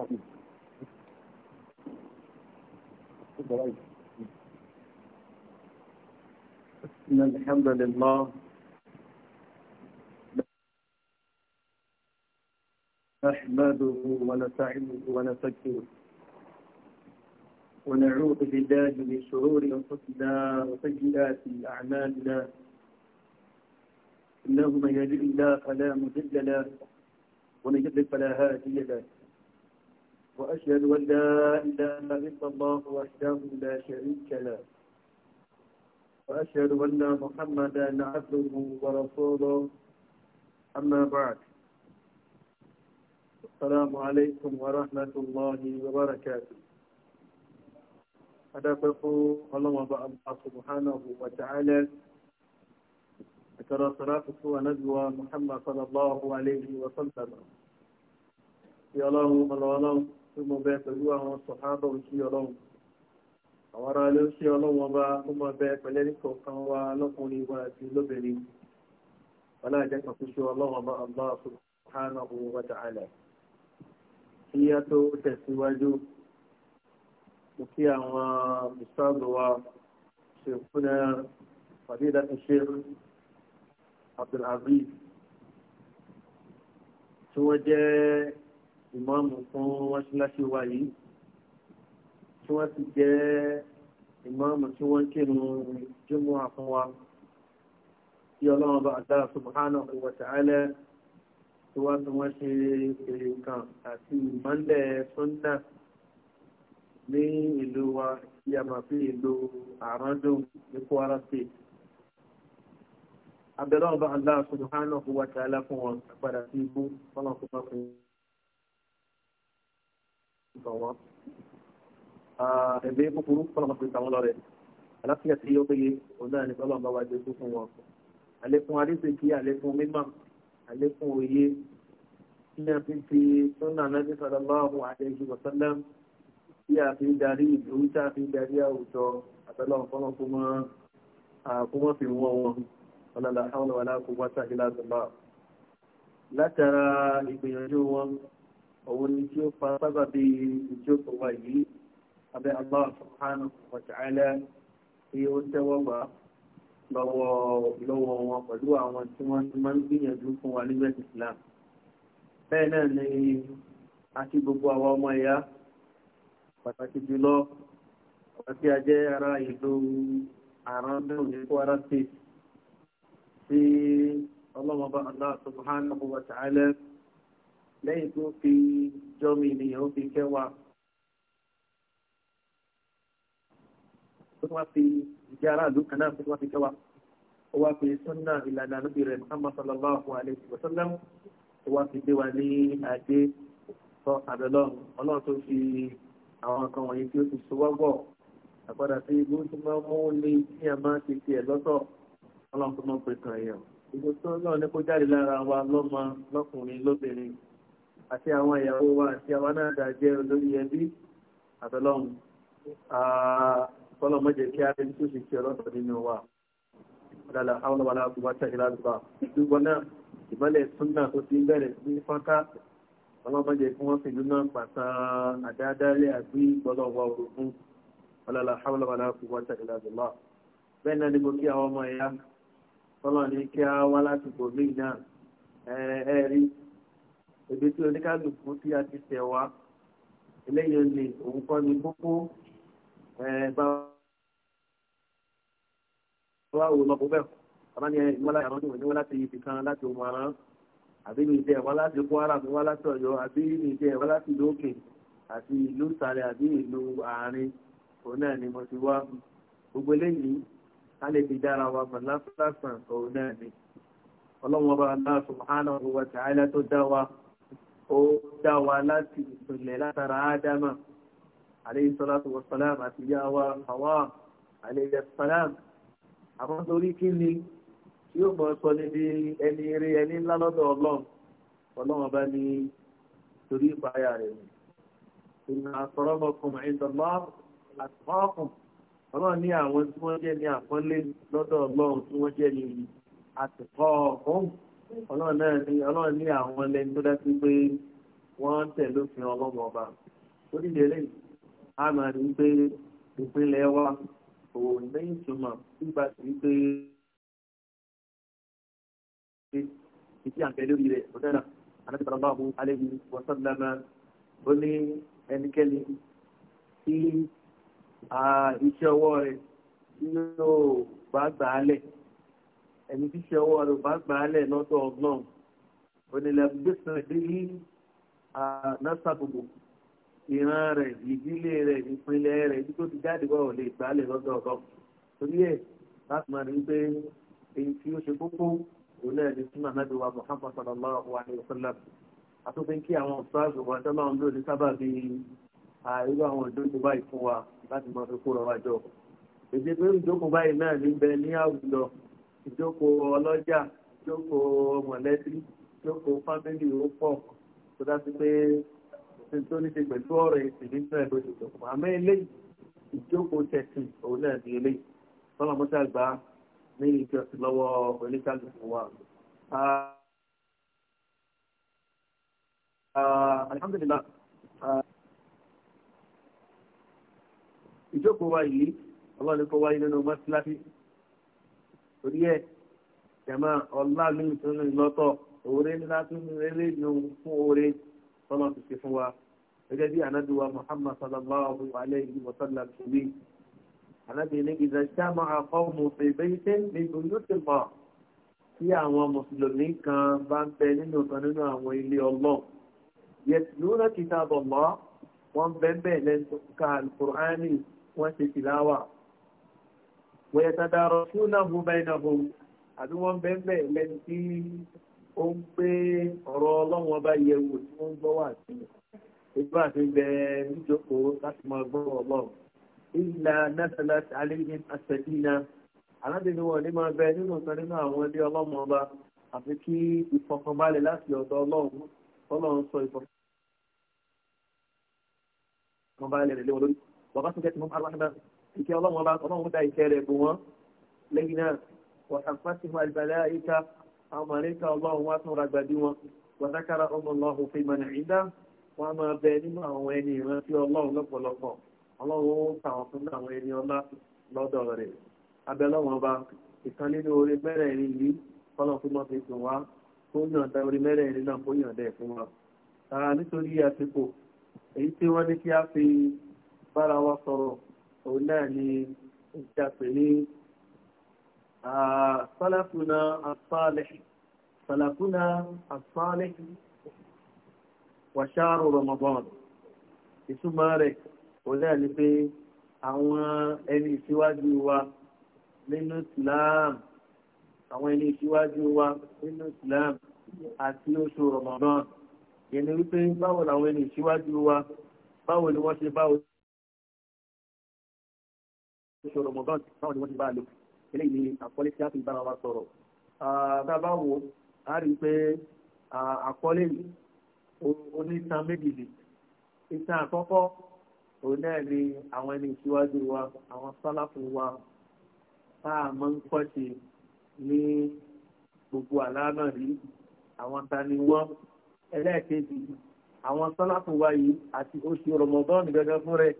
حبيبي إن الحمد لله نحمده ونستعينه ونستغفره ونعوذ بالله من شرور انفسنا وسيئات اعمالنا انه من يهد الله فلا مضل له ومن يضلل فلا هادي له وأشهد أن لا إله إلا الله وحده لا شريك له وأشهد أن محمدا عبده ورسوله أما بعد السلام عليكم ورحمة الله وبركاته أدفقوا الله الله سبحانه وتعالى ترى صلاته ونجوى محمد صلى الله عليه وسلم يا الله الله الله tó mọ̀ bẹ pẹ̀lú àwọn sọ̀hábà òkè ọlọ́run àwọn ará ilé òkè ọlọ́run ọba tó mọ̀ bẹ pẹ̀lẹ́ ní kọ̀ọ̀kan wa lọ́kùnrin wa àti lóbìnrin wọn láì jẹ́ kàkúṣe ọlọ́run ọba ọba subhanahu wa ta'ala kí a tó tẹ̀síwájú mo kí àwọn ìsáàbù wa ṣèkúnná fàdídà ìṣèlú Abdulaziz tí wọ́n jẹ́ ìmọ̀ọ́mù fún wáṣíláṣí wa yìí tí wọ́n ti jẹ́ ìmọ̀ọ́mù tí wọ́n kírun jímọ̀ àfún wa tí ọlọ́run bá àdára subhanahu wa ta'ala tí wọ́n ti wọ́n ṣe èrè kan àti ìmọ̀lẹ̀ sunna ní ìlú wa tí a máa fi ìlú àrọ́dún ní Kwara State abẹ́rẹ́ àdára subhanahu wa ta'ala fún wọn padà sí ibú fọlọ́kùnrin ìbọ̀wọ́ ah, ẹ̀mí kúkúrú fọlọ́mọ pé tàwọn lọ́rẹ̀ aláfíà tí ó péye òun náà ní fọlọ́mọ bá jẹ tó fún wọn àlékún adéṣèkí àlékún mímọ́ àlékún òye tí a fi fi súnà nàbí sallallahu alaihi wa òun ni tí ó fa sábàbí ìjókòó wa yìí abẹ́ Allah subhanahu wa ta'ala tí ó tẹ́wọ́ gbà lọ́wọ́ lọ́wọ́ wọn pẹ̀lú àwọn tí wọ́n ti máa ń gbìyànjú fún wa nílẹ̀ Islam bẹ́ẹ̀ náà ni àti gbogbo àwọn ọmọ ẹ̀yà pàtàkì jùlọ ọ̀rọ̀ tí ara ìlú àràndùn ní Kwara State tí ọlọ́mọba Allah subhanahu wa ta'ala lẹ́yìn tó fi jọmọ ènìyàn ó fi kẹwàá tó wá fi ìjà aráàlú kan náà tó fi kẹwàá ó wá fi sunna ìlànà àlóbì rẹ̀ Muhammad sallallahu alayhi wa sallam ó wá fi dé wa ní àdé sọ àbẹ̀lọ́ ọlọ́run tó fi àwọn kan wọ̀nyí tí ó ti so wọ́gbọ̀ àpadà sí ibi tó máa mú ní tí a máa ti tiẹ̀ lọ́tọ̀ ọlọ́run tó máa pè kàn yẹn ìgbésọ́ náà ní kó jáde lára wa lọ́mọ lọ́kùnrin lóbìnrin àti àwọn ìyàwó wa àti àwọn náà dà jẹ́ olórí ẹbí àtọ́lọ́run fọ́lọ̀ mọ́jẹ̀ kí a rí tó sì kí ọlọ́tọ̀ nínú wa ọ̀dàlà àwọn ọmọlá àbúgbàtà ìlàlùbà gbogbo náà ìmọ́lẹ̀ súnà tó ti bẹ̀rẹ̀ sí fọ́nká ọlọ́mọjẹ̀ kí wọ́n fi lúnà pàtàn àdáadáalẹ̀ àgbí gbọ́lọ́wọ́ ogun ọ̀dàlà àwọn ọmọlá àbúgbàtà ìlàlùbà bẹ́ẹ̀ náà ni mo kí àwọn ọmọ ẹ̀yà fọ́lọ̀ kí a wá láti gbòmí náà ẹ̀ẹ́rí ebi tí oníkálukú tí a ti tẹ̀ wá eléyìí lè òun kọ́ ni kókó bá wò lọ bóbẹ́ bàbá ni ìwọ́lá àwọn oníwọ̀n níwọ́n láti ibì kan láti ohun ara àbí ní ìdẹ́ ẹ̀wọ́ láti Kwara mi wá láti Ọ̀yọ́ àbí ní ìdẹ́ ẹ̀wọ́ láti ìlú òkè àti ìlú ìsàlẹ̀ àbí ìlú àárín òun náà ni mo ti wá gbogbo eléyìí a lè fi dára wa mọ̀ lásán òun náà ni ọlọ́run ọba Allah subhanahu wa ta'ala tó dá wa ó dá wa láti ìpìlẹ̀ látara ádámà alayhi salatu wa salam àti ìyá wa Hawa alayhi salam àmọ́ torí kí ni tí ó mọ̀ sọ níbi ẹni eré ẹni ńlá lọ́dọ̀ ọlọ́run ọlọ́run ọba ní torí ìpáyà rẹ̀ ni ìrìn àsọ̀rọ̀mọkùn ìdọ̀lọ́ àtọ́kùn ọlọ́run ní àwọn tí wọ́n jẹ́ ní àpọ́nlé lọ́dọ̀ ọlọ́run tí wọ́n jẹ́ ní àtìkọ́ ọ̀hún ọlọ́run náà ní ọlọ́run ní àwọn ẹlẹ́ni tó dájú pé wọ́n tẹ̀ lófin ọlọ́run ọba ó dìde lẹ́yìn a máa rí pé ìpínlẹ̀ wa kò lẹ́yìn túmọ̀ nígbà tí pé ìdí àǹkẹ́ lórí rẹ̀ ó dára àti sọ̀rọ̀báwò alẹ́bí wọ́sọ̀lámà ó ní ẹnikẹ́ni tí iṣẹ́ ọwọ́ rẹ̀ yóò bá á lẹ̀ ẹni tí ṣe ọwọ́ rẹ̀ bá gbà á lẹ̀ lọ́dọ̀ ọgbọ́n onílẹ̀ gbèsè délé násàbùbù ìran rẹ̀ ìdílé rẹ̀ ìpínlẹ̀ rẹ̀ ibi tó ti jáde wà ò lè gbà á lẹ̀ lọ́dọ̀ ọgbọ́n torí ẹ̀ láti máa rí pé èyí tí ó ṣe kókó òun náà ni súnmọ́ ànábì wa muhammad sallallahu alayhi wa sallam àtúntò kí àwọn ọ̀sáàgùn wa tọ́lá ọ̀hún lónìí sábà bíi irú àwọn ìdókòó báyìí fún wa láti máa fi kó rọra jọ èdè pé ìdókòó báyìí náà ní bẹ ní àwùjọ ìjókòó ọlọ́jà ìjókòó mọ̀lẹ́bí ìjókòó fámílì ó pọ̀ tó dájú pé òfin tó ní ṣe pẹ̀lú ọ̀rọ̀ èsì nínú ẹ̀ lóṣù tó kù àmọ́ eléyìí ìjókòó tẹ̀sìn òun náà ní eléyìí tọ́lá mọ́tà gbá ní ìjọsìn lọ́wọ́ oníkálùkù wa. ìjókòó wa yìí ọlọ́run kó wáyé nínú mọ́síláṣí torí ẹ̀ jẹ̀mọ́ ọlá mi tó ní lọ́tọ̀ òwúrẹ́ ńlá tó ní eré ní ohun fún oore tọ́lọ́ ti ṣe fún wa gẹ́gẹ́ bí anaduwa muhammad sallallahu alayhi wa sallam ṣe wí anabi ní ìdá sáàmù àkọ́mù fèbèyítẹ́ ní oyútìmọ̀ tí àwọn mùsùlùmí kan bá ń bẹ nínú kan nínú àwọn ilé ọlọ́ yẹtùlúrà kìtàbọ̀ mọ́ wọ́n bẹ́ẹ̀ bẹ́ẹ̀ lẹ́nu ká alukur'ani wọ́n ṣe tìláwà wẹ̀yẹ̀tàdàrọ̀ fún náà bẹ́ẹ̀nàbò àbí wọ́n bẹ́ẹ̀ lẹ́ni tí ó ń pé ọ̀rọ̀ ọlọ́run ọba yẹ̀wò tí wọ́n ń gbọ́ wà sí ìlú àti bẹ níjókòó láti máa gbọ́ ọlọ́run ìlà nẹ́sẹ̀lá alẹ́yìn àṣẹdínà alábìnrin wọn ní máa bẹ nínú kan nínú àwọn ilé ọlọ́run ọba àfi kí ìfọkànbalẹ̀ láti ọ̀dọ̀ ọlọ́run sọ ìfọkànbalẹ̀ rẹ̀ lé wọn lórí ìkẹ́ ọlọ́run ọba ọlọ́run dá ìkẹ́ rẹ̀ bù wọ́n lẹ́yìn náà wàtàfàtì àlùbálẹ̀ àyíká àwọn màlẹ́kà ọlọ́run wá tún ragbàdí wọn wàtàkàrà ọmọ ọlọ́run fi mọ̀nà ìdá wọn a máa bẹ nínú àwọn ẹni ìrántí ọlọ́run lọ́pọ̀lọpọ̀ ọlọ́run ó ta fún àwọn ẹni ọlá lọ́dọ̀ rẹ̀ abẹ́ ọlọ́run ọba ìkan nínú orí mẹ́rẹ̀ẹ̀rin yìí kọ́lọ̀ fún mọ́ fi sùn wá kó yànda orí mẹ́rẹ̀ẹ̀rin náà kó yànda ẹ̀ fún wa nítorí àsìkò èyí tí wọ́n ní kí a fi bára wa sọ̀rọ̀ òun náà ni ìjàpè ní sálàfúnà àfáàlẹ̀ sálàfúnà àfáàlẹ̀ wàṣáàrù Ramadan ìtumọ̀ rẹ̀ òun náà ni pé àwọn ẹni ìṣíwájú wa nínú Islam àwọn ẹni ìṣíwájú wa nínú Islam àti oṣù Ramadan yẹn ni wípé báwo làwọn ẹni ìṣíwájú wa báwo ni wọ́n ṣe báwo oṣù rọmọdán táwọn ni wọ́n ti bá lò eléyìí ni àkọlé tí a fi bára wa sọ̀rọ̀ tá a bá wo a rí i pé àkọlé yìí onítan méjì ni ìtàn àkọ́kọ́ òun náà ni àwọn ẹni ìṣíwájú wa àwọn sálàfù wa tá a máa ń kọ́ ṣe ní gbogbo àlànà rí àwọn tani wọ́n ẹlẹ́ẹ̀kejì àwọn sálàfù wa yìí àti oṣù rọmọdán gẹ́gẹ́ fún rẹ̀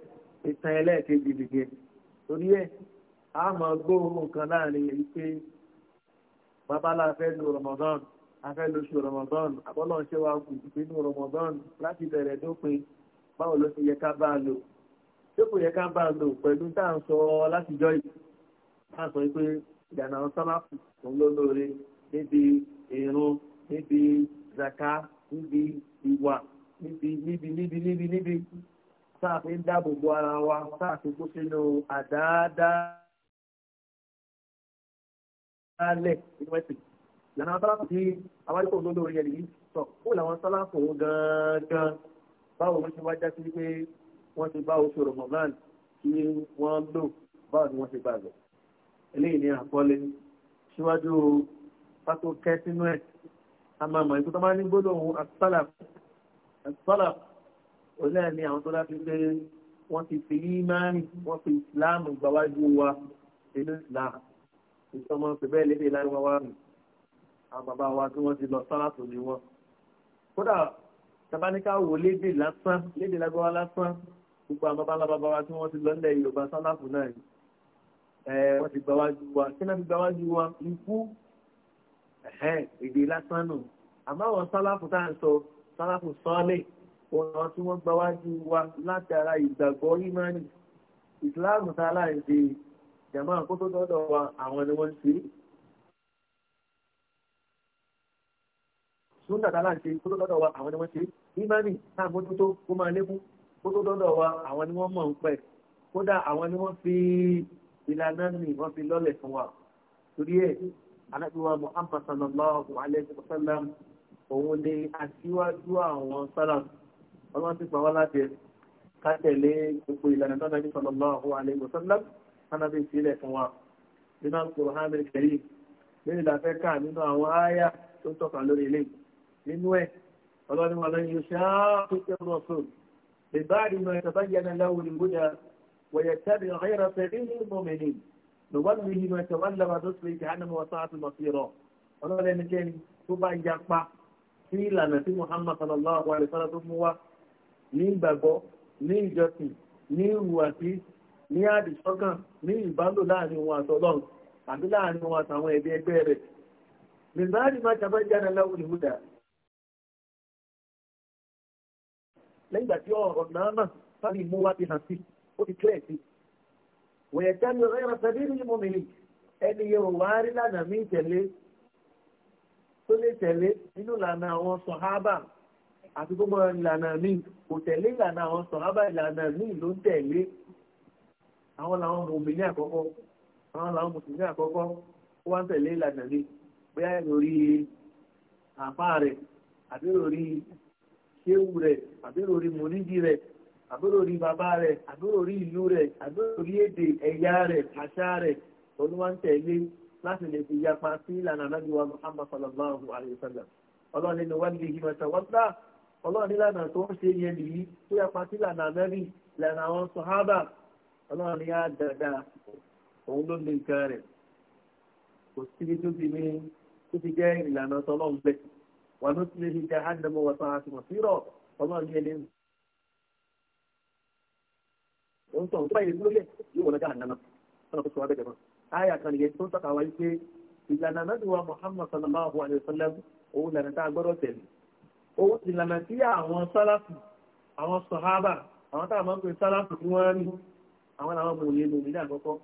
ìtàn ẹlẹ́ẹ̀kejì nìyẹn torí ẹ̀ a máa gbóhùn kan láàrin èyí pé babalá fẹ́ lu Ramadan afẹ́ lóṣù Ramadan abọ́lọ́ ṣe wá kù ìpinnu Ramadan láti bẹ̀rẹ̀ dópin báwo ló ti yẹ ká bá a lò ṣé kò yẹ ká bá a lò pẹ̀lú tá à ń sọ látijọ́ yìí tá à ń sọ pé ìdànà sọ́láfù òun ló lóore níbi ìrun níbi zaka níbi ìwà níbi níbi níbi níbi níbi táà fi ń dáàbò bo ara wa a fi kó sínú àdáadáalẹ̀ nínú ẹ̀sìn ìlànà sáláàpù tí awáríkò lólo orí ẹ̀rí sọ kó làwọn sáláàpù òun gangan báwo ló ti wá já sí pé wọ́n ti bá oṣù rọ̀mọ̀mán tí wọ́n lò báwo ni wọ́n ti bá lọ. eléyìí ni àkọlé síwájú pátó kẹ́ sínú ẹ̀ a máa mọ̀ ìkú tó máa ní gbólóhùn asálàpù asálàpù òun ni àwọn tó dá sí pé wọ́n ti fi ímánì wọ́n fi islam gbàwájú wa nínú islam ìsọmọ pẹ̀lú lédè láríwáwá rẹ̀ àwọn bàbá wa tí wọ́n ti lọ sálàtò ní wọn. kódà tabaníkà wò lédè lásán lédè lágbáwá lásán gbogbo àwọn bàbá bàbá wa tí wọ́n ti lọ nílẹ̀ yorùbá sálàtò náà ni wọ́n ti gbàwájú wa kí náà fi gbàwájú wa ikú èdè lásán nù àmọ́ àwọn sálàtò tá à ń sọ sálàtò sọ́ọ́lẹ̀ ọ̀nà tí wọ́n gba wájú wa látara ìgbàgbọ́ ìmánì ìsìláàmù tá a láì ṣe jàmá àkótó dọ́dọ̀ wa àwọn ni wọ́n ń ṣe. súnà tá a láì ṣe kótó dọ́dọ̀ wa àwọn ni wọ́n ṣe ìmánì tá a mójútó kó máa lékún kótó dọ́dọ̀ wa àwọn ni wọ́n mọ̀ ń pẹ̀ kódà àwọn ni wọ́n fi ìlànà nì wọ́n fi lọ́lẹ̀ fún wa torí ẹ̀ alábíwá muhammad sallallahu alayhi wa sallam òun ni aṣíwájú àwọn ọlọ́run ti gbà wá láti ẹ̀ ká tẹ̀lé gbogbo ìlànà tó nàbí sallallahu alaihi wasallam anábì sílẹ̀ fún wa nínú Al-Qur'an al-Karim nínú ìdàfẹ́ ká nínú àwọn ááyà tó ń tọ́ka lórí ilé nínú ẹ̀ ọlọ́run wà lọ́yìn oṣù àtúntò ẹnikẹ́ni tó bá yapa sí ìlànà tí muhammad sallallahu alayhi wa sallam tó mú wa ní ìgbàgbọ́ ní ìjọsìn ní ìhùwàsí ní àdìsọ́kàn ní ìbálò láàrin wọn àtọ́lọ́run àbí láàrin wọn àtàwọn ẹ̀bí ẹgbẹ́ rẹ̀ mìíràn máa ṣàbẹ́ jáde láwọn ìhúdà lẹ́yìn ìgbà tí ọ̀rọ̀ náà náà sábì mú wá ti hàn sí ó ti kílẹ̀ sí wọ́n yẹ jáde ọ̀rẹ́ ẹ̀rọ tàbí ní ìmọ̀ mìíràn ẹni yẹn ò wá rí lánàá mí tẹ̀lé tó lè tẹ̀lé nínú ìlànà àwọn sọ̀hábà àti gbogbo ìlànà míì kò tẹ̀lé ìlànà àwọn sọ̀rọ̀bà ìlànà míì ló ń tẹ̀lé àwọn làwọn mùmíní àkọ́kọ́ àwọn làwọn mùsùlùmí àkọ́kọ́ ó wá ń tẹ̀lé ìlànà míì bóyá lórí àpá rẹ̀ àbí lórí ṣéwù rẹ̀ àbí lórí mòníjì rẹ̀ àbí lórí bàbá rẹ̀ àbí lórí ìlú rẹ̀ àbí lórí èdè ẹ̀yà rẹ̀ àṣà rẹ̀ olúwa ń tẹ̀lé láti lè fi yapa sí ìlànà alágbèwà muhammad sallallahu alayhi wa sallam ọlọ́run nínú wàlúù yìí mọ̀tàwọ́tà ọlọ́run nílànà tó ń ṣe yẹn nìyí tó yapa sí lànà mẹ́rin lànà àwọn sọ̀hábà ọlọ́run ní àdàdà òun ló ní nǹkan rẹ̀ kò síbi tó ti ní tó ti jẹ́ ìlànà tọ́lọ́run bẹ́ẹ̀ wà ló ti lè fi jẹ́ àdàmọ́ wọ́n sàn àti mọ̀ sírọ̀ ọlọ́run ní ẹni òun tó tó báyìí lólè yóò wọ́n lọ́jà àdàmọ́ sọ́nà tó sọ abẹ́jẹ̀ mọ́ àyà kan nìyẹn tó ń tọ́ka wáyé pé ìlànà náà ti wà Muhammad sallallahu alayhi wa sallam òun lànà tá a gbọ́dọ̀ tẹ̀lé owó ìlànà tí àwọn sálàfù àwọn sọ̀hábà àwọn táwọn máa ń pè sálàfù tí wọ́n rí àwọn làwọn mò ń lè lò nílẹ̀ àkọ́kọ́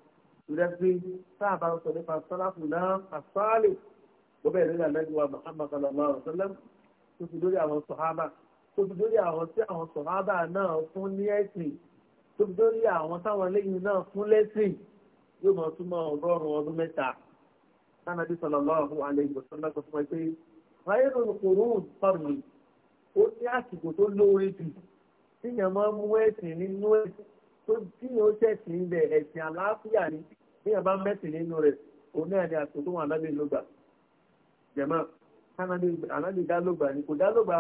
ìrẹ́ pé sáàbà sọ nípa sálàfù náà àsáàlè tó bẹ̀rẹ̀ nílẹ̀ lẹ́gbẹ̀wá Muhammad sallallahu alaihi wa sallam tó fi lórí àwọn sọ̀hábà tó fi lórí àwọn tí àwọn sọ̀hábà náà fún ní ẹ̀sìn tó fi lórí àwọn táwọn lẹ́yìn náà ó ní àsìkò tó lóore jù tíyàn máa mú ẹ̀sìn nínú ẹ̀ tó tíyàn ó ṣẹ̀sìn ilẹ̀ ẹ̀sìn àlàáfíà ni tíyàn bá mẹ́sìn nínú rẹ̀ òun náà ni àsìkò tó wà lábẹ́ lógbà jẹ̀mọ́ ànábì dá lógbà ni kò dá lógbà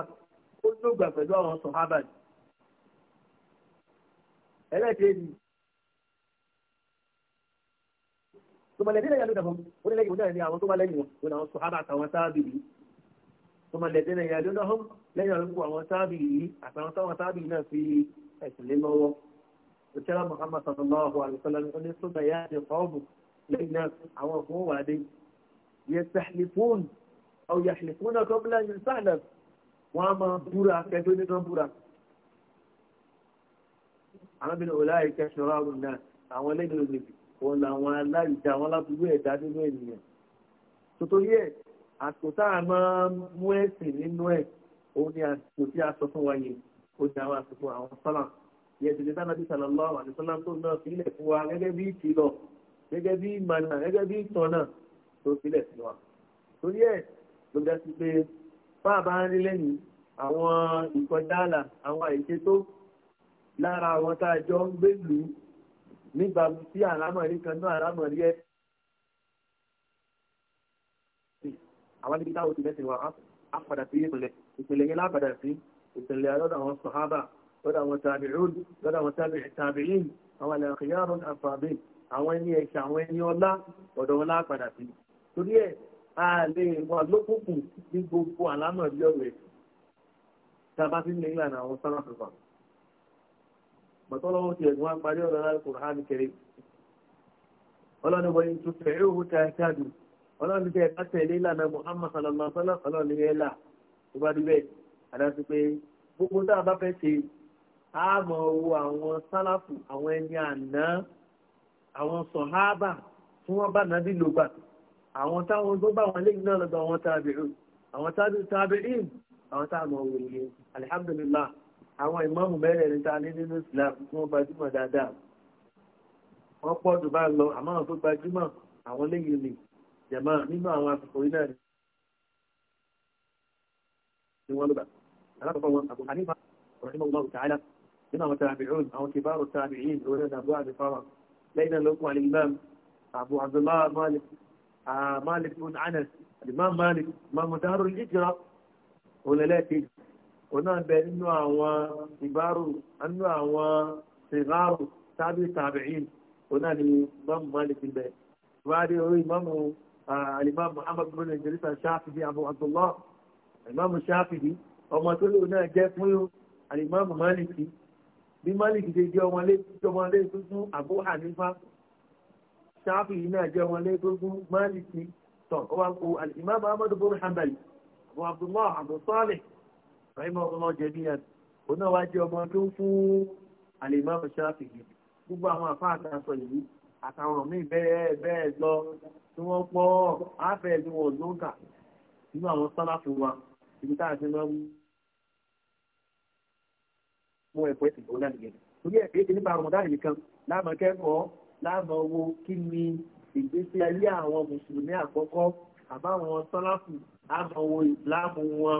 ó lógbà pẹ̀lú àwọn sọ̀hábà ni ẹlẹ́kẹ̀ẹ́ni tó bá lẹ́yìn lẹ́yìn àdúgbò ó ní lẹ́yìn òun náà ni àwọn tó bá lẹ́yìn wọn òun àwọn sọ̀hábà àtàwọn sáábì yìí ọmọ dẹ̀dẹ̀ náà yàrá lọ́hùn lẹ́yìn ọ̀rọ̀ gbogbo àwọn sáàbì yìí àtàwọn táwọn sáàbì náà fi ẹ̀sìn lé lọ́wọ́ òṣèlú Muhammad sallallahu alayhi wa sallam ní sọ́dọ̀ yá àti ọ̀bù lẹ́yìn náà àwọn òfin wà dé yẹ sàhlifún ọ̀ yà sàhlifún náà tó bílẹ̀ yìí sàhlẹ̀ wọn máa búra kẹjọ ní kan búra. àwọn bíi ọ̀la yìí kẹsàn-án náà àwọn àsìkò tá a máa mú ẹ̀sìn nínú ẹ̀ òun ni àsìkò tí a sọ fún wa yìí ó ní àwọn àsìkò àwọn sọ́là yẹn ti di sáà nàbí sàlọ́lá àwọn sọ́là tó náà sílẹ̀ fún wa gẹ́gẹ́ bí ìkìlọ̀ gẹ́gẹ́ bí ìmọ̀nà gẹ́gẹ́ bí ìtọ̀nà tó sílẹ̀ fún wa. torí ẹ̀ ló dá sí pé bá a bá ń rí lẹ́yìn àwọn ìkọjáàlà àwọn àìṣètò lára àwọn tá a jọ ń gbé lù nígbà tí àlámọ̀rí kan náà àlámọ̀rí ẹ̀sìn àwọn níbi táwọn ti mẹ́sìn wa á padà sí ìpìlẹ̀ ìpìlẹ̀ yẹn lápadà sí ìpìlẹ̀ lọ́dọ̀ àwọn sàhábà lọ́dọ̀ àwọn tàbíùn lọ́dọ̀ àwọn tàbíìn àwọn àlàkìyàrún àfààbí àwọn ẹni ẹ̀ṣẹ̀ àwọn ẹni ọlá ọ̀dọ̀ wọn lápadà sí torí ẹ̀ a lè wà lókùnkùn ní gbogbo àlámọ̀ bí ọ̀rọ̀ ẹ̀ tàbá sí ní ìlànà àwọn sára fífa bàtọ́lọ́wọ́ ti ẹ̀gbọ́n agbárí ọ̀rọ̀ alákùnrin hàn kiri ọlọ́ni wọ́n yìí tún fẹ́ẹ́ ọlọ́run ti tẹ̀ ká tẹ̀lé ìlànà muhammad sallallahu alaihi wa sallam ọlọ́run ní ẹ̀là tó bá dúbẹ̀ àdáṣe pé gbogbo tá a bá fẹ́ ṣe á mọ owó àwọn sálàfù àwọn ẹni àná àwọn sọ̀háàbà tí wọ́n bá nàbí lògbà àwọn táwọn tó bá wọn léyìn náà lọ́dọ̀ àwọn tábìrì àwọn tábìrì àwọn táwọn ọmọ òwe alihamdulilah àwọn ìmọ̀mù mẹ́rẹ̀ẹ̀rin ta ní nínú islam tí wọ́n gbajúmọ̀ dáadáa wọ́n pọ̀ جماعة مما أوافق وإذا نوال بقى أنا أقول أبو حنيفة رحمه الله تعالى إما متابعون أو كبار التابعين ولد أبو عبد الفارة لأن لوكو أبو عبد الله مالك مالك بن عنس الإمام مالك ما مدار الإجراء ولا لا تجد هنا بأنه هو كبار أنه هو تابع التابعين هنا الإمام مالك البيت وعلي هو إمامه alimam muhammad bin idrisa ṣáfìdí abu abdullah alimam ṣáfìdí ọmọ tó lò náà jẹ́ fún alimam maliki bí maliki ṣe jẹ́ ọmọlé tuntun abu hanifa ṣáfìdí náà jẹ́ ọmọlé tuntun maliki tọ̀ ọwọ́ kó alimam ahmad bin hanbali abu abdullah abu salih rahim ọlọ́ jẹ̀míyàn òun náà wá jẹ́ ọmọ tó fún alimam ṣáfìdí gbogbo àwọn àfáàtà sọ yìí àtàwọn míì bẹ́ẹ̀ bẹ́ẹ̀ lọ tí wọ́n pọ̀ áfẹ́ ni wọ́n ló ń kà nínú àwọn sálàfù wa ibi tá ti máa ń mú ẹ̀kọ́ ẹ̀sìn tó náà nìyẹn torí ẹ̀ kéèké nípa ọmọdé àyè kan láàmú kẹ́kọ̀ọ́ láàmú owó kí ni ìgbésí ayé àwọn mùsùlùmí àkọ́kọ́ àbáwọn sálàfù àmọ́ owó ìsìláàmù wọn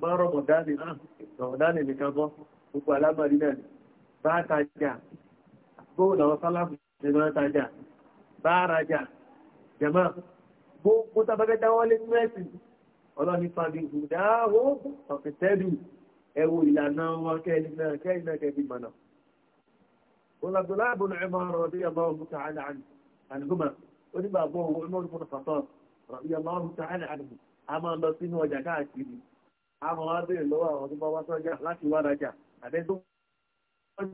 bá rọ̀mọ̀dánì náà ah, rọ̀mọ̀dánì nìkan bọ́ gbogbo alámọ̀rí náà bá tajà gbóòlù àwọn sálàfù ẹgbẹ́ tajà bá rajà jẹ̀mọ́ gbogbo tàbẹ́fẹ́ dáwọ́lé nínú ẹ̀sìn ọlọ́ni fàbí ìdáhó ọ̀fẹ́tẹ́dù ẹ̀wò ìlànà wọn kẹ́lí náà kẹ́lí náà kẹ́lí mọ̀nà. olùdóláàbò náà ẹ̀mọ́ ọ̀rọ̀ bí ọmọ ọ̀hún tààlà àdìgúnmọ̀ ó ní bàbá òun ẹ̀mọ́ ọ̀rọ̀ fọ́nà fàtọ́ ọ̀rọ̀ bí ọmọ ọ̀hún tààlà àdìgún a máa lọ sínú ọjà káàkiri a wọ́n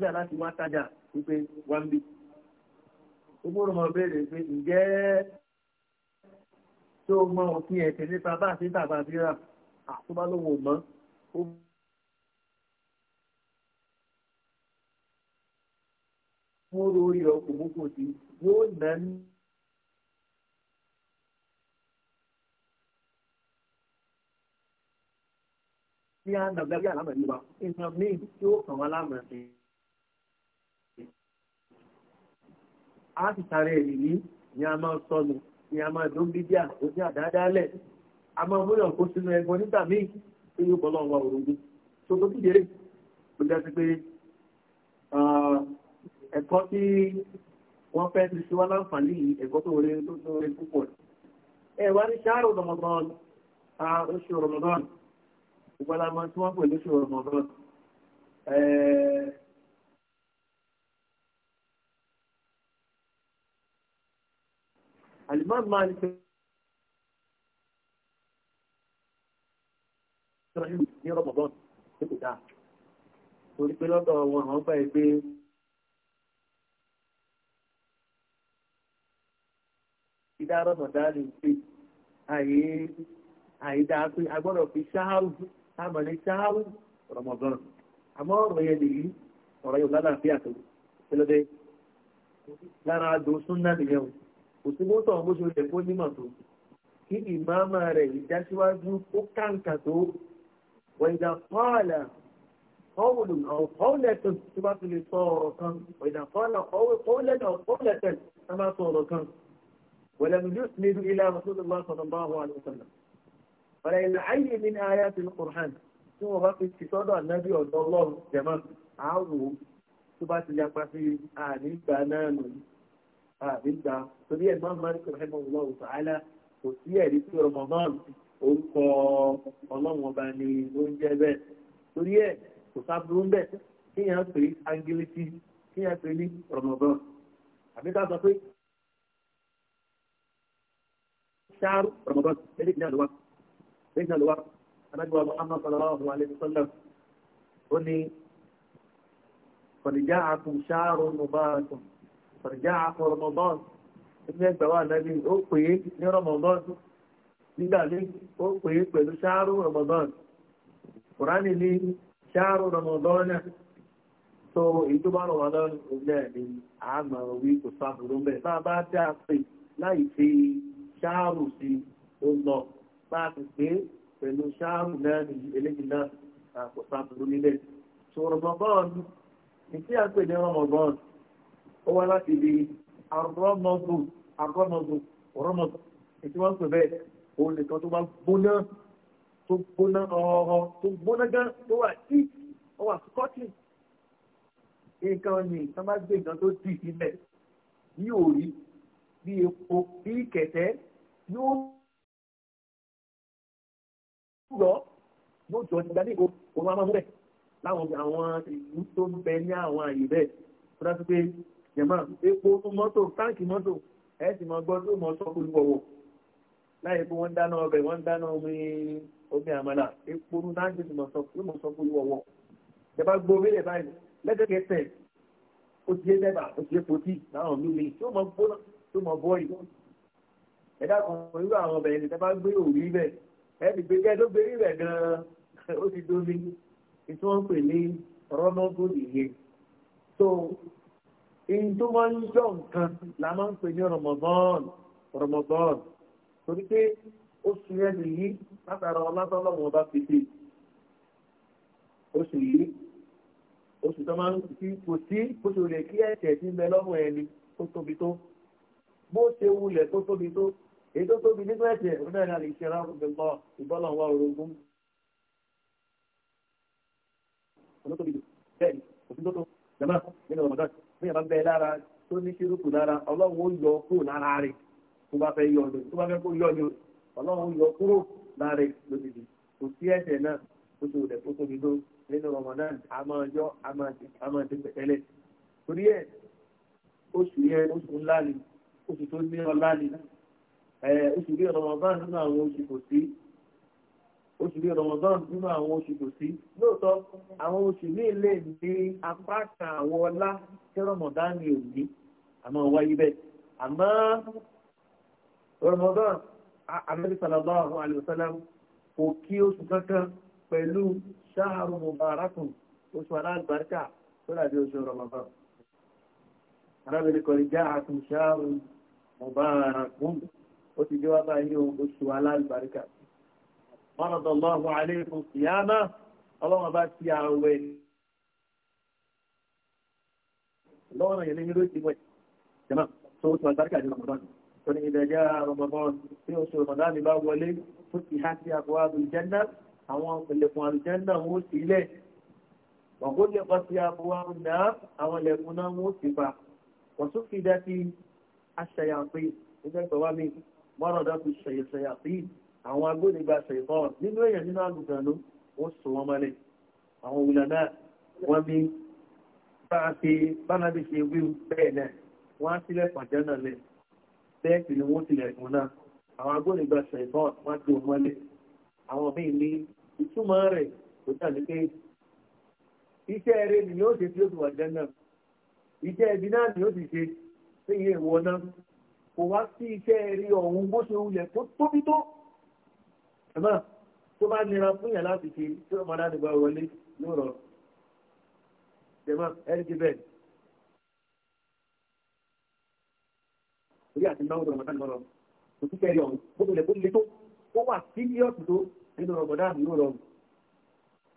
jà láti wá tajà wípé wá bí gbogbo ọmọ béèrè pé ǹjẹ́ tó mọ òfin ẹ̀sìn nípa bá àti tàbá bíra àtúbá ló wò mọ́ ó mú orí ọkọ̀ gbogbo sí yóò nà ní. Bí a nàgbẹ́ bí àlámọ̀ tí ó kàn wá lámọ̀ sí a sáré ni a máa sọnù ni a máa dún bíbíà tó ní a máa múyàn kó sínú ẹgbọn nígbà míì tó yóò bọ́ lọ́wọ́ òrùngún tó tó kíjèrè tó jẹ́ sí pé ẹ̀kọ́ tí wọ́n fẹ́ ti ṣe wá láǹfààní yìí ẹ̀kọ́ tó wọlé tó tó wọlé púpọ̀ ẹ alimami malik ní rọmọbọn tí kò dáa torí pé lọ́dọ̀ wọn àwọn bá ẹgbẹ́ ìdá rọmọdá lè pè àyè àìdá pé agbọ́dọ̀ fi ṣáárù táàmọ̀ ní ṣáárù rọmọbọn àmọ́ ọ̀rọ̀ yẹn nìyí ọ̀rọ̀ yóò lálàáfíà tó ṣẹlẹ́dẹ́ lára àdó kò sí mọ́tò àwọn bóṣe rẹ̀ kó nímọ̀ tó kí ìmáàmà rẹ̀ ìdásíwájú ó kàǹkà tó wẹ̀dà pọ́ọ̀là kọ́wùlù àwọn kọ́wùlẹ̀tàn tó bá fi lè sọ ọ̀rọ̀ kan wẹ̀dà pọ́ọ̀là kọ́wùlẹ̀tàn kọ́wùlẹ̀tàn tó bá sọ ọ̀rọ̀ kan ولم يسند إلى رسول الله صلى الله عليه وسلم ولا إلى أي من آيات القرآن ثم بقي اتصال النبي صلى الله عليه وسلم عاوه ثبات اليقظة عن البنان àbígbà torí ẹ̀ máa ń máa ń kọ́ ẹ̀mọ́ ọlọ́run tààlà kò sí ẹ̀rí pé Ramadan orúkọ ọlọ́run ọba ni ló ń jẹ́ bẹ́ẹ̀ torí ẹ̀ kò sábúrú ń bẹ̀ kíyàn pè ángílítì kíyàn pè ní Ramadan àbí ká sọ pé ṣáàrù Ramadan ẹ̀rí ìdíjà ló ẹ̀rí ìdíjà ló wà anájú wa Muhammad sallallahu alayhi ó ní ọ̀rọ̀já àpò rọmọdọ́n ẹgbẹ́ ẹgbẹ̀wá ànábì ó pè é ní rọmọdọ́n nígbà mí ó pè é pẹ̀lú ṣáàrù rọmọdọ́n kùránì ní ṣáàrù rọmọdọ́n náà tó ìjọba rọmọdọ́n ilé ẹ̀mí àmọ̀ wí kò sáfùrú mbẹ́ bá a bá dá a pè láì fi ṣáàrù sí ó lọ bá a ti pè pẹ̀lú ṣáàrù náà ní eléyìí náà kò sáfùrú nílẹ̀ tó rọmọdọ́n ìtí àpè ní rọmọdọ́n ó wá láti ibi arọ́mọ́dù arọ́mọ́dù rọ́mọ́dù ètí wọ́n ń pè bẹ́ẹ̀ òun nìkan tó bá gbóná tó gbóná ọ̀ọ̀rọ̀ tó gbóná gán tó wà tí ó wà scotty nǹkan ni nǹkan bá gbé nǹkan tó dì sílẹ̀ ní òrí bí epo bí kẹ̀tẹ́ yóò rọ̀ yóò jọ nígbà ní ìkó òun máa mú bẹ́ẹ̀ láwọn àwọn ìlú tó ń bẹ ní àwọn àyè bẹ́ẹ̀ tó dájú pé jẹ̀mọ́ epo mọ́tò táǹkì mọ́tò ẹ̀ sì mọ gbọ́ tó mọ sọ olúwọ̀wọ̀ láyé pé wọ́n dáná ọbẹ̀ wọ́n dáná omi omi àmàlà epo nu táǹkì sì mọ sọ yóò mọ sọ olúwọ̀wọ̀ jẹba gbó omi rẹ̀ báyìí lẹ́gẹ̀kẹ̀tẹ̀ ó ti yé lẹ́bà ó ti yé potí láwọn mílíọ̀nù tó mọ gbóná tó mọ bọ́ọ̀lì ẹ̀dá kan irú àwọn ọbẹ̀ yẹn tẹ́bá gbé òrí bẹ̀ ẹ̀dì gbé jẹ́ ló gbé rí rẹ̀ gan-an ó ti dóbi tí wọ́n ń pè ní rọ́nọ́gò nìyẹn so èyí tó máa ń yọ nǹkan la máa ń pè ní Ramadan Ramadan torí pé oṣù yẹn nìyí látara ọlátọ́lọ́wọ́n bá fi dé oṣù yìí oṣù tó máa ń fi kò sí bó ṣe lè kí ẹ̀jẹ̀ ti ń bẹ lọ́rùn ẹni tó tóbi tó bó ṣe wulẹ̀ tó tóbi tó èyí tó tóbi nínú ẹ̀jẹ̀ òun náà lè ṣe ráhùn ìbọ́lọ̀ wa orogún. òun tóbi bẹ́ẹ̀ ni òfin tó tó jẹ́mọ́ nínú Ramadan bí yàrá bẹ́ẹ̀ lára tó ní kírùkù lára ọlọ́run ó yọ kúrò lára rẹ̀ tó bá fẹ́ yọ ọdún tó bá fẹ́ kó yọ ọdún ọlọ́run ó yọ kúrò lára rẹ̀ lójijì kò sí ẹ̀ṣẹ̀ náà kó tó rẹ̀ kó tóbi tó nínú Ramadan a máa yọ a máa ti pẹ̀tẹ́lẹ̀ torí ẹ̀ oṣù yẹn oṣù ńlá ni oṣù tó ní ọlá ni oṣù bí Ramadan nínú àwọn oṣù kò sí oṣù bíi rọmọdán nínú àwọn oṣù kò sí lóòótọ́ àwọn oṣù ní ilé ní apá kan àwọn ọlá tí rọmọdán ní òní àmọ́ wáyé bẹ́ẹ̀ àmọ́ rọmọdán àmì sallallahu alaihi wasallam kò kí oṣù kankan pẹ̀lú ṣáàrù mubarakun oṣù alágbàríkà tó dàbí oṣù rọmọdán arábìnrin kọ̀ọ̀lì já àtúnṣáàrù mubarakun ó ti jẹ́ wá báyìí oṣù alágbàríkà faradallahu alaykum siyama ọlọ́run bá ti àwẹ̀ lọ́wọ́n yẹn ní ló ti wẹ̀ jẹ́mọ́ tó tó àtàríkà ní ramadan tó ní ìdẹ̀jẹ́ ramadan tí oṣù ramadan bá wọlé tó ti há sí àpò àlùjẹ́ndà àwọn ìlẹ̀kùn àlùjẹ́ndà wọn ó sì ilẹ̀ ọ̀gbọ́n lè kọ́ sí àpò àlùjẹ́ndà àwọn ìlẹ̀kùn náà wọn ó sì pa wọ́n tún fi dá sí aṣàyàpé nígbà ìgbà wá mi mọ́rọ̀ dá fi ṣàyẹ̀ṣàyàpé àwọn agbónigba ṣẹ̀fọ́n nínú èèyàn nínú àgùntàn ló ó sọ wọn mọ́lẹ̀ àwọn òwúlànà wọn bí bá a fi bánàbí ṣe wíwú bẹ́ẹ̀ náà wọ́n á sílẹ̀ pàjẹ́ náà lẹ̀ bẹ́ẹ̀ sì ni wọ́n tilẹ̀ fún náà àwọn agbónigba ṣẹ̀fọ́n wọ́n ti wọ́n mọ́lẹ̀ àwọn míì ní ìtumọ̀ rẹ̀ kò tàbí pé iṣẹ́ eré ni yóò ṣe tí ó ti wà jẹ́ náà iṣẹ́ ẹbí náà ni ó ti ṣe sí iye ìwọ náà kò wá sí iṣẹ́ eré ọ̀hún bó ṣe wulẹ̀ tó tóbi tó ẹ̀mọ́ tó bá nira fún yàn láti ṣe tí ọmọ náà nígbà wọlé yóò rọ ẹ̀mọ́ ẹni ti bẹ́ẹ̀. orí àti náwó rọmọdán lọrọ kò sí kẹrì ọ̀hún gbogbo ilẹ̀ gbogbo ilé tó wọ́n wà sílíọ̀tù tó nínú rọmọdán yóò rọrùn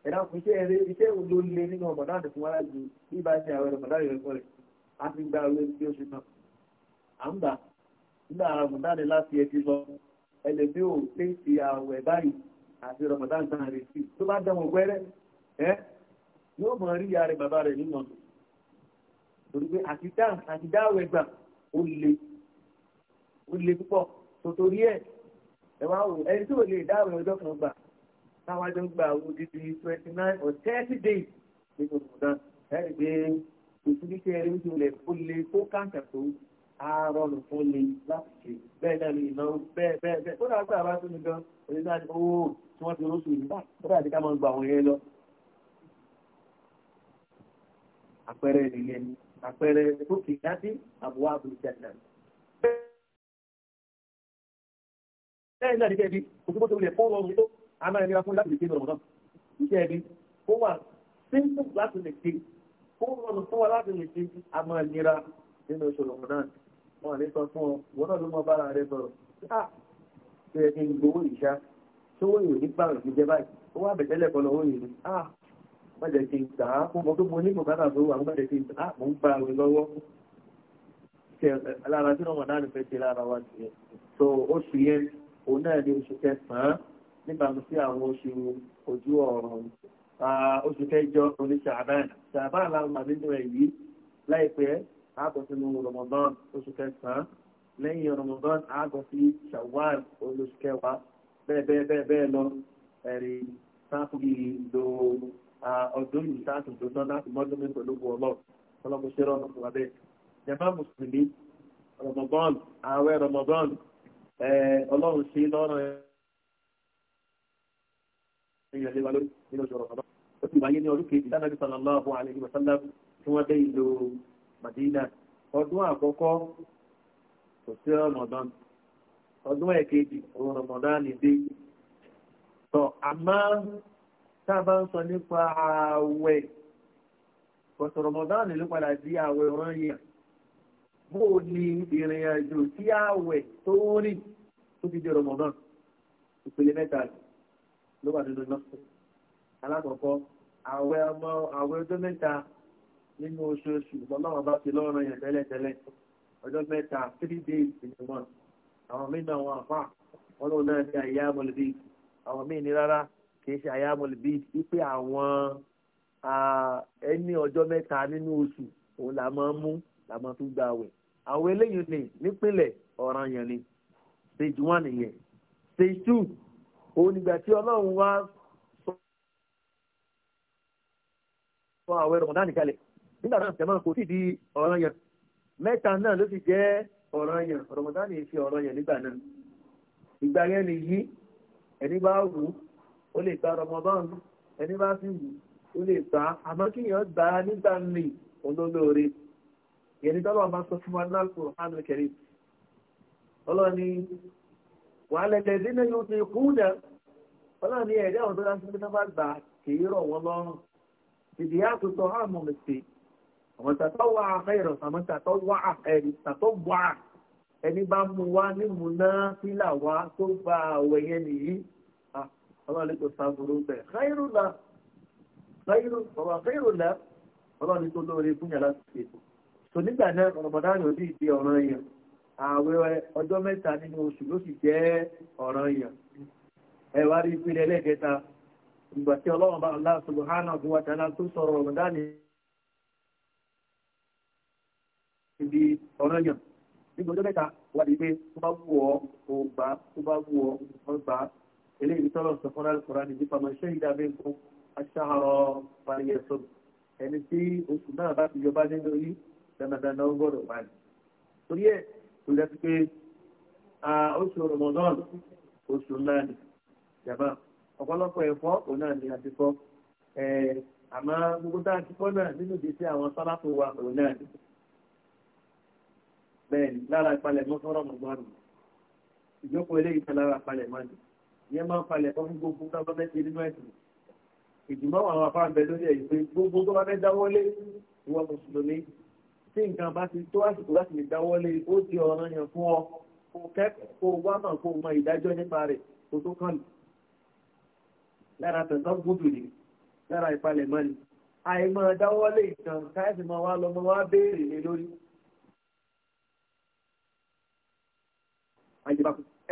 ẹ̀dá fún iṣẹ́ eré iṣẹ́ òdo lé nínú rọmọdán fún wa ju bí bá ṣe àwọn rọmọdán yóò rẹ a ti gba owó tí ó ṣe tán à ń gbà nígbà rọmọdán láti ẹ ti lọ ẹlẹ́bí ò pé ti àwẹ̀ báyìí àti rọ̀mọ̀dá ń tàn retí tó bá dẹ̀wọ̀n pẹ́rẹ́ ẹ́ yóò mọ̀ rí ìyá rẹ̀ bàbá rẹ̀ nínú ọ̀dọ̀ torí pé àti dáwẹ̀ gbà ó le ó le púpọ̀ tòtòrí ẹ̀ ẹ wá wò ẹni tí ò lè dáwẹ̀ ọjọ́ kan gbà táwọn ẹjọ́ ń gba owó dídí twenty nine or thirty days nínú ọ̀dọ̀ ẹ̀ ẹ̀ gbé òtún ní kẹrin ó lè kó káńtà tó àárọ̀lù fún le láti ṣe bẹ́ẹ̀ náà ní ìnáwó bẹ́ẹ̀ bẹ́ẹ̀ bẹ́ẹ̀ kódà gbà bá tún ní gan òní náà ní owó tí wọ́n ti róṣù yìí kódà ní ká máa gba àwọn yẹn lọ. àpẹẹrẹ nìyẹn àpẹẹrẹ tó kì í dájú àbúwá àbújá náà. bẹ́ẹ̀ náà ní kẹ́ẹ̀bí kò tó tó lè fún ọrùn tó àmà ẹni wá fún láti lè dé lọ́rùn náà. ìkẹ́ẹ̀bí kó wà simple láti lè ṣe kó rọrùn fún wa láti lè ṣe àmà ìnira nínú ìṣòro náà wọn lè sọ fún ọ wọn náà ló mọ bára ah tó yẹ kí n gbowó ìṣá tó wọ́n yòó nípa rẹ̀ jẹ báyìí ó ah wọ́n jẹ́ kí n gbà á fún ọmọ tó mọ onímọ̀ bàbá ah mò ń bá rẹ lọ́wọ́ lára tí wọ́n náà fẹ́ ṣe lára wa nìyẹn so oṣù yẹn òun náà ní oṣù kẹsàn-án níbàámu sí àwọn oṣù ojú ọ̀run ah, oṣù kẹjọ oníṣàbáyà ṣàbáyà làwọn màmí nù ẹ̀ láìpẹ́ àgọ́ sínú Ramadan oṣù kẹsàn-án lẹ́yìn Ramadan àgọ́ sí Shawwal oṣù kẹwàá bẹ́ẹ̀ bẹ́ẹ̀ bẹ́ẹ̀ bẹ́ẹ̀ lọ ẹ̀rí sáàpù yìí lo ọdún yìí sáàpù tó tán láti mọ́dún mi pẹ̀lú bu ọlọ́ ọlọ́kùn ṣe rọrùn fún abẹ́ Madina ọdún àkọ́kọ́ kò sí Ramadan ọdún ẹ̀kejì òun Ramadan ni dé tọ́ àmọ́ tá a bá ń sọ nípa ààwẹ̀ kọ̀sọ̀ Ramadan ló padà di ààwẹ̀ ọ̀ràn yẹn bó o ní ìrìn àjò tí ààwẹ̀ tó rìn tó fi di Ramadan ìpele mẹ́ta ló wà nínú náà alákọ̀ọ́kọ́ ààwẹ̀ ọmọ ààwẹ̀ ọjọ́ mẹ́ta nínú oṣooṣù lọ́lọ́wọ́ bá ti lọ́rọ̀ yẹn tẹ́lẹ̀tẹ́lẹ̀ ọjọ́ mẹ́ta three days in a month àwọn míì náà wọn àfà wọn lóun náà ní àyà mọ̀lẹ́bí àwọn míì ní rárá kìí ṣe àyà mọ̀lẹ́bí wípé àwọn ẹni ọjọ́ mẹ́ta nínú oṣù òun là máa mú là máa tún gbà wẹ̀ àwọn eléyìí ni nípìnlẹ̀ ọ̀ràn yẹn ni stage one yẹn stage two òun nígbà tí ọlọ́run wá sọ àwọn ẹ̀rọ mọ̀dánìkalẹ̀ nígbà náà tẹ̀mọ́ kò tíì di ọ̀ràn yẹn mẹ́ta náà ló sì jẹ́ ọ̀ràn yẹn fi ọ̀ràn yẹn nígbà náà ìgbà yẹn nìyí ẹni bá wù ó lè gba Ramadan ẹni bá sì wù ó lè gbà àmọ́ kíyàn gbà nígbà míì olólóore yẹni tọ́lọ́ máa sọ fún wa hánú kẹrin yóò ti kú ẹ̀rí àwọn tó dá sí pé tó bá gbà kì í rọ̀ wọ́n lọ́rùn ìdí àtúntò mẹ́sì àwọn tàtọ́wà àfẹ́rọ̀ àwọn tàtọ́wà ẹni tàtọ́wà ẹni bá mú wá ní múná fílà wá tó gba àwẹ̀ yẹn nìyí ọlọ́run tó sáfúrú bẹ̀ káírùlá káírùlá ọlọ́run tó lóore fún yàrá ti ṣètò tó nígbà náà ọ̀rọ̀mọ̀dá yóò dì í ọ̀ràn yẹn ààwẹ̀ ọjọ́ mẹ́ta nínú oṣù ló sì jẹ́ ọ̀ràn yẹn ẹ̀wá rí ìpínlẹ̀ ẹlẹ́gẹ̀ta ibi ọ̀rọ̀ yàn nígbà ọjọ́ mẹ́ta wà ní pé tó bá wù ọ́ ò gbà tó bá wù ọ́ ò gbà eléyìí tọ́lọ̀ sọ fọ́nrán alukọ̀rọ̀ ní nípa mọ̀ ṣé ìdá bẹ́ẹ̀ fún aṣáhàrọ̀ paríyẹ sọ ẹni tí oṣù náà bá ti yọba nínú yìí dandandandan ó gbọ́dọ̀ wà ní. torí ẹ̀ kò lẹ́ fi pé oṣù rọmọdán oṣù náà ni jàmbá ọ̀pọ̀lọpọ̀ ẹ̀fọ́ òun náà ni àti fọ́ àmọ́ gbogbo tá a ti fọ́ náà nínú ìdí bẹ́ẹ̀ni lára ìpalẹ̀ mọ́ fọ́rọ̀ mọ̀gbọ́nù ìjókòó eléyìí tẹ lára ìpalẹ̀ mọ́ ni ìyẹn máa ń palẹ̀ mọ́ fún gbogbo tó bá fẹ́ ṣe nínú ẹ̀sìn ìjùmọ̀ àwọn afá bẹ lórí ẹ̀yìn pé gbogbo tó bá fẹ́ dáwọ́lé ìwọ mùsùlùmí tí nǹkan bá ti tó àsìkò láti lè dáwọ́lé ó di ọ̀ràn yẹn fún ọ kó kẹ́kọ̀ọ́ kó wá mọ̀ kó mọ ìdájọ́ nípa rẹ̀ kó tó kàn lù lára tẹ̀sán gbúdù ni lára ìpalẹ̀ mọ́ ni àìmọ̀ dáwọ́lé ìtàn káyọ̀sì máa wá lọ́mọ wá béèrè lórí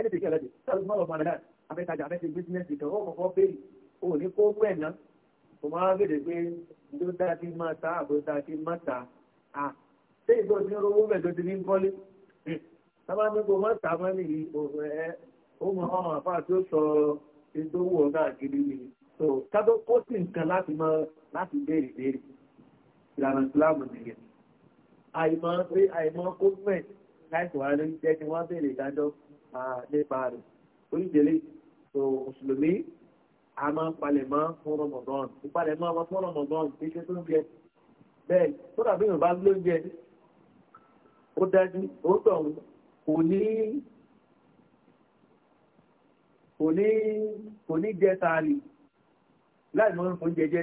ẹni tètè ẹlẹ́dẹ̀ sáré fún ọ̀rọ̀ mọ̀lẹ́dà abẹ́tajà abẹ́tẹ̀ bísíǹnẹ́sì kan ó kọ̀kọ́ béèrè ó ní kó wẹ̀ náà kò máa béèrè pé ló dáa kí máa ta àbò dáa kí máa ta à ṣé ìgbọ́ ti ń rówó mẹ́ tó ti ní kọ́lé sábà hm. ní kó máa ta mọ́ nìyí ó mọ ọmọ àfáà tó sọ ìdówó ọ̀gá àgídí ni so kátó kó sì nǹkan láti mọ láti béèrè béèrè ìlànà ìsìláàmù nìyẹn àìmọ̀ pé àìmọ̀ kó mẹ́ láìsí wàá lóyún jẹ́ kí wọ́n béèrè ìdájọ́ nípa rẹ̀ onídìrí tó mùsùlùmí a máa ń palẹ̀mọ́ fún rọmọdán ìpalẹ̀mọ́ ọmọ fún rọmọdán kì í ṣe tó ń jẹ bẹ́ẹ̀ tó dàbí yorùbá lóúnjẹ ó dájú ó tọ̀hún kò ní kò ní kò ní jẹ taari láì mọ́ oúnjẹ jẹ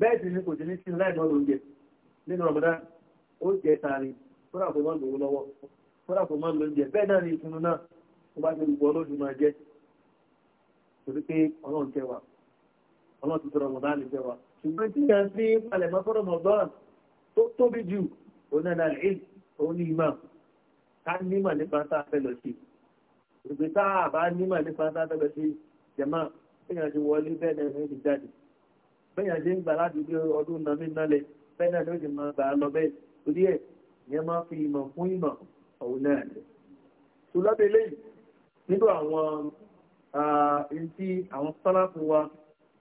bẹ́ẹ̀ sì ni kò sí ní sinmi láì mọ́ oúnjẹ nínú rọmọdán ó jẹ taari tó dàbí wọn lòun lọ́wọ́ fúnra kò máa lo oúnjẹ bẹ́ẹ̀ náà ni ìsinmi náà tó bá ti gbọ́ lóṣù máa jẹ́ torí pé ọlọ́run tẹ wa ọlọ́run ti sọ̀rọ̀ mọ̀dá ní tẹ wa ṣùgbọ́n tí yẹn fi palẹ̀ mọ́ fọ́rọ̀ mọ̀dán tó tóbi jù òun náà ní òun ní ìmọ̀ ká nímọ̀ nípa tá a fẹ́ lọ sí ìgbé tá a bá nímọ̀ nípa tá a fẹ́ lọ sí jẹ̀mọ́ bẹ́yàn ti wọlé bẹ́ẹ̀ náà ní ti bẹ́yàn ti ń ọ̀hún náà ni. tó lábẹ́ eléyìí nínú àwọn ẹni tí àwọn sálàfù wa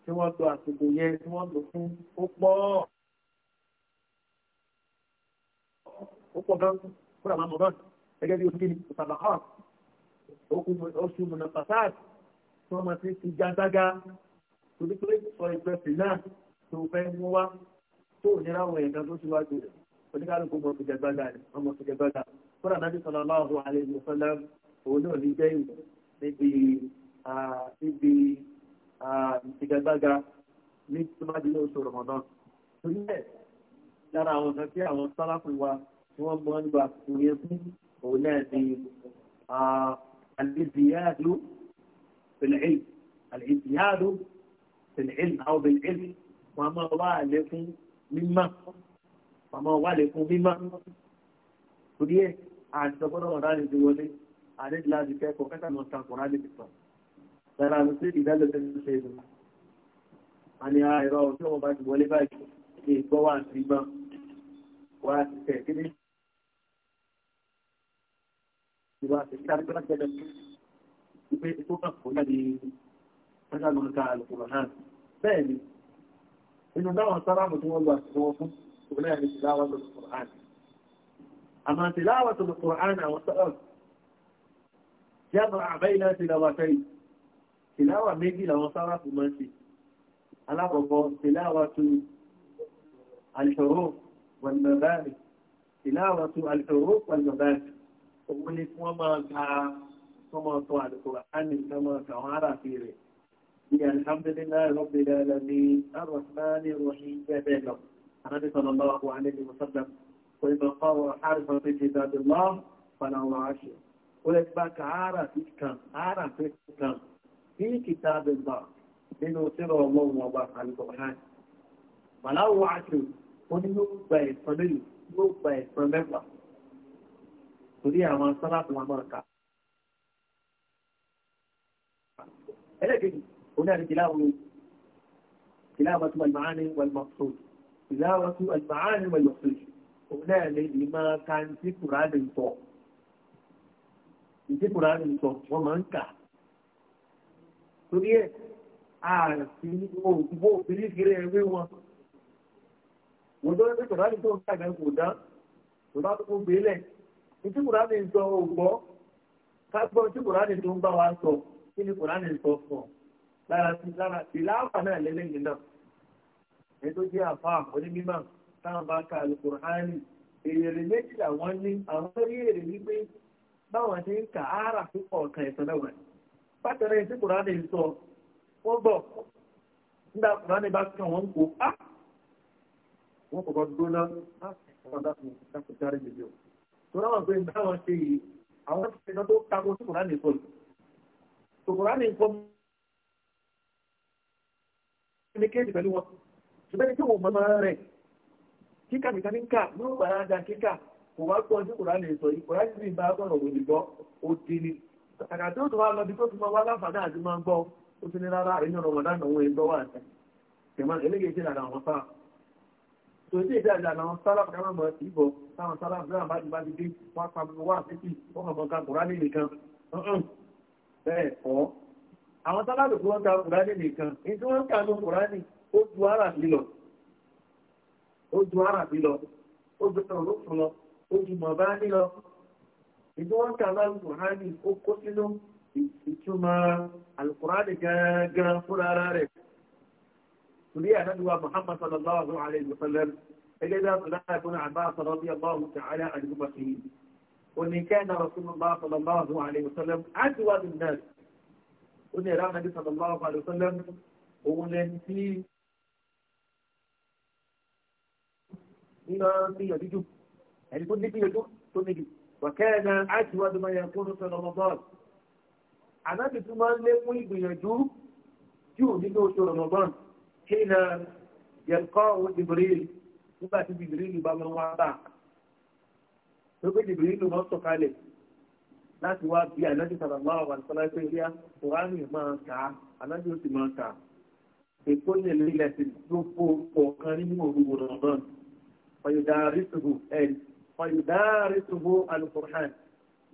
tí wọ́n lo àsìkò yẹn tí wọ́n lò fún ó pọ̀ ó pọ̀ gan kúrò àmọ́ mọ̀bọ́n gẹ́gẹ́ bí oṣù ìsàbàkọ́ oṣù mọ̀nà pàtàkì tí wọ́n máa ti fi jágágá torí pé sọ ìgbẹ́sìn náà tó fẹ́ mú wá tó nira àwọn èèyàn tó síwájú rẹ̀ oníkálukú mọ̀ fi jẹgbẹ́gbẹ́ rẹ̀ wọ́n mọ̀ fi jẹgbẹ́gbẹ́ kúrò náà sọ̀rọ̀ aláwọ̀ àlejò sọ́lá òun náà ní jẹ́ níbi níbi ìfigagbága ní tìmádìí oṣù rọ̀mọ̀dán. torí ẹ̀ lára àwọn kan tí àwọn sáláfù wa tí wọ́n mọ́ nípa ìyẹn fún òun náà ní àlejìyàdù pẹ̀lẹ́ẹ̀lì àlejìyàdù pẹ̀lẹ́ẹ̀lì àwọn pẹ̀lẹ́ẹ̀lì wọn máa wá àlékún mímọ́ wọn máa wá àlékún mímọ́ torí àti ọgbọ́dọ̀ ọ̀rá rẹ̀ ti wọlé àdéjì láti kẹ́kọ̀ọ́ kẹ́kà náà ta kọ̀ọ̀rá lè tìtàn lára mi sí ìdájọ́ tẹ́lẹ̀ tó ṣe ìlú àni ara ẹ̀rọ tí wọ́n bá ti wọlé báyìí ní ìgbọ́ wà sí gbọ́ wà sí tẹ̀ kí ní ìwà sí kí adéjọ́ láti tẹ̀lẹ̀ pé tó kàn kó jáde kẹ́kà náà ta àlùkùrọ̀ náà bẹ́ẹ̀ ni inú dáwọn sáráàmù tí wọ́n lọ àti wọn fún òun náà ní ìdáwọ́ lọ́sọ̀rọ̀ àti أما تلاوة القرآن أو السؤال جمع بين تلاوتين تلاوة méjì làwọn sàráfù máa ń ṣe alákọ̀ọ́kọ́ تلاوة الحروف والمباني تلاوة الحروف والمباني òun ni kí wọ́n máa ka kí wọ́n máa tọ́ القرآن kí wọ́n máa ka wọ́n ara fi rẹ̀ bí alhamdulilayi rabbil alamin arrahmani rahim bẹ́ẹ̀ bẹ́ẹ̀ lọ anábìsọ̀rọ̀ lọ́wọ́ àwọn àlejò mọ́sálàmù ويبقى وحارفة في كتاب الله فله عشر ويتبع كعارة كم عارة كم في كتاب الله nínú sílọ ọlọ́run ọba alìkọ̀ọ́hán màláwù àṣù ó ní yóò gba ẹ̀sán lórí yóò gba ẹ̀sán mẹ́wàá torí àwọn sọ́láàtì wọn máa kà. ẹlẹ́kejì òun náà ní tìláwù tìláwù tó àlùmáàní wàlùmọ̀sọ̀ tìláwù tó àlùmáàní wàlùmọ̀sọ̀ òun náà lè ní máa ka ti kùránì ń tọ̀ ti kùránì ń tọ̀ wọ́n máa ń kà torí ẹ̀ àti òkúbó òbílí kiri ẹ̀wé wọn wọ́n tó ń pè kùránì tó ń kà gan kò dán kò bá tó gbélẹ̀ ti kùránì ń tọ̀ ògbọ́ ká gbọ́ ti kùránì tó ń bá wa sọ kí ni kùránì ń tọ̀ fún ọ lára ti lára ìlà àpá náà lẹ́lẹ́yìn náà ẹ tó jẹ́ àfa onímọ̀. táwọn bá ka alukur'ani èrè méjì làwọn ní àwọn rí èrè wípé báwọn ti ń kà ára púpọ̀ ọ̀kan ìsọdọ̀wà pátẹ́rẹ́ tí kùránì sọ wọ́n gbọ́ nígbà kùránì bá kàn wọ́n kó á wọ́n kọ̀kọ́ gbóná á dákun dákun járe kíkà nìkan níkà ló ń pàrọ̀ ajá kíkà kò wá pọ̀ sí kùránì ìsọ̀ yìí kùránì sì bá sọ̀rọ̀ òwò nìgbọ́ ó ni ó ti ní rárá òun ẹgbọ́ wà eléyìí ti dàda àwọn sáà tó ti ìdí àjà àwọn sálà kàmá mọ̀ sí ìbọ̀ táwọn bá ti bá ti dé pa wá kàn ká nìkan bẹ́ẹ̀ kọ́ àwọn nìkan ó ju árabi lọ ó ju ọlọ́fun lọ ó ju mọ̀báni lọ ìdí wọn kà lálùkù hánì ó kó sínú ìtumọ̀ alukurani gángan fúnra ara rẹ̀ torí àdáduwa muhammad sallallahu alayhi wa sallam ẹgbẹ́ bí abdullahi ibn abbas radiyallahu ta'ala anhuma fi oníkẹ́ni rasulullah sallallahu alayhi wa sallam àdúrà bin nas ó ní sallallahu alayhi wa sallam òun lẹ́ni tí nínú gbìyànjú jù ẹni tó ní gbìyànjú tó ní jù wọ̀kẹ́rẹ́ náà á ti wá dùnmọ́ yẹn kó ló sọ̀rọ̀ ọmọbọ́ọ̀l ànábì tún máa ń lé fún ìgbìyànjú jù nínú oṣù ọmọbọ́ọ̀l kí na yẹnkọ́ òun jìbìrìl nígbà tí jìbìrìl bá máa wá bá tó pé jìbìrìl máa sọ̀kalẹ̀ láti wá bí ànábì sàrànlá ọ̀wà sọ́lá pé ilé kùránì máa kà á ànábì ó sì máa kà á èkó lè lè lẹ́sìn gbogbo kọ̀ọ̀kan nínú òru ọmọbọ́ọ̀l فيدارسه فيدارسه القرآن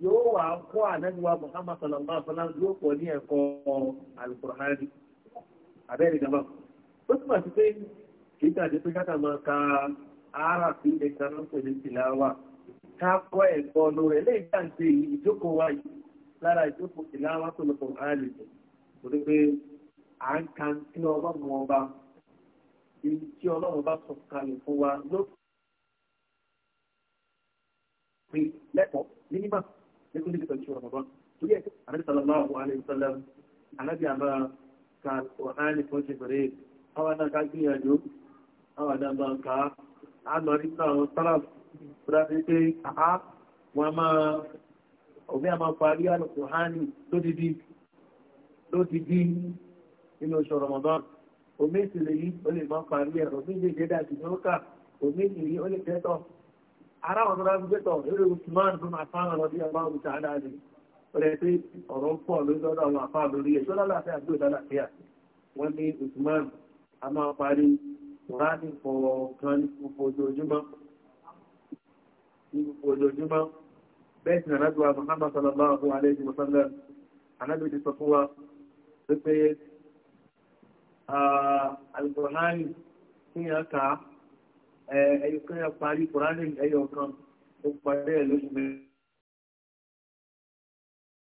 yóò wà kó ànágbèwà muhammad sallallahu alaihi wa sallam yóò pọ̀ ní ẹ̀kọ́ alukur'ani abẹ́rẹ́ gaba ó túmọ̀ sí pé kì í tàbí pé káta máa ka ara fi ẹ̀ka náà pè ní tìláwà ká kọ́ ẹ̀kọ́ lórí eléyìí tá à ń ṣe ìjókòó wa yìí lára ìjókòó tìláwà tó lọ fún ààrẹ jù torí pé à ń ka tí ọlọ́run ọba tí ọlọ́run bá sọ kalẹ̀ fún wa ló pé lẹ́kọ̀ọ́ ní nígbà nítorí níbi tọ́jú ọ̀rọ̀mọ̀bọ́n torí ẹ̀ ànábì sallallahu alaihi wasallam ànábì àmà ka ọ̀hánì fún ṣe fèrè àwọn náà ká gbìyànjú àwọn náà máa ka á lọ rí náà àwọn sáràf fúra sí pé àá wọn máa òbí àmà parí àlùkùhánì lódìdí di nínú oṣù ọ̀rọ̀mọ̀bọ́n omi ìsìlẹ̀ yìí ó lè máa parí ẹ̀ òmí ìdíje ní ó kà òmí ìsìlẹ̀ yìí ó lè tẹ́tọ̀ ara wọn lọ́dá gbé tọ̀ lórí Usman bin Affan lọ́dí ọba òkúta adáàdì rẹ̀ pé ọ̀rọ̀ pọ̀ lórí ọ̀dọ̀ àwọn afá lórí ẹ̀ sọ́dọ̀ láti àgbé ìdálàfíà wọ́n ní Usman a máa parí Kùránì kọ̀ọ̀kan ní gbogbo ojoojúmọ́ ní gbogbo ojoojúmọ́ bẹ́ẹ̀ sì nàrà ju Muhammad sallallahu alayhi wa sallam anábì ti sọ fún wa pé Al-Qur'ani kí ni a kà ẹyọkan yà parí kùránì ẹyọkan ó parí ẹ lóṣù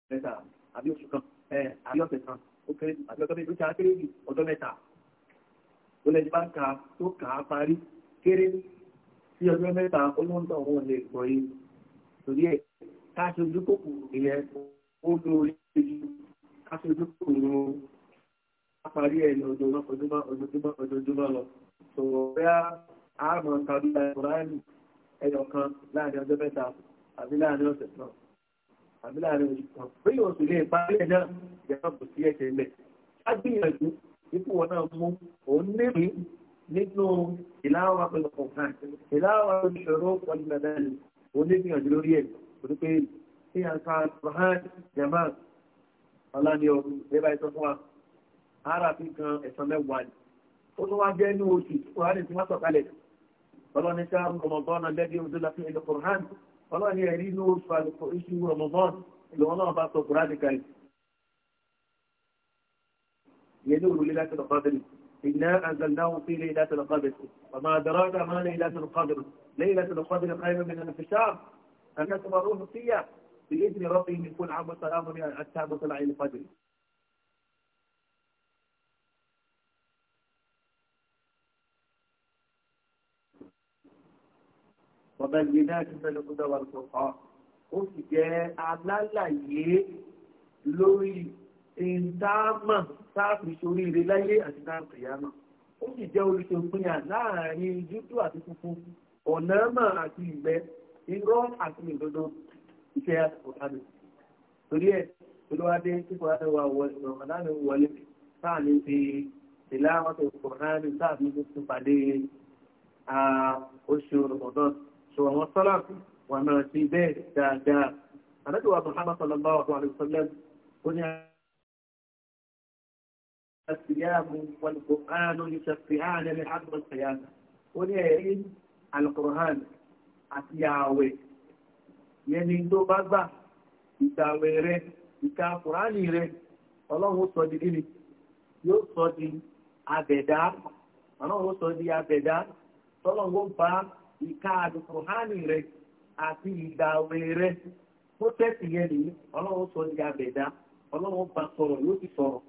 mẹ́ta àbí oṣù kan àbí ọ̀sẹ̀ kan ó kéré àbí ọ̀sẹ̀ méjì ó kéré jù ọjọ́ mẹ́ta ó lẹ́ni bá ka tó kà á parí kéré sí ọjọ́ mẹ́ta olóńtọ̀ wọn lè gbọ́ yìí torí ẹ̀ káṣe ojú kòkòrò ìyẹn ó lórí ju káṣe ojú kòkòrò á parí ẹ̀ ní ojoojúmọ́ ojoojúmọ́ ojoojúmọ́ lọ sọ̀rọ̀ bẹ́ẹ̀ àmọ́ tàbí àìkùránì ẹyọ kan láàrin ọjọ́ mẹ́ta àbí láàrin ọ̀sẹ̀ kan àbí láàrin oṣù kan bí yóò sì lè parí ẹ̀ náà ìjọba kò sí ẹ̀ṣẹ̀ ilẹ̀ á gbìyànjú ipò wọn náà mú òun nírì nínú ìláwà pẹ̀lú ọ̀kan ìláwà ìṣòro pẹ̀lú mẹ́tẹ́lì òun ní a ka rahman jama ọlọ́ni ọ̀run bẹ́ẹ̀ fún wa ara fi kan ẹ̀sán mẹ́wàá ni ó tún wá jẹ́ inú oṣù tó wá ní ti wá sọ̀kalẹ̀ فلا نساء رمضان الذي انزل فيه القران فلا هي يريد فالقريش رمضان اللي والله بعد القران الكريم يدور ليله القدر انا انزلناه في ليله القدر وما دراك ما ليله القدر ليله القدر خير من الانتشار انكم روح فيها باذن ربهم يكون عام السلام على التابوت العين القدري وبينات من الهدى والفرقان ó sì jẹ́ alálàyé lórí ìdámà táàfi ṣoríire láyé àti dáàbìyàmà ó sì jẹ́ olùṣòpinya láàrin dúdú àti funfun ọ̀nàmà àti ìgbẹ́ irọ́ àti ìdodo iṣẹ́ àtìkọ̀tàbí torí ẹ̀ olúwadé tí kò wáṣẹ wa ọ̀nàmà wọlé sáàní fi ìlà àwọn tó kọ̀ náà ní sáàbí tó tún pàdé oṣù ọ̀dọ́sì so àwọn sálàkù wà máa ti bẹ́ẹ̀ dáadáa àdájọ́ wa Muhammad sallallahu alayhi wa sallam ó ní àṣìyàmù wal-Qur'an ní ṣàfihàn ní àdúrà ṣàyàmù ó ní ẹ̀rí al-Qur'an àti ààwẹ̀ yẹn ni tó bá gbà ìgbàwẹ̀ rẹ ìka Qur'ani rẹ ọlọ́run sọ di nínú yóò sọ di abẹ̀dá ọlọ́run sọ di abẹ̀dá tọ́lọ́run bá ìka àdùkùránì rẹ àti ìgbàwé rẹ tó tẹ̀sí yẹn nìyí ọlọ́run sọ ní abẹ̀dá ọlọ́run bá sọ̀rọ̀ yóò ti sọ̀rọ̀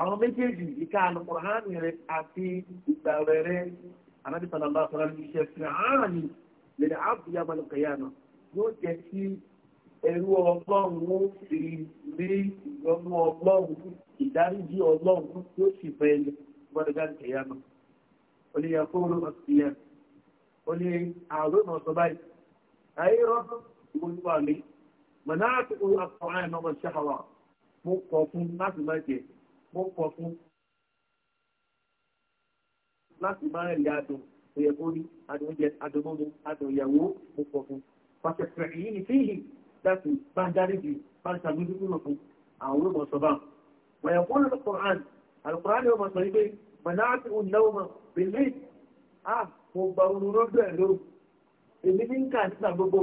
àwọn méjèèjì ìka àdùkùránì rẹ àti ìgbàwé rẹ anábì sọ̀rọ̀ bá sọ̀rọ̀ ní iṣẹ́ fi hàn lè àbúyá balùkẹ́yà náà yóò jẹ́ kí ẹ̀rú ọlọ́run rí ìyọnu ọlọ́run ìdáríjì ọlọ́run yóò sì fẹ́ ẹni gbọ́dọ̀ gáàkì ẹ̀yà náà. oníyàkóró ọ̀sìn yẹn ó ní àrùn ọ̀sọ báyìí àìrọ̀ olúwa mi mọ̀nà àti olú akọ àìmọ́ ọmọ ṣáwà mo kọ̀ fún láti má jẹ mo kọ̀ fún láti má rìn àdùn òyẹ kó rí àdùn oúnjẹ àdùn mọ́mu àdùn ìyàwó mo kọ̀ fún pàṣẹ pẹ̀lú yìí ní fíìhì láti bá ń dárí jù bá ń ṣàgbéjúkúrò fún àwọn olùmọ̀ sọ bá wọ̀nyẹ kó lọ́kọ̀ àìmọ́ àlùkò àìmọ́ sọ yìí pé mọ̀nà àti olú náà mọ̀ mo gba olóró bẹ́ẹ̀ ló èmi ní nǹkan àti náà gbogbo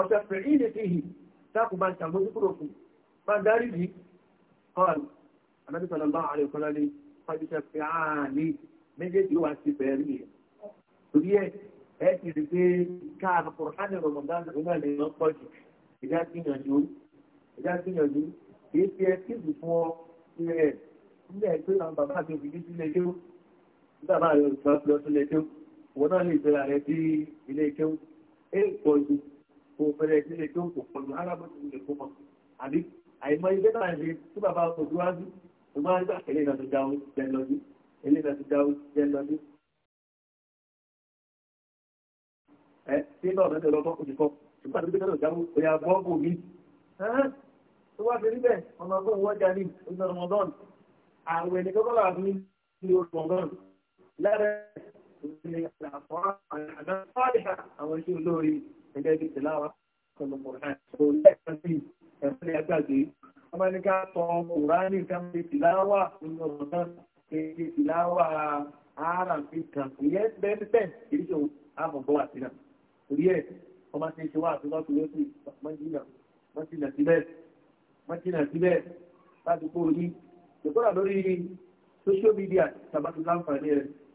ọ̀sẹ̀ pẹ̀lú ìlẹ̀ fi hì dákùn bá ń tàbójú kúrò fún bá dárí yìí kọ́ọ̀lù àmọ́tí sọ̀rọ̀ bá àrẹ ìkọlá ní pàdíṣẹ́ fi ààní méjèèjì wà sí bẹ̀rẹ̀ yẹn torí ẹ ẹ ti rí pé káàdì kùrọ̀hánì rọ̀mọ̀dá nígbà lè lọ pọ̀ jù ìjà gbìyànjú ìjà gbìyànjú kìí fi ẹ kíìsì fún ọ ilẹ̀ ẹ̀ nílẹ̀ pé bàbá àti òbí wọ́n náà lè bẹ̀rẹ̀ rẹ̀ bí ilé ẹjọ́ ẹ pọ̀ ju kò bẹ̀rẹ̀ sí ilé ẹjọ́ kò pọ̀ ju alábòsí ilé kó mọ̀ àbí àìmọ ilé náà lè tí bàbá òdu wá sí ìmọ̀ àgbà ilé náà ti dáwó jẹ lọ́dún ilé náà ti dáwó jẹ lọ́dún. ẹ tí náà mẹ́tẹ̀ lọ fọ́kùn nìkan ṣùgbọ́n àti bíkẹ́ náà dáwó òyà bọ́ọ̀bù mi. tó wá fi níbẹ̀ ọmọ ní àlàfọ́ àlàfọ́ àlàfọ́ àwọn iṣẹ́ olórí ẹgbẹ́ bíi tìláwà sọlọmọ náà kò lẹ́ẹ̀kan sí ẹ̀fọ́ ní agbàgbé ọmọ ní ká tọ kùránì kan bíi tìláwà nínú ọ̀rọ̀ náà kéde tìláwà ara fi kàn ìyẹn bẹ́ẹ̀ bẹ́ẹ̀ kì í ṣe àbọ̀bọ̀ àti náà torí ẹ̀ ọmọ ti ṣe wá àtúntò tó yẹ kí wọ́n ti nà síbẹ̀ wọ́n ti nà síbẹ̀ láti kó o ní lórí social media tàbátúláǹfààní rẹ̀.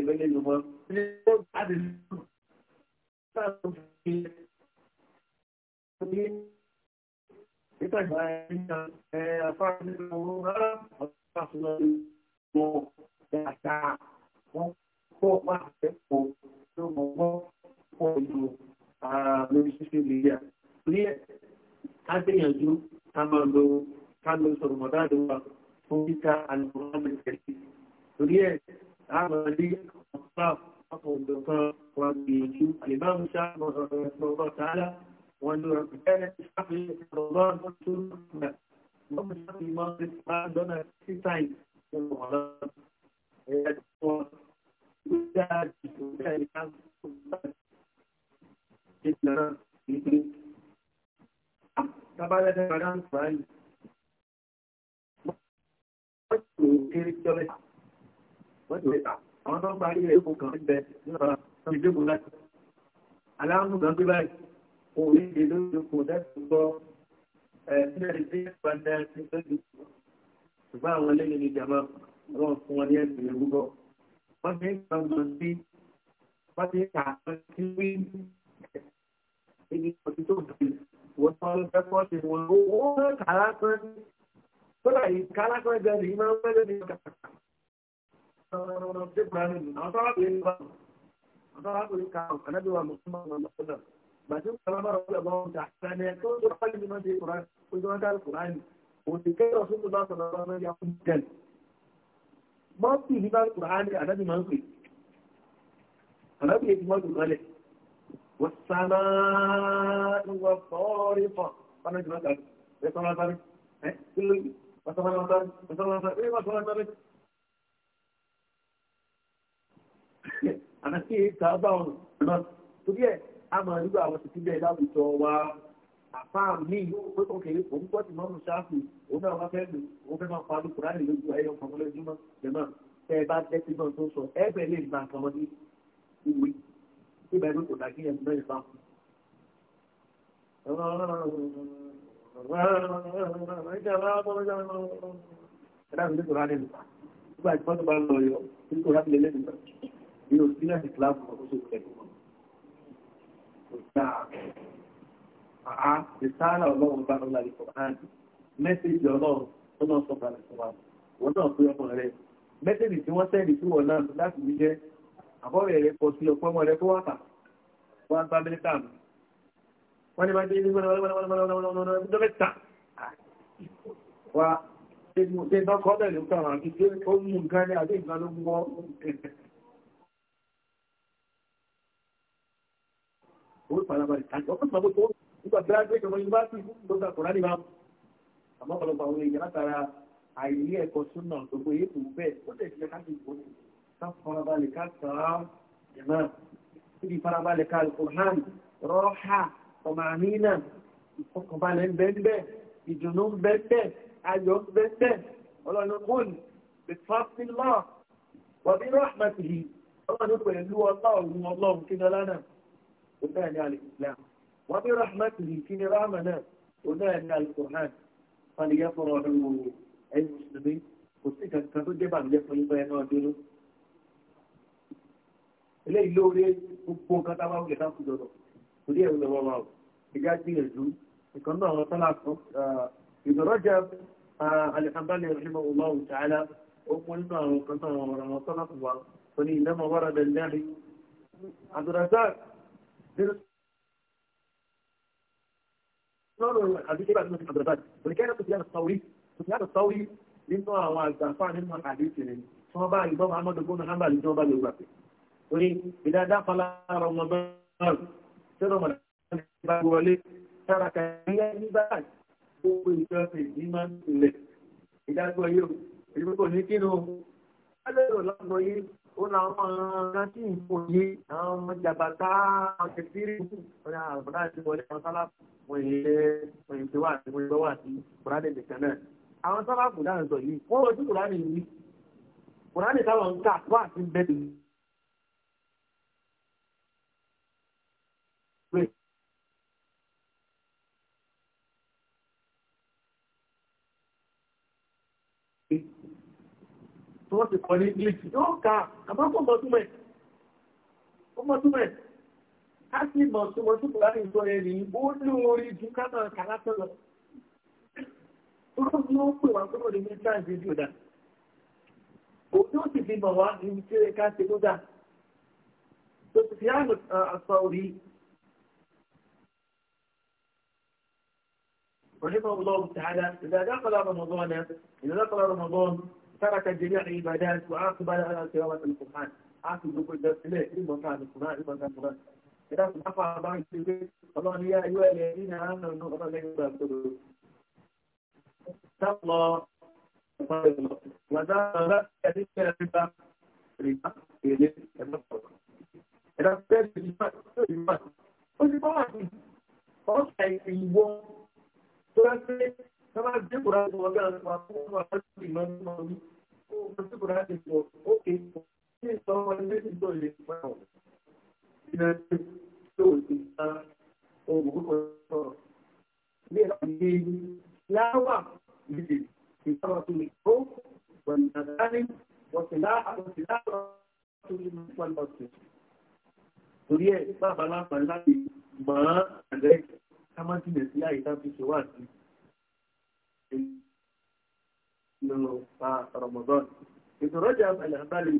ìlú ní ìlú mọ́ ní ó jáde lù sáàtún fi ní ìtàgbà ẹ̀yà ẹ̀ afárá nínú ọ̀rọ̀ rárá ọ̀tá fún ọ mọ ẹ̀ka wọn kó wá ẹ̀kọ́ tó mọ̀ mọ́ pọ̀ ju lórí ṣíṣe nìyà ní ẹ̀ ká gbìyànjú ká máa lo ká lo sọ̀rọ̀ mọ̀dáàdúrà fún عملية الأطراف خطوة بالطرف والبيجي الإمام الشعب رحمه الله تعالى وأنه كان الشعب رمضان مكتوب رحمة الإمام الشعب الماضي عندنا ستين من الغلط طبعا هذا كلام فعلي. wọ́n ti wẹ́ta àwọn tó ń parí rẹ̀ kó kàn bẹ nígbà tó ti dẹ́kun láti. aláàmú gan gbé báyìí kò ní ìdè lórí oko dẹ́kun gbọ́ ẹ̀ sílẹ̀ ní bíi ìpàdé ti lójú. ṣùgbọ́n àwọn lẹ́yìn ní ìjàmbá wọn fún wọn ní ẹ̀sìn ìlú bọ̀. wọ́n ti ń kàn lọ sí wọ́n ti ń kà á sí wí ibi ọtí tó dùn wọ́n tó ń fẹ́ pọ́ọ̀tì wọn ó kà á lásán kódà ìkà lásán gan-an yìí máa ń fẹ́ lórí ìkà Bàtí Kàlámà Rọ̀bí Ọlọ́run tààtà ni ẹ̀ tó ń sọ́kọ́ ní máa ń ṣe Kùránì, ó jọ ń dá Kùránì, òṣìkẹ́ ọ̀ṣun tó bá sọ̀rọ̀ ọmọ ẹ̀yà fún ìjẹ́lì. Mọ́ọ̀tì ní bá Kùránì àdájú máa ń pè. Àdájú èyí mọ́ọ̀tì mọ́lẹ̀. Wọ́n sáná ìwọ̀ fọ́ọ̀rí fọ̀. Bọ́lá ìjọba kàdé, ẹ̀ sọ́nà àti ìtàbà ọ̀rùn lọ torí ẹ̀ a máa nílò àwọn títí bẹ́ẹ̀ láwùjọ wa àfáà mi ó kè é òun gbọ́ ti mọ́mú ṣáàfù òun náà wá fẹ́ lò ó fẹ́ máa parí kùránì lójú ẹyọ kan lójúmọ́ jẹ̀mọ́ tẹ́ ẹ bá tẹ́tí náà tó sọ ẹ bẹ̀ lè gba nǹkan wọn ní ìwé tí ìgbà ìlú kò dá kí ẹnu mẹ́rin bá kú. ẹ̀dá mi ní kùránì lò nígbà tí wọ́n tó bá lọ yọ ní kùránì lélẹ́nu náà nínú sílẹ̀sì kíláàsì wọn tó ṣe kẹ́kọ̀ọ́ wọn. kò dáa àá ìsáàlà ọlọ́run bá ọlá ìfọ̀ áàdì mẹ́sẹ̀jì ọlọ́run tó náà sọ kalẹ̀ fún wa wọn náà pé ọmọ rẹ mẹ́sẹ̀jì tí wọ́n sẹ́ẹ̀dì sí wọn náà láti fi jẹ́ àbọ̀rẹ̀ rẹ kọ sí ọ̀pọ̀ ọmọ rẹ tó wà kà wọ́n gba mẹ́ta mi wọ́n ní máa dé ní mẹ́ta wa ṣe bá kọ́ bẹ̀rẹ̀ lókàn àti ṣé ó mú nǹkan ní àdé ìgbàlógún wọn orí farabalẹ̀ tàbí ọkọ̀ tó máa bó tó nígbà graduate ọmọ yunifásitì tó gba kọ̀ọ̀rán ní bámu àmọ́ ọ̀pọ̀lọpọ̀ àwọn èèyàn látara àìní ẹ̀kọ́ súnà gbogbo èyí kò bẹ́ẹ̀ ó tẹ̀ sílẹ̀ káàkiri ìbò ká farabalẹ̀ ká sàá jẹ̀mọ́ síbi farabalẹ̀ ká alukur'an rọ́ọ̀hà ọ̀màmínà ìfọkànbalẹ̀ ń bẹ́ẹ̀ ìdùnnú ń bẹ́ẹ̀ ayọ̀ ń bẹ́ẹ̀ ọlọ́run kò ní bẹ̀fọ́sílọ́ wọ́n وثاني على الإسلام وبرحمته في نظامنا وثاني على القرآن فليفرحوا المسلمين وثيكا كفر جبا يفرحوا بيانا ودينو إلي اللوري وبوكا تبا وكتا فدورو ودي أولا والله إجاد بي الجو يكون الله صلاته إذا رجب آه، الحمدان رحمه الله تعالى وقلنا وقلنا وقلنا وقلنا وقلنا وقلنا وقلنا وقلنا وقلنا وقلنا وقلنا وقلنا وقلنا وقلنا وقلنا وقلنا وقلنا oníkẹ́rẹ́ tó ti yára sọ́wọ́rí tó ti yára sọ́wọ́rí nínú àwọn àgbàfà nínú àdéhùn rẹ̀ tí wọ́n bá ìgbọ́n amọ́dọ̀ gbọ́n hàn bàlẹ̀ tí wọ́n bá lè gbà pé orí ìdájá fọlá ara ọmọ bẹ́ẹ̀ tí wọ́n mọ̀ nípa wọlé sára kàríyá ní báyìí gbogbo ìjọsìn ní máa ń tilẹ̀ ìdájọ́ yóò èyí kò ní kí ó làwọn kan tí ń kò yé àwọn ọmọ jàbàtà ọ̀sẹ̀ tírì ọ̀nà àbúrà ti wọlé àwọn sálápù wọ́n yẹ wọ́n ti wà sí wọ́n yẹ wà sí kùránì nìkan náà àwọn sálápù dáhùn sọ yìí wọ́n wọ́n ti kùránì yìí kùránì táwọn ń kà wà sí bẹ́ẹ̀ tí wọ́n ti kọ́ ní English yóò ká àbákọ́ mọ̀ túmọ̀ ó mọ̀ túmọ̀ á sì mọ̀ túmọ̀ tó kùrá ní ìtọ́ ẹni ó ní orí ju kánà kàrá tó lọ. Olóògùn ó pè wá kúrò ní Mísírà ìdíjú dà. Òbí ó sì fi mọ̀ wá ní ti ká tó dà. Sufyan رحمه الله تعالى إذا دخل رمضان إذا دخل رمضان ترك جميع العبادات وعاقب على تلاوة القرآن عاقب بكل درس له إما كان القرآن إما كان القرآن إذا نفع بعض الله يا أيها الذين آمنوا نؤمن لكم بالقلوب اتقوا الله وذا لا يدك الربا ربا يدك الربا إذا كان الربا الربا والربا أصلا يبون ترى tó bá gbé kura tó wọ́n gbára wà fún wọn wà fún ìmọ̀ ní wọn ní ó wọ́n gbé kura ti pọ̀ ó ké pọ̀ kí ni sọ wọn lé ní ìjọ yẹn fún àwọn ìdílé tó o ti ta ohun gbogbo sọ̀rọ̀ ní ìdílé láwà níbi ìjọba tó lè kó wọ́n ní àdáni wọ́n ti lá àwọn ti lá lọ tó lè mú wọn lọ sí. torí ẹ̀ bàbá láǹfààní láti mọ̀ ọ́n àgbẹ̀ ká má tilẹ̀ sí àyíká fi ṣe wá sí i nínú Ramadan. رمضان Rajab al-Hanbali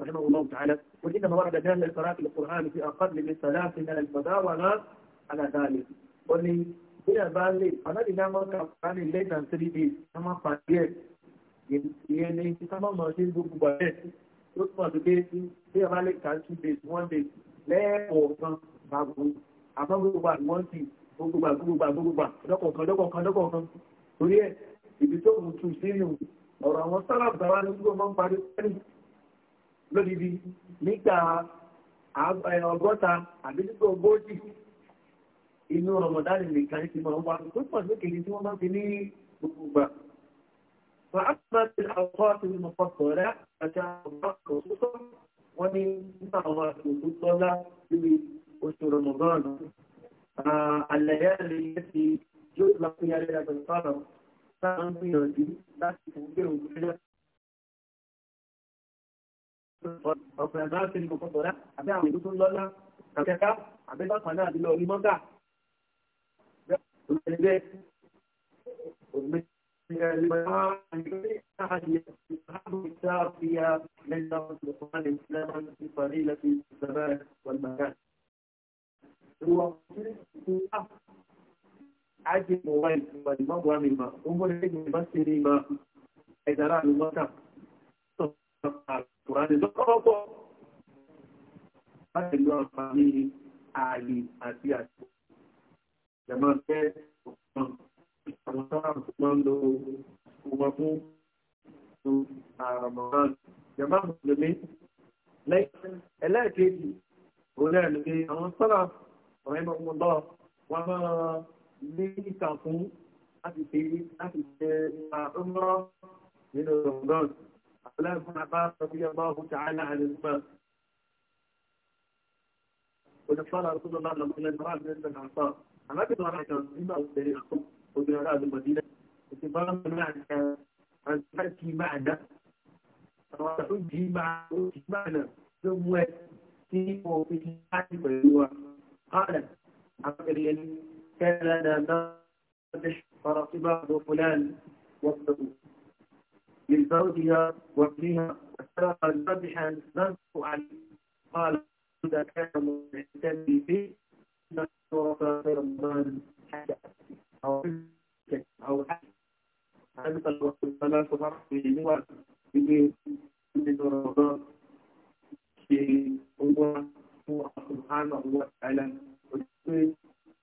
رحمه الله تعالى وإنما ورد دالة قراءة القرآن في أقل من ثلاث من المداولة على ذلك وإن إلى بالي أنا إلى ما كان الليل عن سريدي كما فاجئ يعني كما ما شيء بقبله يطلع بيت إلى بالي كان شيء بيت one day لا أوكان بابو أما بقبل one day بقبل بقبل بقبل دكان دكان دكان دكان torí ẹ̀ ibi tó mú tu sí ìrìn ọ̀rọ̀ àwọn sálábàárà ní gbogbo máa ń parí pẹ́lú lódìdí nígbà ọgọ́ta àbí nígbà ogójì inú rọmọdánì nìkan ti máa ń wá tó pọ̀ lókè ní tí wọ́n máa fi ní gbogbo gbà. فأما الأوقات المفصلة فكان الوقت خصوصا ومن ثمرات المفصلة في أسر رمضان الليالي التي táwọn gbìyànjú láti gbé òun sílẹ̀. ọ̀pọ̀ ẹ̀dá ti ní kọ̀kọ̀ rẹ̀ àbí àwọn ìlú tó ń lọ́lá kàkẹ́kà àbí lọ́kàn náà àbí lọ́ọ̀rí mọ́gà. òṣèlú bẹ́ẹ̀ òṣèlú لما عجب ويل والمضوى من ماء انظر العلم يبصر ماء إذا رأى المطر القرآن ذكره هذا اللي أفهمه أعلي أسياد جماعة وصار عثمان له ومفهوم رمضان جماعة مسلمين لكن لا كذي هنا اللي أنا صلاة رحمه الله وما mínísítà fún láti ṣe láti ṣe àtúmọ̀ nínú rọ̀gbọ́n àbúlẹ̀fún àbáṣọ bí ọba ọ̀hún ti àìlà àdìsígbà. Olùfọ́lá àrùkúndọ̀ náà lọ sílẹ̀ náà àbúlẹ̀ ìgbà náà sọ. Àmọ́kì náà rájọ nígbà òṣèré àkọ́ obìnrin ará àdúgbò dílẹ̀. Òṣèbọ́n náà ní àjẹ́ kí máa dá. Àwọn àtàkùn jì máa ó jì máa nà ló mú ẹ sí òfin láti pẹ̀lú wa. Kọ́lẹ̀ àbẹ̀rẹ̀ كان لنا مادش فرصبه فلان وابنه من زوجها وابنها وسرق المادحا نزف عليه قال إذا كان معتدي فيه ورثة غير مال حتى أو أو حتى حتى الوقت ثلاث فرق في في من رمضان في الله سبحانه وتعالى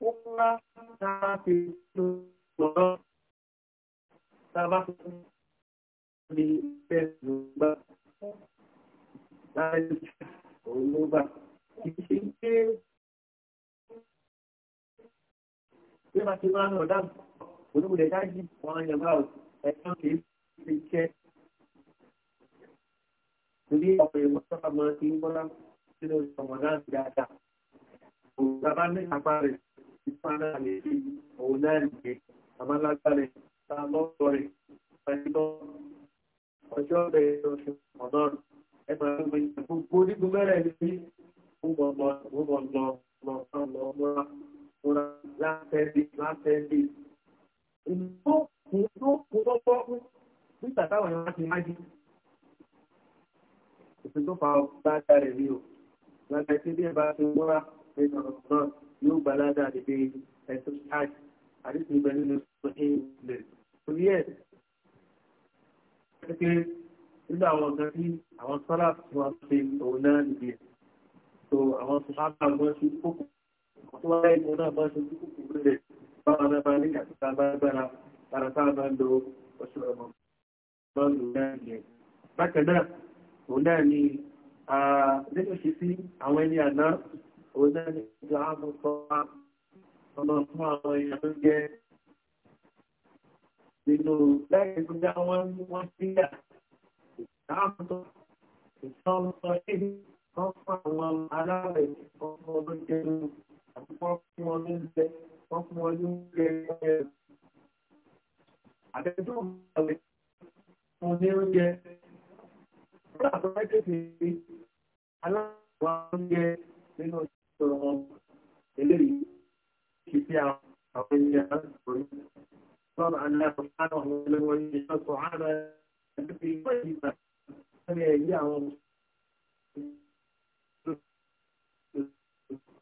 ńlá tá a fi tó lọ́rọ́ tá a bá fi ní fẹ́ẹ̀sì gbà láàyè òun ló gbà kì í ṣe pé bí wọ́n ti máa ń lọ dáàbò onímọ̀lẹ̀ dájú wọn yẹn bá ìpàdé àlejò òun náà nìyẹn àmàlágbálẹ̀ ta lọ́sọ̀ rẹ̀ pẹ̀lú ọjọ́ rẹ̀ lọ́sọ̀ ọ̀dọ́ ẹ máa ń gbìyànjú gbogbo onígun mẹ́rẹ̀ ní gbogbo lọ lọ lọ múra múra látẹ́lẹ̀ látẹ́lẹ̀ ìlú ìlú lọ́pọ̀ nígbà táwọn ẹ̀rọ ti máa jí ìpínlẹ̀ fa ọgbà dáre ní o lágbàtí bí ẹ bá ti múra nínú ọ̀rọ̀ náà yóò gba ládàá dédé ẹ̀sùn hajj àdìsí ibẹ̀ nínú sọ́yìn ilẹ̀ torí ẹ̀ pé nínú àwọn ọ̀gá tí àwọn sọ́lá tí wọ́n ṣe òun náà nìyí ẹ̀ tó àwọn sọ́lá wọn ṣe kókò tó wáyé ìwọ̀n náà bá ṣe kókò rẹ̀ báwọn náà bá ní àtúntà bá gbára lára táwọn bá ń lo oṣù ọmọ bá ń lò náà nìyẹn bákan náà òun náà ni ah, nínú ṣe sí àwọn ẹni àná òjẹ́ni ìjọ àmúkọ́ ọmọ fún àwọn èèyàn tó jẹ́ nínú lẹ́yìn tó já wọ́n mú wọ́n sílẹ̀ ìdáàmútọ́ ìtọ́mọ ìlú kan fún àwọn aláwẹ̀ ọmọ tó jẹ́ nínú àkókò fún wọn ló ń jẹ wọ́n fún wọn ló ń jẹ ẹ̀ àtẹ́jọ́ ìgbàlẹ̀ fún ní oúnjẹ kó dàtọ́ mẹ́tẹ̀ẹ̀tì aláwọ̀ oúnjẹ nínú tó wọn eléyìí kì í sí àwọn ẹni àgbàdo sọ́nà aláàbò sáré àwọn olówó ilé ìṣọ́tò ààrẹ ẹgbẹ́ ìwé ìgbà lórí ẹ̀yí àwọn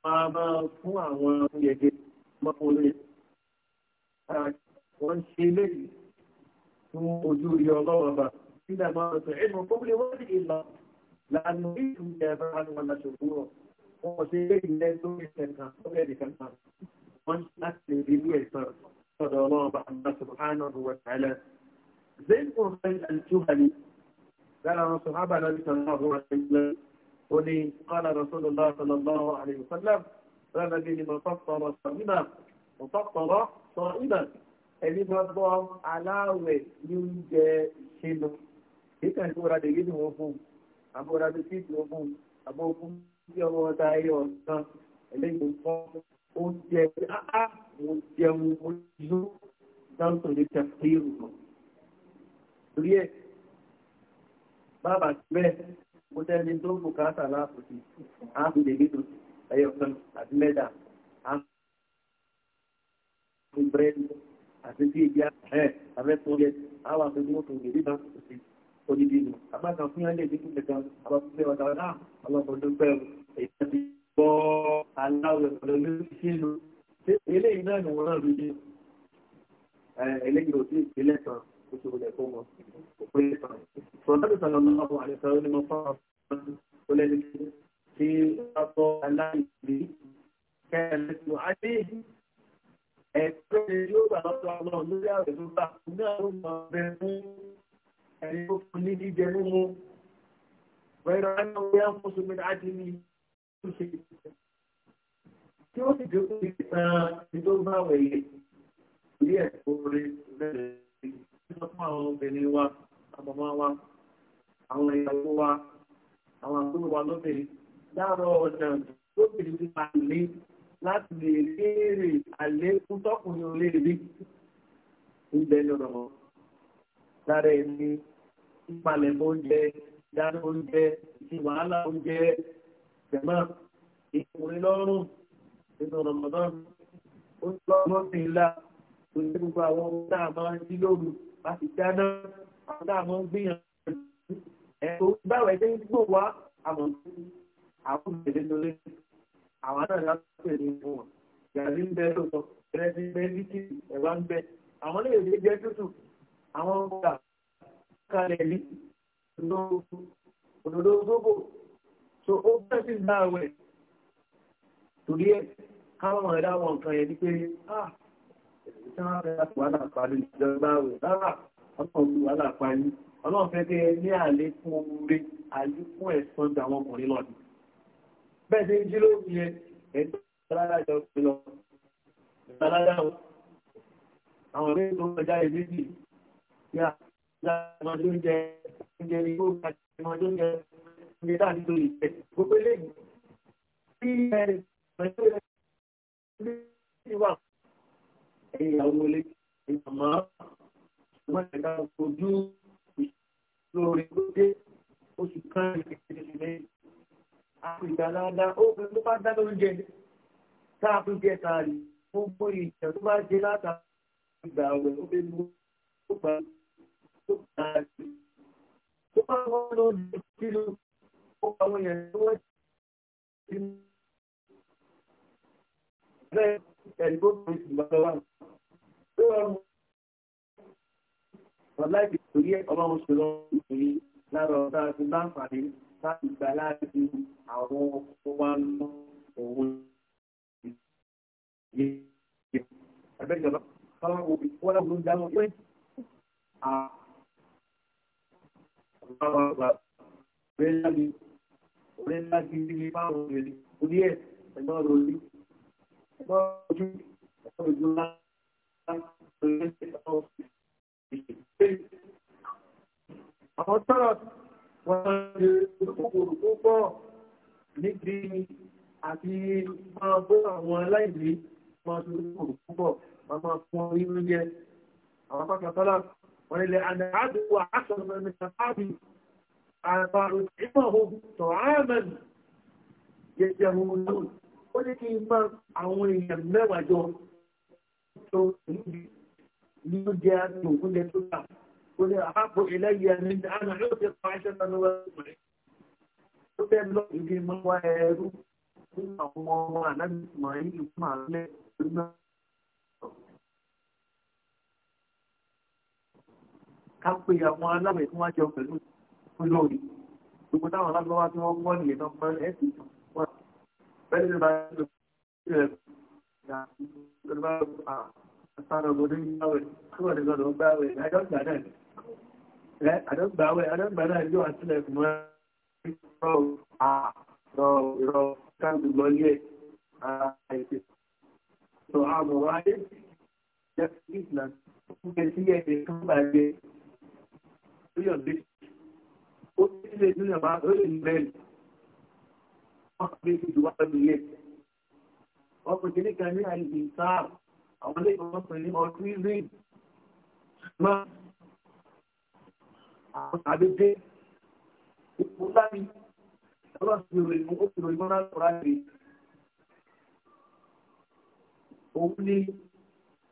máa máa fún àwọn yẹ̀gẹ̀ mọ́kànlẹ̀ wọ́n ṣe léyìí fún ojú rí wọn ò ṣe ilé lórí ẹ̀kan lórí ẹ̀kan náà wọ́n láti rí ilé ẹ̀sán sọ̀dọ̀ ọlọ́run bá àmà sọ̀hánà wọ̀ tẹ́lẹ̀. zayn mohamed al-juhali lára wọn sọ hábà lọ́dún kan ni mọ̀tọ́kọ̀rọ̀ sọ̀rìnà mọ̀tọ́kọ̀rọ̀ sọ̀rìnà ẹni bá bọ́ aláwẹ̀ ní oúnjẹ ìṣẹ́nu kíkà ìbúra dègé ni wọ́n fún àbúra bí kíkì wọ́n fún àbọ̀ fún bí ọmọ ọ̀dà ẹyọ ọ̀sán ẹlẹ́yìn kan ó jẹ áá mo jẹun ojú dáńtò lè eu pé ìrùnà. torí ẹ̀ bàbá bẹ́ẹ̀ mo tẹ́ni tó ń bùkátà láàpù sí ààbò lè nínú ẹyọ kan àti mẹ́ta àti búrẹ́dì àti bíi ìgbà ẹ̀ abẹ́tọ́jẹ àwọn àti mọ́tò lè rí bá sí. odidi nù abákan fún yàn lè ní kí kankan àbáfífẹ́ ọ̀dà náà ọlọ́mọdúnpẹ́ èyí ti gbọ́ aláwẹ̀ pẹ̀lú sínú eléyìí náà nù wọ́n náà lójú eléyìí ò sí ìpínlẹ̀ kan oṣù rẹ̀ fún wọn òpin kan sọ̀rọ̀ sọ̀rọ̀ náà wà ní sọ̀rọ̀ ní mo fọ́ ọ lẹ́nu tí wọ́n fọ́ aláìsí kẹ́ẹ̀ẹ́dẹ́gbẹ̀rún adé ẹ̀ẹ́dẹ́gbẹ̀rún yóò gbà lọ́sọ̀rọ̀ lórí àwẹ̀ tó bá náà ló mọ̀ bẹ́ẹ̀ fún ẹni tó fún ní jíjẹ mímú wẹ́rọ ẹ̀rọ wíyá fún sómi láti ní ṣe tí ó sì dé kó ti tán ní tó bá wẹ̀yẹ ilé ẹ̀kọ́ rẹ̀ bẹ̀rẹ̀ nípa fún àwọn obìnrin wa àbọ̀mọ́ wa àwọn ìyàwó wa àwọn àbúrò wa lóbìnrin láàárọ̀ ọ̀nà lóbìnrin ti máa lé láti lè léèrè àlékún tọkùnrin olè rí ń bẹ lára ẹni palẹ̀mọ́ oúnjẹ dáná oúnjẹ ti wàhálà oúnjẹ jẹ̀mọ́ ìkùnrin lọ́rùn nínú rọmọdán ó ń lọ mọ́tì ńlá kò ní gbogbo àwọn ohun tá a máa ń dí lóru láti dáná àwọn tá a máa ń gbìyànjú ẹ̀rọ báwẹ̀ ṣe ń gbò wá àmọ́ àwọn ìṣẹ̀lẹ̀ lórí àwọn náà lápẹ̀ ní ìwọ̀n wọn gàrí ń bẹ lóòótọ́ ìrẹsì ń bẹ lítì ẹ̀wà ń bẹ àwọn lè lè jẹ́ tútù àwọn ọgbà kalẹ̀ ní òdòdó gbogbo so ó bẹ́ẹ̀ sí gbá àwẹ̀ torí ẹ̀ káwọn ẹ̀dá wọn kan yẹ ní pé ah ìtàn àfẹ́ àti wàhálà parí ìjọba àwẹ̀ rárá ọlọ́run ti wàhálà parí ọlọ́run fẹ́ kẹ́ ní àlékún oore àlékún ẹ̀sán ju àwọn ọkùnrin lọ ni bẹ́ẹ̀ sí ń jí ló fi yẹ ẹ̀dá ìgbàlára jọ sí lọ ìgbàlára àwọn ọ̀rẹ́ tó kọjá ìbí yà láwọn ló ń jẹ oúnjẹ igbó àti àwọn ló ń jẹ oúnjẹ tá à ń lo ìfẹ́ gbogbo eléyìí tí ẹ pẹ̀lú ẹ ní wà ìyàwó ilé ìmọ̀ wọn ti dá ojú lórí gbogbo oṣù kan ìfẹsẹsẹ lẹ́yìn àpèjà dáadáa ó fẹ́ tó bá dá lóúnjẹ tá a fi ìjà tó bá jẹ látàrí ìgbà ọ̀rẹ́ ó fẹ́ mú gbà tó bá wọ́n lọ sí lọ ó àwọn èèyàn tó wọ́n ti ń bẹ́ẹ̀ ẹ̀dìbò kan sì máa lọ́wọ́ tó wọ́n mú ọ̀la ìdìbòrí ọlọ́run ṣe lọ ìdìbòrí lára ọ̀tá ti bá ń pàdé láti gbà láti àwọn ọkọ̀ wa lọ òun ìdìbò ẹgbẹ́ ló ń dáná pé báwa gbà orí ńlá gidi ní báwọn òrèlè orí ẹ̀ ẹ̀gbọ́n òrèlè ẹ̀gbọ́n ojú ẹ̀gbọ́n ojú ńlá òrèlè ẹ̀gbọ́n òrèlè. àwọn tọ́lọ̀ wọn lè lókòkòrò tó pọ̀ níbi àti máa bó àwọn aláìní máa tó lókòkòrò púpọ̀ máa máa fún orí lóúnjẹ àwọn apákan tọ́lọ̀. ولأن عدو عشر من الصحابي فأطعمهم طعاما يجهلون ولكن ما àwọn èèyàn mẹ́wàá jọ tó níbi ní ó jẹ́ àti òkun lè tó kà ó lè àpapọ̀ ìlẹ́yìn ẹni àná yóò ti pa iṣẹ́ náà lọ́wọ́ ẹgbẹ̀rẹ́ ó bẹ́ẹ̀ lọ ìdí máa wá ẹrú fún àwọn ọmọ àlámì ìsìnmáyé ìfún àlẹ́ ìgbà ká pé àwọn tí wọ́n jọ pẹ̀lú olórí gbogbo táwọn tí wọ́n nìyẹn bẹ́ẹ̀ ni bá yẹn ṣe bá gbá wẹ̀ àdọ́gbà náà àdọ́gbà wẹ̀ àdọ́gbà náà yóò fún wọn àrọ ìrọ káàdì àìsè tó àmọ̀ wáyé jẹ́ tó yọ̀ǹde ó ti lè nínú ọba ó lè nínú ẹ̀rì wọ́n fi fi ìdúwà pẹ̀lú ilé wọ́n pè kí níkan ní àyè ìsáà àwọn ilé ìwọ̀n pè ní ọdún ìrìn mọ́ àwọn àdédé ipò láti ọlọ́sìn ìròyìn ó ti ròyìn mọ́nà kọ́ra rèé òun ni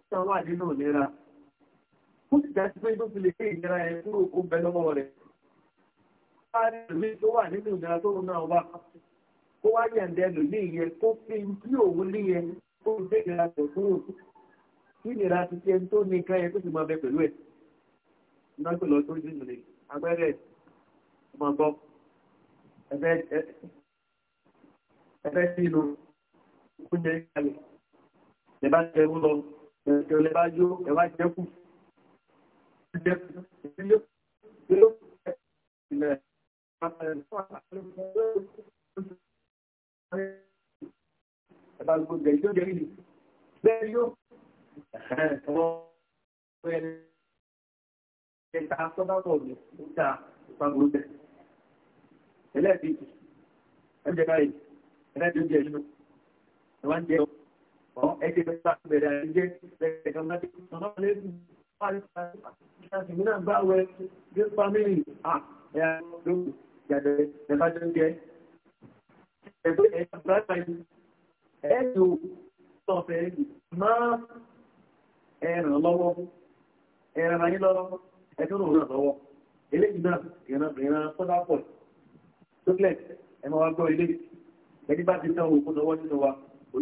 tí wọ́n wà nínú ìlera ó sì dájú pé tó fi lè gbé ìnira ẹ̀ kúrò ó bẹ lọ́wọ́ rẹ̀. láàárín ìlú tó wà nínú ìnira tó náà wà kó wá yẹ̀ǹdẹ́ lò ní ìyẹn kó fi bí òun ní yẹn kó gbé ìnira rẹ̀ kúrò kí ìnira ti ṣe tó ní nǹkan yẹn tó sì máa bẹ pẹ̀lú ẹ̀. iná pè lọ tó jìnnà ní agbẹ́rẹ́ ọmọ gbọ́ ẹ̀fẹ́ ẹ̀fẹ́ sínú oúnjẹ ìkàlẹ̀ lẹ́bàá jẹ́ mú lọ ẹ̀jọ̀ Ẹlẹ́ẹ̀kejì, ẹjẹ́ báyìí, ẹlẹ́ẹ̀kejì oúnjẹ nínú, ẹwà ń jẹ ọ́, ẹjẹ́ bẹ́ẹ̀ bá bẹ̀rẹ̀ àìjẹ́, ẹ̀ẹ̀kan máa ti sọ náà lẹ́sìn ìṣàṣìmínà bá wẹ bí fámìlì àyà lókù ìyàdẹ̀ ẹ̀bájọ́ jẹ́ ẹgbẹ́ ẹ̀yà bàbá yìí ẹ̀ẹ́dù sọ̀fẹ́ máa ẹ̀ràn lọ́wọ́ ẹ̀ràn ayé lọ́wọ́ ẹ̀dùn òun náà lọ́wọ́ eléyìí náà ìran ìran sọ́dá pọ̀ tókẹ́lẹ̀ ẹ̀ máa wá gbọ́ ilé ẹni bá ti tán òkú lọ́wọ́ nínú wa òun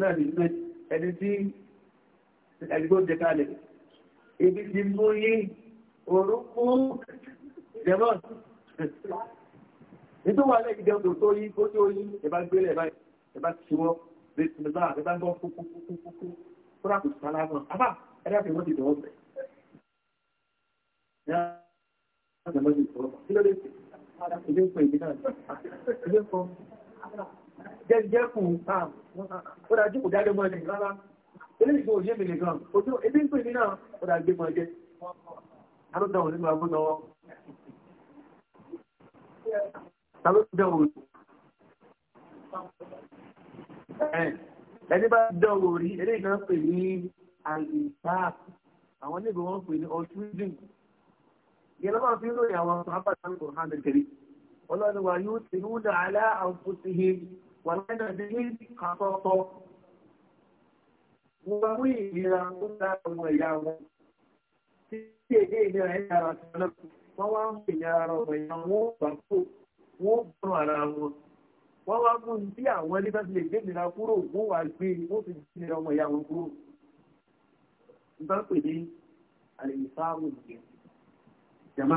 náà ní pé ẹni tí ẹgbẹ́ jẹ kalẹ̀ ibi ti mú yí orúkú jẹmọ́ nítorí wà lẹ́yìn jẹun tó tó yí kó tó yí ẹ̀bá gbélé ẹ̀bá tiwọ́ bẹ́tùmẹ́bá ẹ̀bá gbọ́ kúkúkúkú kúrò àkùsù sálámù àbá ẹ̀dá fi wọ́n ti dọ̀wọ́ bẹ̀. Ilé ń pè mí náà. Ilé ń pọ̀. Jẹ́ jẹ́ kù. Ó dájú kò dájú mọ́ ẹni rárá eléyìí kò yé mi nìkan ojú ebi ń pè mí náà ó dà gbé mọ jẹ alódà òní máa mú lọ́wọ́ alódà òní ẹni bá dán wò rí eléyìí náà pè ní àìsá àwọn onígbò wọn pè ní ọtúndì yẹn lọ́wọ́ fi ń lóye àwọn àbàtà ń kò hàn kẹ̀kẹ́ ọlọ́run wa yóò ti rúdà alá àwòkúsí wà lẹ́nà bí kàtọ́tọ́ wọ́n mú ìnira ó dára ọmọ ìyá wọn tí èdè ìnira ẹ̀ dára sí ọlọ́pàá wọ́n wá mú ìnira ọmọ ìyá wọn ó gbà kó wọ́n gbọ́n ara wọn wọ́n wá mú bí àwọn ẹni bá ti lè gbé ìnira kúrò wọ́n wá gbé wọ́n fi gbé ìnira ọmọ ìyá wọn kúrò. ìbá pè ní àlèyé sáàmù nìyẹn jama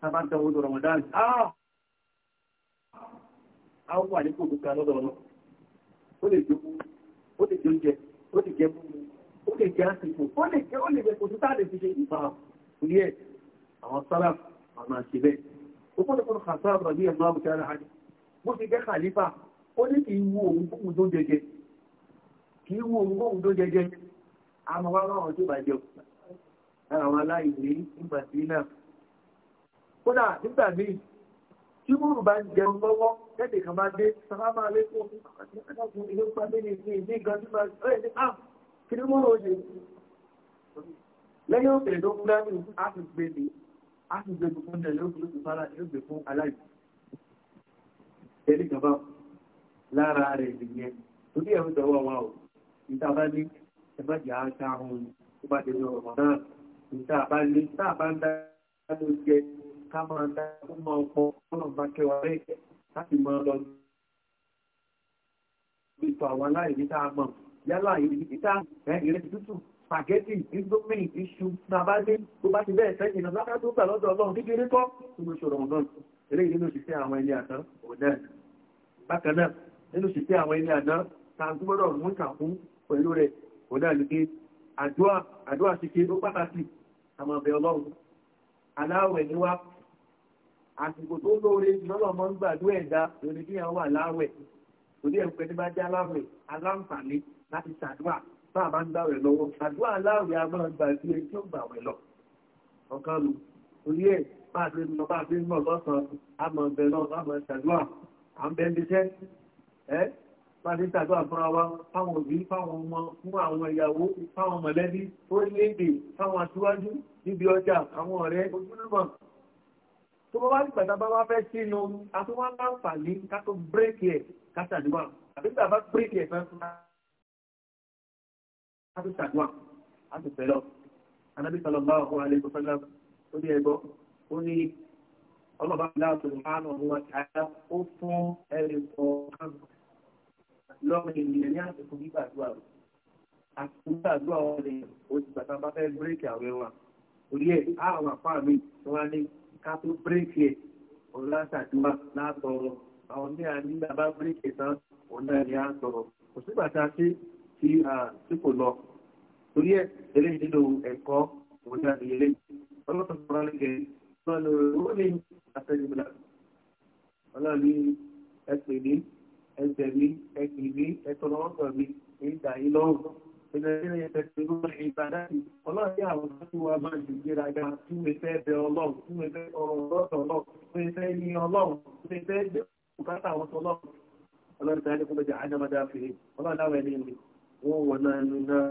sábà dánwó dọ̀rọ̀ wọn dáàbì. Ah! àwọn wà ní kòtò kan lọ́dọ̀ ọ̀nà ó lè jókòó ó lè jóúnjẹ ó lè jẹ́ búburú ó lè jẹ́ àsìkò ó lè jẹ́ ó lè jẹ́ kòtò táà lè fi ṣe ìfà orí ẹ̀ àwọn sára àmà ṣe bẹ́ẹ̀. ó kọ́ lọ́kọ́ kà sára bàbí ẹ̀ máa bùkẹ́ ara hàn bó ti jẹ́ kàlífà ó ní kì í wú òun fóun tó jẹjẹ kì í òun fóun tó jẹjẹ àmọ́ wá ráwọn tó bàjẹ́ lára àwọn aláìní nígbà sí náà kódà nígbà míì tí múrù bá ń jẹun lọ́wọ́ tẹ́lẹ̀ kan bá dé sàmàmà lẹ́kọ̀ọ́ fún ilé pàdé ní ìlú ìdí gan tí máa ṣe ní àm ah, kí ni múrù oye lẹ́yìn òkèlè tó kú lẹ́nu a ti gbé ní a ti gbé fún tẹ̀lé òkèlè tó fara ní ògbè fún aláìsí tẹ́lẹ̀ kan bá lára rẹ̀ nìyẹn torí ẹ̀rù tọwọ́ wa o níta bá ní ẹ má jẹ́ àṣà ohun tó bá dé ní ọ̀rọ̀ náà níta bá ní tá a bá ń ká máa dá ó máa pọ̀ ọ̀nà bá kẹwàá rẹ̀ láti máa lọ ètò àwọn aláìní tá a mọ̀ yálà ìrìnì tá ìrẹsì tútù spaghetti indomie iṣu nàbádé tó bá ti bẹ́ẹ̀ sẹ́yìn náà lákàtà tó gbà lọ́dọ̀ ọlọ́run kékeré kọ́ tó ló ṣòro ọ̀nà eléyìí nínú òṣìṣẹ́ àwọn ẹni àná òun náà bákan náà nínú òṣìṣẹ́ àwọn ẹni àná ta gbọ́dọ̀ mú ìkàkún pẹ̀lú rẹ̀ òun náà ní pé àdúrà àdúrà ṣíṣe ó pàtàkì àmọ̀bẹ̀ ọlọ́run aláwẹ̀ ni wá àsìkò tó lóore lọ́lọ́ mọ́ ń gbàdúrà ẹ̀dá lórí bí wọ́n wà láwẹ̀ torí ẹ̀ ń pẹ́ ní bá já láwẹ̀ aláǹfààní láti ṣàdúrà bá a bá ń gbàwẹ̀ lọ́wọ́ àdúrà láwẹ̀ a máa gbà sí ẹni tí ó gbàwẹ̀ lọ. ọ̀kan lu torí ẹ̀ bá a ti mọ bá a ti mọ lọ́sàn-án a mọ̀ bẹ̀ náà a mọ̀ ṣàdúrà à ń bẹ́ ń bíṣẹ́ ẹ́ bá a ti ṣàdúrà fúnra wa fáwọn òbí fáwọn ọmọ fún àwọn ìyàwó fáwọn mọ̀lẹ́bí orílẹ̀-èdè fáwọn aṣíwájú níbi ọjà àwọn ọ̀rẹ́ ojúlùmọ̀ tó bá wá ní pàtàkì bá wá fẹ́ sínú àtúwá láǹfààní kátó bírèkì ẹ̀ kátàdúrà àbí tàbá bírèkì ẹ̀ fẹ́ fún kátó tàdúrà kátó fẹ́lọ́ anábì sọlọ bá ọkọ alẹ́ kọfẹ́ náà ó ní ẹgbọ́ ó ní ọlọ́ba láàtò ìhánà ọ̀hún àtàlá ó fún ẹ̀rì kọ̀ọ̀kan lọ́rùn ènìyàn ní àsìkò gbígbàdúrà rẹ̀ àsìkò gbígbàdúrà wọn ni ó ti bá fẹ́ bírèkì àwẹ̀ wọn òrí àwọn àpá mi wọn á ní ká tó bírèkì ẹ̀ òun láṣàdúrà látọ̀rọ̀ àwọn ní ànígbà bá bírèkì tán òun náà ni à ń sọ̀rọ̀ kò sígbà tá a ṣe tí a tí kò lọ torí ẹ̀ eré nínú ẹ̀kọ́ òun náà ni eré ọlọ́run sọ̀rọ̀ lẹ́gẹ̀ ọlọ́run ló ní àtẹnudà ọlọ́run ní ẹ̀pẹ̀ ní ẹ̀jẹ̀ ní ẹ̀kì ní ẹ̀tọ́lọ́wọ́sọ̀ ní ìgbà yìí lọ́rùn ìlẹ́sìn ìtẹ̀síwò ìbàdàn ọlọ́ọ̀dẹ́ àwọn tó wà máa ń gbéraga tí wọ́n fẹ́ bẹ ọlọ́run tí wọ́n fẹ́ ọ̀rọ̀ lọ́sọ̀ ọlọ́run tí wọ́n fẹ́ ní ọlọ́run tí wọ́n fẹ́ gbé bùkátà àwọn tó lọ́run ọlọ́run tàbí kó lọ́jà ájámadá fi ọlọ́run láwọn ẹni mi wọ́n wọ̀ náà ní náà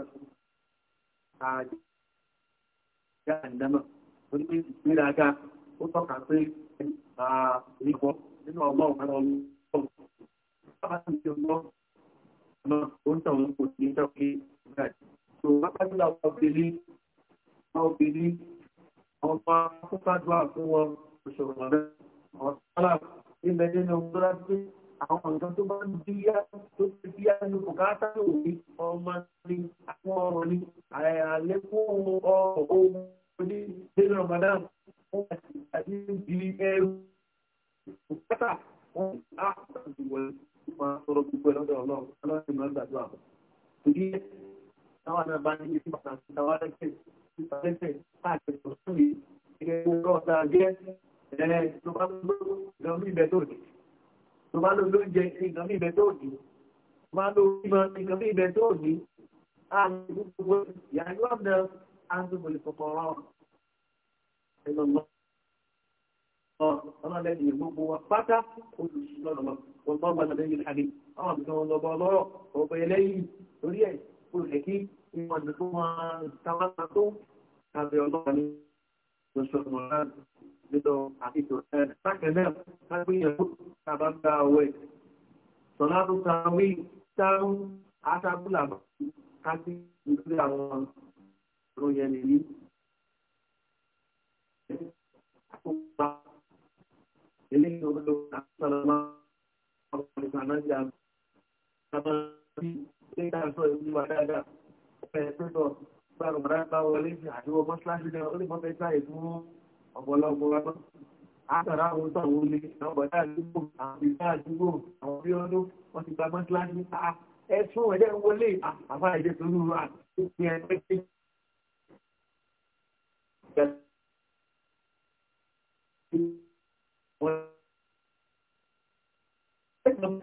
àjá àdámà torí pé ìgbéraga ó tọ́ka pé ìgbọ́ nínú ọlọ́run máa ń lọ right so lápájúlá àwọn obìnrin àwọn obìnrin àwọn ọmọ akókàdúrà fún wọn òṣèlú rẹ àwọn sálà ilẹ̀ nínú ọgbọ́n pé àwọn nǹkan tó bá ń díyá tó ti díyá nínú bùkátà òní ọmọ ní àwọn ọ̀rọ̀ ní àlékún ọ̀hún ní délé Ramadan wọn àti àti di ẹrù bùkátà wọn á gbàgbé wọlé wọn sọ̀rọ̀ gbogbo ẹ̀ lọ́dọ̀ Ọlọ́run Ọlọ́run ti máa gbàdúrà táwọn náà bá ní ibi pàtàkì táwọn lẹ́sẹ̀ nípa lẹ́sẹ̀ káàkiri tó sùn yìí ilé ìwúrọ̀ ọ̀tá jẹ́ ẹ̀ tó bá lọ ìgbà mí ibẹ̀ tó dì tó bá lọ lóúnjẹ ìgbà mí ibẹ̀ tó dì tó bá lọ ìmọ̀ ìgbà mí ibẹ̀ tó dì àmì gbogbo ìyàgbọ́ ọ̀dọ̀ àti olùkọ̀kọ̀rọ̀ ẹ̀lọ́gbọ́n ọlọ́lẹ́ni gbogbo wa pátá olùsùn lọ́nà wọn bá wà lọ́dẹ́ yìí ó lè kí ìwọ̀n tó máa tàbátà tó tàbí ọlọ́pàá ní oṣù ọ̀nà nínú àtìtò ẹ̀ bákan náà lágbéyàwó tàbá gba ọwẹ́ sọ̀lá tó tàwí sáárùn àtàbùlà kájí nítorí àwọn ìròyìn ẹni rí àkópa eléyìí olóòtú nígbà tó ìlú wa dáadáa ẹ̀ pẹ́tọ̀ bá rọ̀mọ̀dá bá wọlé àdúgbò mọ́ṣáláṣí náà ó lè mọ́ fẹ́ sáyè fún ọ̀pọ̀lọpọ̀ wa náà àtàrà àwọn ìtàwọn olè àwọn bàtà àdúgbò àwọn ìgbà àdúgbò àwọn bí ọdún wọn ti gba mọ́ṣáláṣí ẹ̀sùn ẹ̀dẹ́ wọlé àbá ìdẹ́ tó lúra ní ẹgbẹ́ tí wọ́n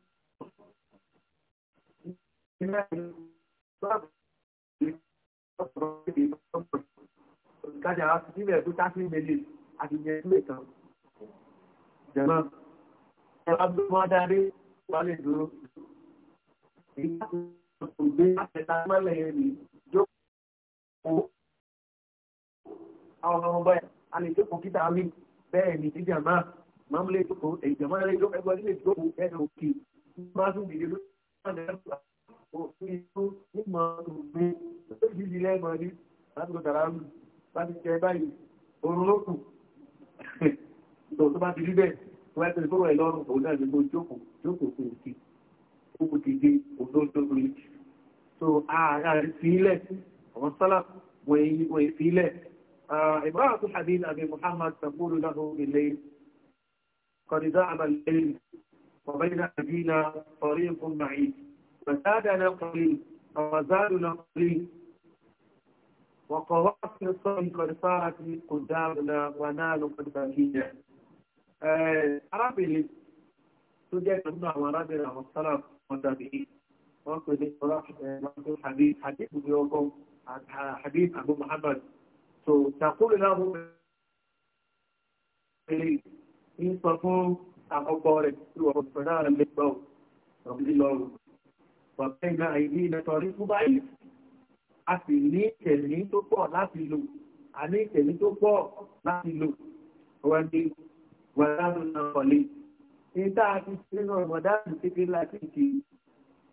ìkájà nílẹ̀ tó ká sí mele àti ìyẹn sílé kan jẹ̀mọ́ ẹ̀rọ bí wọ́n darí wà lè dúró ìyá tó gbé àtẹ̀tà mọ́lẹ̀ rẹ̀ jókòó àwọn ọmọ báyìí a lè jókòó kíta mi bẹ́ẹ̀ ni ìjà máa máa ń lè jókòó ìjà máa lè jókòó ẹgbẹ́ lè jókòó ẹ̀rọ òkè máa tún dìde lórí ọ̀dọ́ òfin tó ní mọ̀ tó gbé lójú ilẹ̀ mọ̀ ní láti lọ dàrá lù láti jẹ báyìí oorun ló kù tó tó bá ti rí bẹ́ẹ̀ tó bá ti sọ̀rọ̀ ẹ̀ lọ́rùn òun náà ní kó jókòó jókòó kò sí ó kò ti dé òdòdó rí so ààrẹ sílẹ̀ àwọn sálà wọ̀nyí sílẹ̀ ìbára tó ṣàdé àbí Muhammad sàbúrò láhùn ilé kọ̀dídá àbàlẹ́ ọ̀bẹ́ni àdínà ọ̀rí ìfún màáyì فساد نقلي وزاد نقلي وقوات الصوم قد صارت قدامنا ونالوا قد بقينا آه، عربي سجد ابن عمرنا والصلاة والتابعين وقد صلاح آه، حديث حديث بيوكم حديث أبو محمد تقول له إن صفوه أقبارك وقد صدار المكبر رب الله ọ̀pẹ́gbà ìdí ìlẹ́tọ̀rí fún báyìí a sì ní ìtẹ̀lé tó pọ̀ láti lò a ní ìtẹ̀lé tó pọ̀ láti lò wọ́n ní wàdánù náà wọlé ní tá a ti ṣe nínú wàdánù kékeré láti ṣe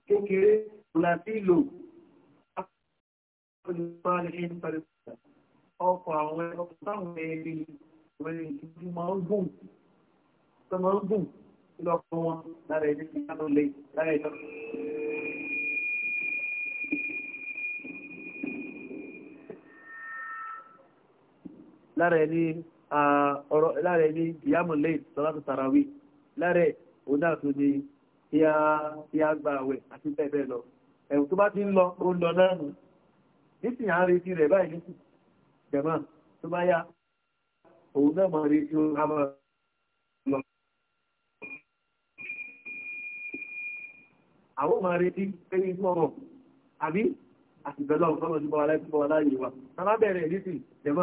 kékeré láti lò ọkọ̀ àwọn wọn lára ẹni tí wọ́n lè lára ẹni lára ẹni ọ̀rọ̀ lára ẹni ìyámọ̀lẹ́ sọ́látù tarawí lára ọ̀dà tó ní a gba àwẹ̀ àti lọ ẹ̀wù tó bá ti ń lọ ó lọ náà nù nísìnyí à retí rẹ̀ báyìí nísìn jẹ̀mọ́ tó bá yá òun náà retí ó lọ. àwọn retí àbí wa wa tá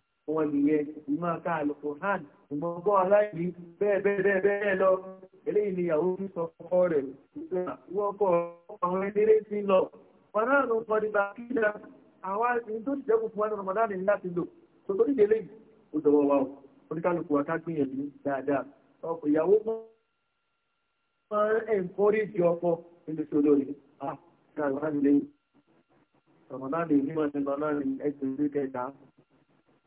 wọn nìyẹn ìmọ̀ ká àlùkò hàn ìmọ̀ bọ́ aláìní bẹ́ẹ̀ bẹ́ẹ̀ bẹ́ẹ̀ lọ eléyìí ni ìyàwó ń sọ fọ́kọ rẹ̀ wọ́n kọ́ àwọn eléré sí lọ wọn náà ló kọ́ nípa kíjà àwa ní tó ti jẹ́kù fún wa ní Ramadan ní láti lò tó tó nídìí eléyìí ó dọ̀wọ́ wa o oníkálukú wa ká gbìyànjú dáadáa ọkọ̀ ìyàwó máa ń ẹ̀ǹkọ́rí ìdí ah ní àgbà ní Ramadan ní ìlú mọ̀ ní Ramadan ní ẹgbẹ̀rún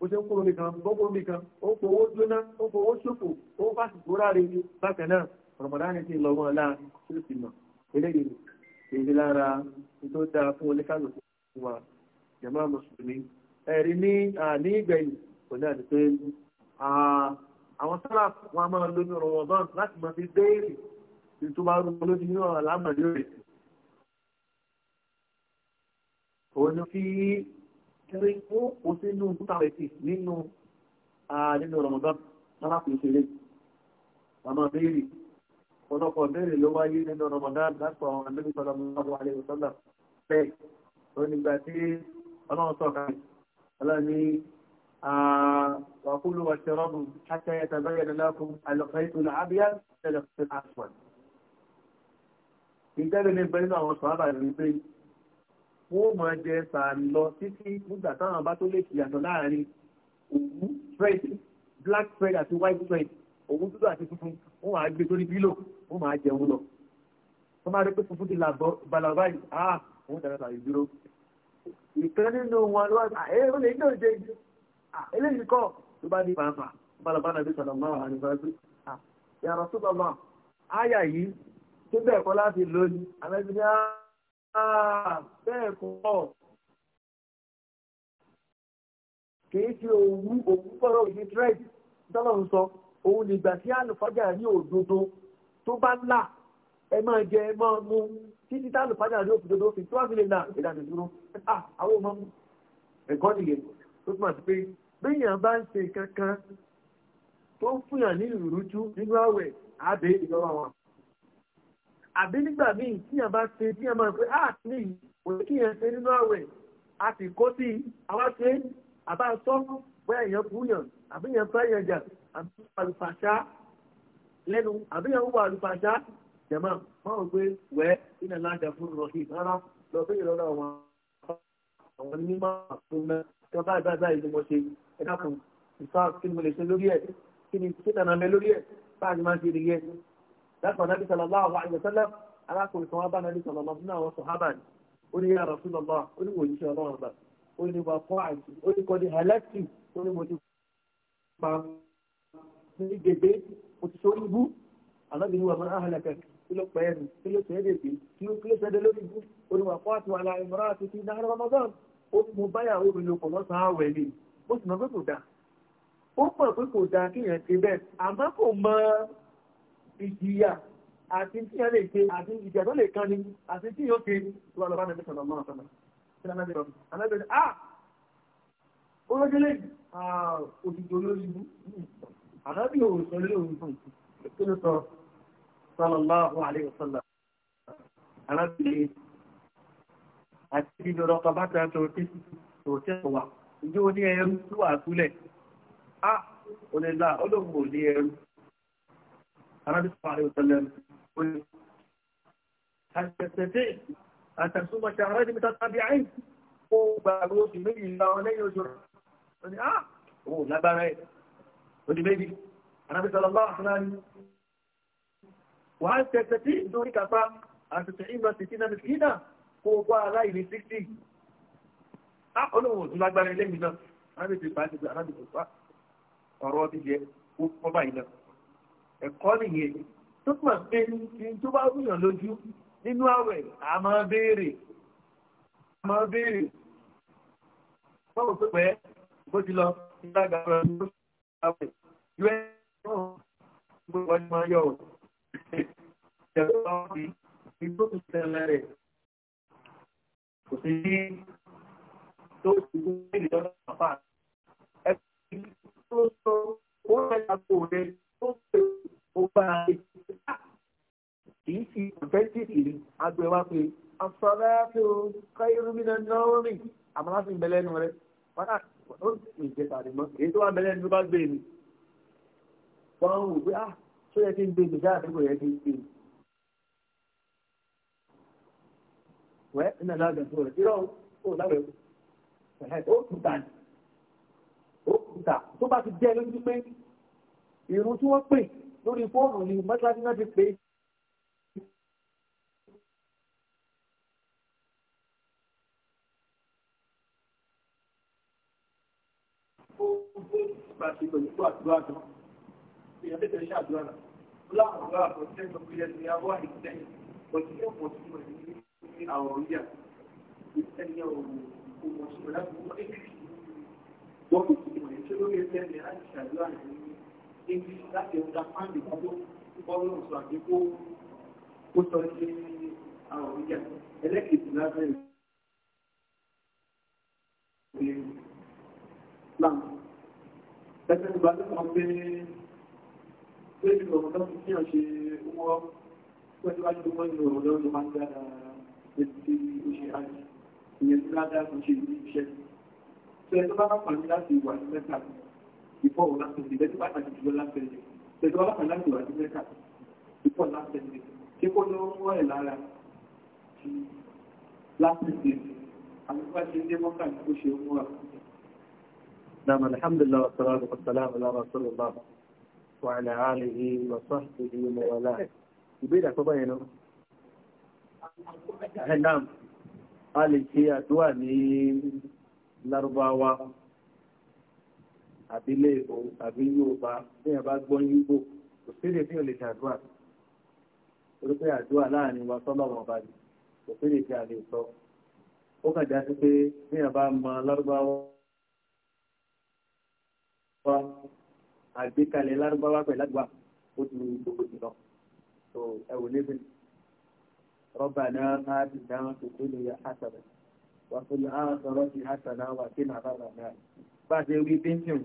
ó ṣe ń kúrò nìkan gbọ́kúrò nìkan ó kó owó jóná ó kó owó ṣòfò ó bá sì kó ráre bákan náà rọmọdánì ti lọ wọn láà tí ó sì mọ eléyìí èyí lára tó dáa fún oníkálùkù wa jàmá mùsùlùmí ẹ̀rí ní àní ìgbẹ̀yìn kò ní àti pé àwọn sára wọn a máa lo ní rọmọdán láti máa fi béèrè tí tó bá rú lójú ní ọ̀rọ̀ kẹrin ó kò sínú bútàwẹ̀tì nínú nínú ramadan lálápò ìṣeré màmá béèrè ọ̀pọ̀lọpọ̀ béèrè ló wáyé nínú ramadan láti àwọn àmì sallallahu alaihi wasallam bẹ́ẹ̀ ó nígbà tí ọlọ́run sọ̀ka ọlọ́run ní وكلوا واشربوا حتى يتبين لكم الخيط الابيض من الخيط الاسود. ìjẹ́bẹ̀ ní bẹ́ẹ̀ ní àwọn sọ̀rọ̀ àbàlẹ̀ wọ́n máa jẹ sàárì lọ títí nígbà táwọn bá tó lè fi àtọ̀ láàrin òwú thread black thread àti white thread òwú dúdú àti funfun wọ́n máa gbé sórí bílò wọ́n máa jẹun lọ wọ́n máa rí pé funfun ti là balaba yìí ah wọ́n dára sàárì dúró ìkan nínú wọn ló wà ẹ̀rọ ah, eh, lè ní òjè ah, eléyìí kọ́ tó bá ní fàáfà balaba náà bí sọ̀rọ̀ máa wà nípa sí yàrá tó bá wà ah, áyà yìí tó bẹ́ẹ̀ kọ́ láti lónìí àmẹ́sìlẹ́ Ah, bẹ́ẹ̀ kọ́ kìí ṣe òwú òwú kọ́rọ̀ ìdí trẹ́ẹ̀dì sọ òun nígbà tí àlùfájà ní òdodo tó bá là ẹ máa jẹ ẹ máa mú títí tá ní òdodo fi tó dúró àwọn ọmọ ẹ̀kọ́ nìyẹn tó túmọ̀ sí pé béèyàn bá kankan tó ń fúnyàn ní ìrújú nínú àwẹ̀ ìjọba wọn. àbí nígbà míì tí yàn bá ṣe tí yàn máa pé á ní òye kí yàn ṣe nínú àwẹ̀ a sì kó sí àwa ṣe àbá sọ bóyá èèyàn kú yàn àbí yàn fẹ́ yàn jà àbí yàn wà lùfàṣá lẹ́nu àbí yàn wà lùfàṣá jẹ̀mọ́ wọ́n ò gbé wẹ́ iná lájà fún rọ̀hìn rárá lọ bí ìrọ̀lọ́ àwọn àwọn onímọ̀ àtúnná tí wọ́n báyìí báyìí báyìí ni mo ṣe ẹ dákun ìfà kí ni mo lè ṣe lórí ẹ̀ kí ni kí dákọ̀ nàbí sàlọ́lá àwọn àìyẹ̀sẹ́lẹ̀ arákùnrin kan wá bá nàbí sàlọ́lá fún àwọn sọ̀hábà ni ó ní yàrá fún lọ́lá ó ní wòye iṣẹ́ ọlọ́run bá ó ní wà kọ́ àìsí ó ní kọ́ni ẹlẹ́tì ó ní mo ti pa ní gègé mo ti sọ ibú ànábì ni wà máa ń kí ló pẹ́ ẹnu kí ló sẹ́ẹ́dẹ̀ bí kí ló kí ló lórí ibú ó ní wà kọ́ àti wà láàrin mọ́ra àti ti náà ramadan ó mú báyàwó mi lò pọ̀ lọ́sàn-án sì mọ̀ ìjìyà àti tí wọ́n lè ṣe àti ìjìyà tó lè kan ni àti tí yóò ṣe tó wà lọ́wọ́ nàbí sọ̀rọ̀ máa sọ̀rọ̀ sí anábì rọ̀ anábì rọ̀ ah olójúlé ah, òdìdó lórí ibú anábì ò sọ lé òun fún kí ló sọ sọlọ́láhùn àlẹ́ òsọ̀lá anábì rẹ̀ àti ìdọ̀rọ̀ kọ̀bátà tó tẹ́ tó tẹ́ wà ìjọ ní ẹrú tó wà túlẹ̀ ah olè là olóhùn ò ní ẹrú anábì sọ àrẹ òtẹlẹ pé àtẹ̀tẹ̀tẹ̀ àtẹ̀sùnmọ̀ ṣe àrẹ ìdíbi tàbí àìn ó gba àwọn oṣù méjì ńlá wọn lẹ́yìn oṣù rẹ̀ ó ní á òun lágbára ẹ̀ ó ní méjì anábì sọ lọ́wọ́ àfúnà ni wà á tẹ̀tẹ̀tẹ̀ lórí kápá àtẹ̀tẹ̀ ìgbà sí sínú ìdá kó o gbọ́ aláìní 60 á olóhùn òtún lágbára ilé mi náà anábì ti bá ti gbà anábì tó bá ọ̀rọ̀ ti ẹ̀kọ́ nìyẹn tó mọ̀ pé ní tó bá wúyàn lójú nínú àwẹ̀ a máa béèrè a máa béèrè báwo tó pẹ́ bó ti lọ nígbà gbàgbọ́ ló àwẹ̀ us náà gbogbo ọdún máa yọ̀ ìjọba ọ̀hún ìgbó tó ṣẹlẹ̀ rẹ̀ kò sí ní tó ti gbé ìjọba àpá ẹ̀ tó sọ ó rẹ̀ àpò rẹ̀ ó pè ó bá a lè fi ká kì í fi ọ̀tẹ́ntìkì rí agbẹ̀ wá pé afárá tó káyọ̀rọ̀mìnà náà rìn àmọ́ láti ń bẹ̀lẹ́ nu rẹ̀ wọ́n á ó sì ń jẹta àdìmọ́ èyí tó wà bẹ̀lẹ́ nu bá gbé mi wọ́n ń wò pé ah tó bá ti jẹ́ lójú pé ìrun tí wọ́n pè lórí fóònù ni mọ́ṣáláṣí náà ti pè é. láti pẹ̀lú tó àdúrà náà. Èèyàn tètè ṣe àdúrà náà. Láwọn ọ̀gá àkọsílẹ̀ ń lọ́kùnrin ẹni àwọn àìsílẹ̀ pẹ̀lú yóò pọ̀ sí ìwọ̀n ní àwọn oríyà. Ìsẹ́ni ọ̀rọ̀ kò mọ̀ sí ìwọ̀n láti wọ́n ẹ̀kì. Wọ́n kò sí ìwọ̀n ìṣẹ́ lórí ẹsẹ̀ ni láti ṣàdúrà nìyí. English láti understand the problem problem so àti kó kó sọ sí àwọn ìjà ẹlẹ́kìtì lábẹ́ ìwé plan. Ẹgbẹ́ ìgbà tó kàn pé pé ìlú ọ̀rọ̀ náà fi hàn ṣe wọ́ pẹ̀lú àjọmọ́ ìlú ọ̀rọ̀ náà ló máa ń dára ètí oṣù àjì ìyẹn tó dáadáa kò ṣe ìlú iṣẹ́. Ṣé ẹ tó bá bá pàdé láti ìwà ìfẹ́ tàbí before last Sunday bẹ́ẹ̀ bá tàbí jùlọ last Sunday bẹ́ẹ̀ bá tàbí láti wà sí mẹ́ta before last Sunday ṣé kó ló ń wọ́ ẹ̀ lára ti last Sunday àti bá ṣe dé mọ́kà ní kó ṣe ń wọ́ نعم الحمد لله والصلاة والسلام على رسول الله وعلى آله وصحبه وموالاه ìbéèrè àkọ́kọ́ نعم. náà ẹ̀nàm a lè ṣe àbílẹ̀ èbó àbí yorùbá bí ẹ bá gbọ́ yíbò kò sílẹ̀ tí ò lè ṣàdúrà torí pé àdúrà láàrin wa sọ́lọ́ wọn bá di kò sílẹ̀ tí a lè sọ ó kàn já sí pé bí ẹ bá mọ lárúbáwá wa àgbékalẹ̀ lárúbáwá pẹ̀lú àgbà ó ju gbogbo jù lọ tó ẹ wò lébi rọ́bà náà á ti dáhùn tó tó lè yà á sọ̀rọ̀ wàá fún mi á sọ̀rọ̀ sí àṣà náà wà sí nàbàbà náà bá a ṣe wí bíntìn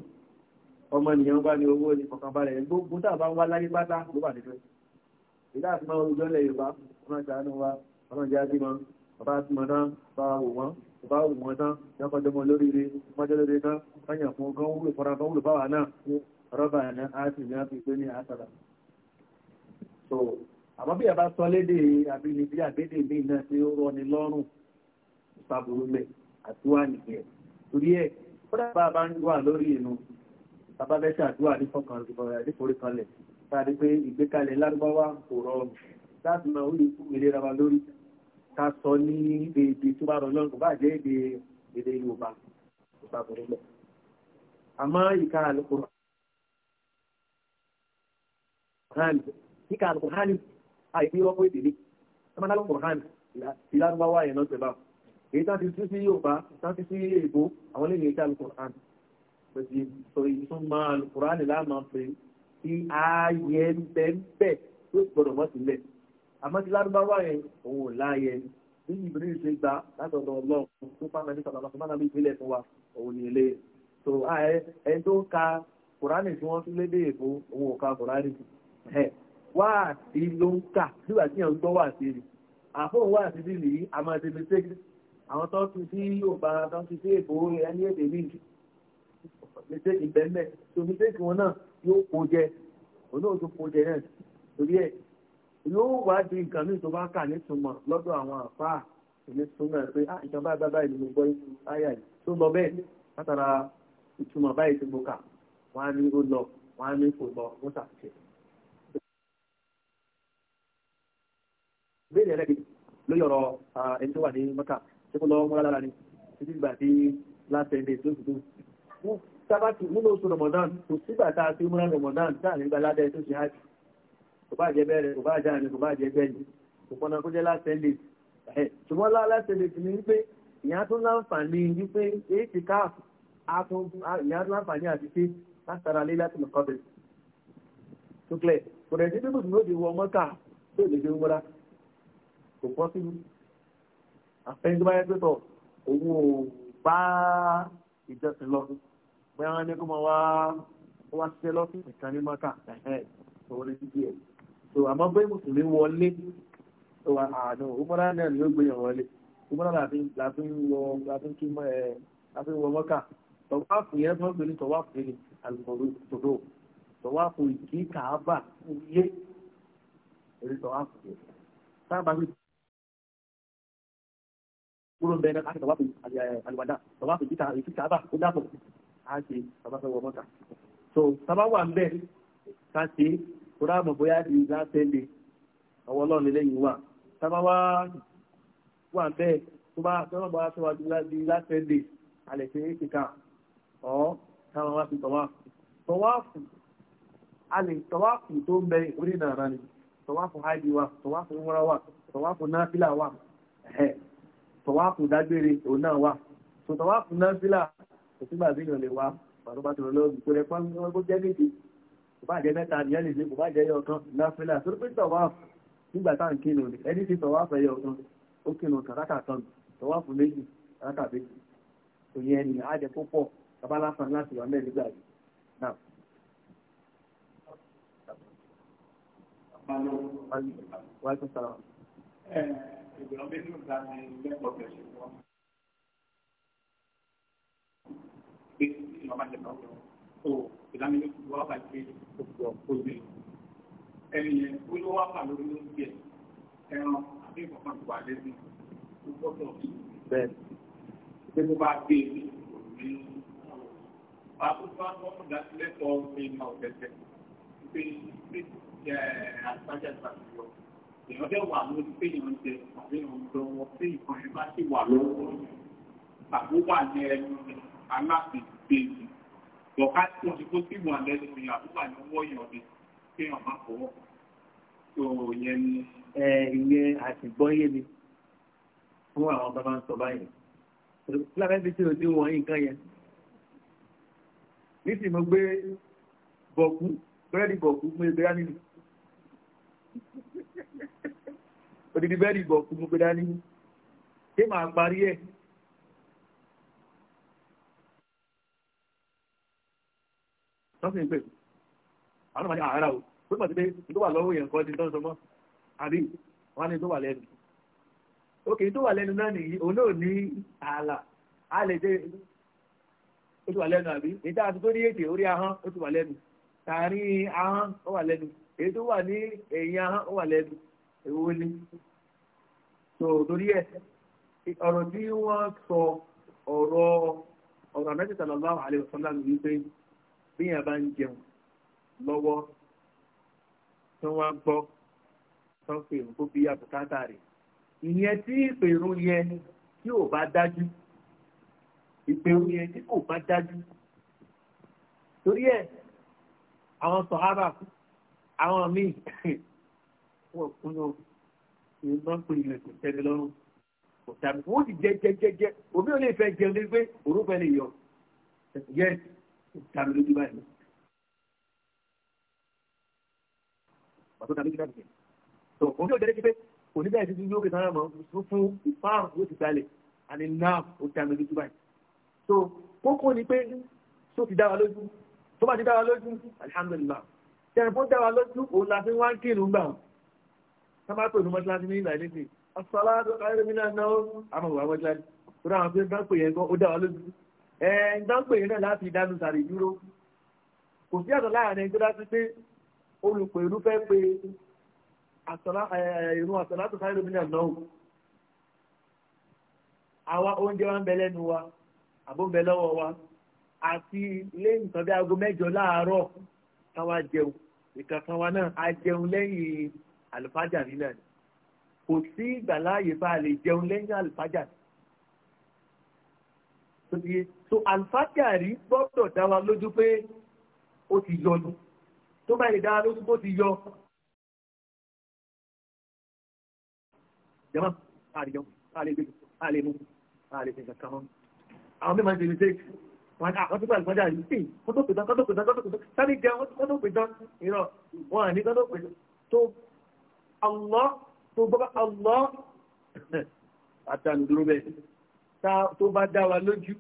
ọmọ ènìyàn bá ní owó ní kọkànbalẹ̀ gbogbo tá a bá ń wá láyé pátá ló wà nífẹ̀ẹ́ ìdá àti máa olùjọ́ ilẹ̀ yorùbá ọmọ ìṣàánú wa ọmọ ìjà bí wọn ọba tí wọn tán bá wò wọn ọba wò wọn tán lọ́kọ̀jọmọ lóríire mọ́jọ́ lóríire tán kányà fún ọgán wúlò fọ́nra kan wúlò báwa náà rọ́bà náà á sì ní àfi ní àtàlà so àmọ́ bí ẹ̀bá sọ lédè àbínibí àbédè míì náà tí ó rọni lọ́rùn ìpàbùrù mẹ́ àti wà nìyẹn torí ẹ̀ kódà bá bá ń wà lórí ìnu bàbá bẹ́ẹ̀ ṣàdúrà ní fọkàn níforí kanlẹ̀ tàbí pé ìgbékalẹ̀ lárúbáwá kò rọrùn láti máa ń kú ìlera wa lórí ká sọ ní èdè tó bá rọlọ́run kò bá jẹ́ èdè èdè Yorùbá kò bá burú lọ. àmọ́ ìka àlùkò hàn ìka àlùkò hàn àìpé rọ́pò èdè ní ọmọdé àlùkò hàn ìlànà wáyé náà tẹ̀ bá èyí tá ti sí sí Yorùbá tá ti sí èbó àwọn lè ní ìka àlùkò hàn pèsè sọ ìtumọ̀ alukurani láàmà pé kí ààyè ń bẹ́ ń bẹ́ tó gbọdọ̀ mọ́ sílẹ̀ àmọ́ ti lárúbáwá yẹn òun ò láàyè bí ìbílẹ̀ ṣe gbà látọ̀dọ̀ ọlọ́run tó fáwọn ẹni sọ̀rọ̀ lọ́sọ̀rọ̀ náà bí ìpínlẹ̀ fún wa òun ní ilé so ẹni tó ń ka kùránì tí wọ́n tún lédè èkó òun ò ka kùránì wá àti ló ń kà nígbà tí yẹn ń gbọ́ wà sí rí àfóhùn wà sí rí nìyí àmọ́ ti fi ṣe àwọn tó ti sí Yorùbá tó ti sí èkó ẹni èdè míì mistake bẹ́ẹ̀ so mistake wọn náà yóò kó jẹ òun náà tó kó jẹ náà torí ẹ yóò wá di nǹkan míì tó bá kà nítumọ̀ lọ́dọ̀ àwọn àfáà ìlú súnmọ́ pé ah ìjọba bàbá ìlú mi gbọ́ ìlú ayà yìí tó lọ bẹ́ẹ̀ látara ìtumọ̀ báyìí tí mo kà wọ́n á ní ó lọ wọ́n á ní kò lọ wọ́n ṣàtúnṣe. ìbéèrè ẹlẹ́gbẹ̀ẹ́ ló yọ̀rọ̀ ẹni tó wà ní mọ́kà tí kò lọ mọ́lá ni títí ìgbà tí last ten days lóṣù tó sábàtì múlò oṣù ramadan kò sígbà tá a fi múra ramadan táà nígbà ládẹ́ tó ṣe hajj kò bá jẹ bẹ́ẹ̀rẹ̀ kò bá jẹ àná kò bá jẹ bẹ́ẹ̀ni kò pọnà kó jẹ́ last ten days ṣùgbọ́n last ten days ni wípé ìyá tó láǹfààní wípé èyí ti káàfù ìyá tó láǹfààní àti ṣe látara lé láti mọ̀ kọ́bẹ̀ tó clear kò rẹ̀ sí bí mùsùlùmí ó di wọ mọ́kà tó lè fi ń múra kò pọ́ sínú àfẹ́ńgbáyé pẹ́tọ̀ òun ò bá ìjọsìn lọ́dún bóyá wọn ní kó máa wá wá sí lọ́fíìsì kan ní mọ́tà òun ní dídí ẹ̀ so àmọ́ bóyá mùsùlùmí wọlé àná òmùrà náà ni ó gbé yàn wọlé òmùrà làfi ń wọ làfi ń kí mọ́ ẹ làfi ń wọ mọ́tà tọ̀wáàfù yẹn fún ọ̀gbìn tọ̀wáàfù yẹn alùpùpù tòdò tọ̀wáàfù ìkí kàábà yé èrè tọ̀wáàfù yẹn sábà fi kúrò bẹ́ẹ̀ náà láti tọ̀wáàfù àlùwàdà tọ̀wáàfù ìkí kàábà ó dàpọ̀ Ha ṣe bàbá fẹ́ so sabawa ń bẹ̀ ká ṣe di lásẹ̀lẹ̀ ọwọ́ ọlọ́run lẹ́yìn wà bàbá wà ń bẹ̀ tó bá bá di lásẹ̀lẹ̀ alẹ̀ ṣe é kíkà ọ́ táwọn wá fi tọ́wá tọ́wáfù alẹ̀ tọ́wáfù tó ń bẹ orí ni tọ́wáfù háìdì wà tọ́wáfù wa náfìlà dágbére òun náà kò sígbà bí èèyàn lè wá pàtó bá tòrò lọ́wọ́ kò lè pọ́n kó jẹ́ méje kò bá jẹ́ mẹ́ta ni ẹ lè ṣe kò bá jẹ́ yọ ọ̀kan láfílà tó pé tọ̀wá nígbà tá à ń kírun ni ẹni tí tọ̀wá fẹ́ yọ ọ̀kan ó kírun kàràkà kan tọ̀wá fún méjì kàràkà méjì òyìn ẹni àjẹ tó pọ̀ bàbá lásán láti wà mẹ́rin gbà yìí náà. Wáyé tó sára. Ẹ̀ẹ́dùn ọ̀bẹ ní ìgbà ni lẹ́kọ̀ọ́ bẹ̀rẹ̀ ṣe fún wa. pé ìwà bá tẹ̀lé ọ̀gbọ̀n tó ìdánilójú wa bá gbé òkú ọ̀pọ̀ ìgbé ẹni yẹn ó ló wá wà lórí oúnjẹ ẹran àbí ìfọ̀kàn tó wà lẹ́nu ó gbọ́dọ̀ bẹ́ẹ̀ pé kó bá gbé e ní pàtó bá wọn kò dájú lẹ́tọ̀ọ́ ní ìmọ̀ ọ̀tẹ̀tẹ̀ pé pé àtúbájà ìgbà tó yọ èèyàn dẹ̀ wà lórí pé èèyàn jẹ àbí èèyàn lọ́wọ́ pé ìkànnì bá ti wà lọ́wọ́ àbúwà ní ẹnu rẹ̀ alákùnkùnkùn lọ́ka e tí wọ́n ti kó sí ìwọ̀n lẹ́nu ìyá àbúgbà ni wọ́n yàn ni kéèyàn má fọwọ́. tó yẹn ni. ẹ ìyẹn àtìgbọ́yé mi fún àwọn bàbá ń sọ báyìí lábẹ́ bí tí o ti wọ̀n yìí nǹkan yẹn ní sì mo gbé bọ̀kú bẹ́ẹ̀dì bọ̀kú mo gbé dání ni odidi bẹ́ẹ̀dì bọ̀kú mo gbé dání ni ṣé màá parí ẹ̀ tọ́sí ń pè àwọn ọmọdé àárá o pé pàtó pé tó wà lọ́wọ́ yẹn kọ́ ti tọ́ sọmọ́ àbí wọ́n ní tó wà lẹ́nu òkè tó wà lẹ́nu náà nìyí òun náà ní ààlà a lè dé ó ti wà lẹ́nu àbí èyí tá a ti tó ní ètè orí ahọ́n ó ti wà lẹ́nu tààrin ahọ́n ó wà lẹ́nu èyí tó wà ní ẹ̀yìn ahọ́n ó wà lẹ́nu èwo ni tó torí ẹ̀ ọ̀rọ̀ tí wọ́n sọ ọ̀rọ̀ ọ̀rọ̀ téèyàn bá ń jẹun lọ́wọ́ tí wọ́n ń gbọ́ tí wọ́n pè ń kó bí àbùkátà rẹ̀ ìyẹn tí ìpèrú yẹn tí ò bá dájú ìpèrú yẹn tí kò bá dájú torí ẹ̀ àwọn sọ̀hábà àwọn míì wọ́n kún un ìlú máa ń pè ìlú ẹ̀sìn tẹ́lẹ̀ lọ́rùn tàbí wọ́n ti jẹ́ jẹ́ jẹ́ jẹ́ òmí ò lè fẹ́ jẹun lé pé òrùka lè yọ yẹ́sì dàmí lójú báyìí pàtó dàmí lójú báyìí tó òun yóò jẹ́rẹ́ pé oníbẹ̀ ẹ̀ títí yóò fi sára mọ́ fún ìfáàrùn yóò ti gbalẹ̀ àní náà ó dàmí lójú báyìí tó kókó ni pé tó ti dára lójú tó bá ti dára lójú alihamudulilá tẹ̀rẹ̀ fún dára lójú òun la fi wá ń kírun gbà sábà pè ní mọ́tíláṣí ní ìlà ìlẹ́sìn asọ́lá tó káyọ̀ mí náà náà àmọ̀ wà mọ́tíláṣí tó dára fún dáńpẹ̀ yẹn kọ́ ó dára lójú ìdánpè yìí náà láti ìdánù sàrè dúró kò sí àtọ̀ láàrin tó dájú pé olùpè ìlú fẹ́ pe ìrún àtọ̀lá tó sáré lómìnira náà àwa oúnjẹ wa ń bẹ lẹ́nu wa àbó ń bẹ lọ́wọ́ wa àti lẹ́yìn tàbí aago mẹ́jọ láàárọ̀ táwa jẹun ìkàkan wa náà a jẹun lẹ́yìn àlùfájà nílẹ̀ kò sí ìgbàláàyè bá a lè jẹun lẹ́yìn àlùfájà nílẹ̀ tó ti yé so alifákàrí gbọ́dọ̀ dá wa lójú pé ó ti yọ ni tó bá lè dá wa lójú bó ti yọ. jama àlejò àlejò àlejò àlejò kankan mọ àwọn mẹ́ta ah, ti ṣe wọn ní àwọn tó bá àlùfáàjà yìí sí wọn tó pè tán wọn tó pè jẹ wọn tó pè ìrọ wọn àní wọn tó tó Allah tó bọ́ Allah àtàlù dúró bẹ́ẹ̀ tó bá dá wa lójú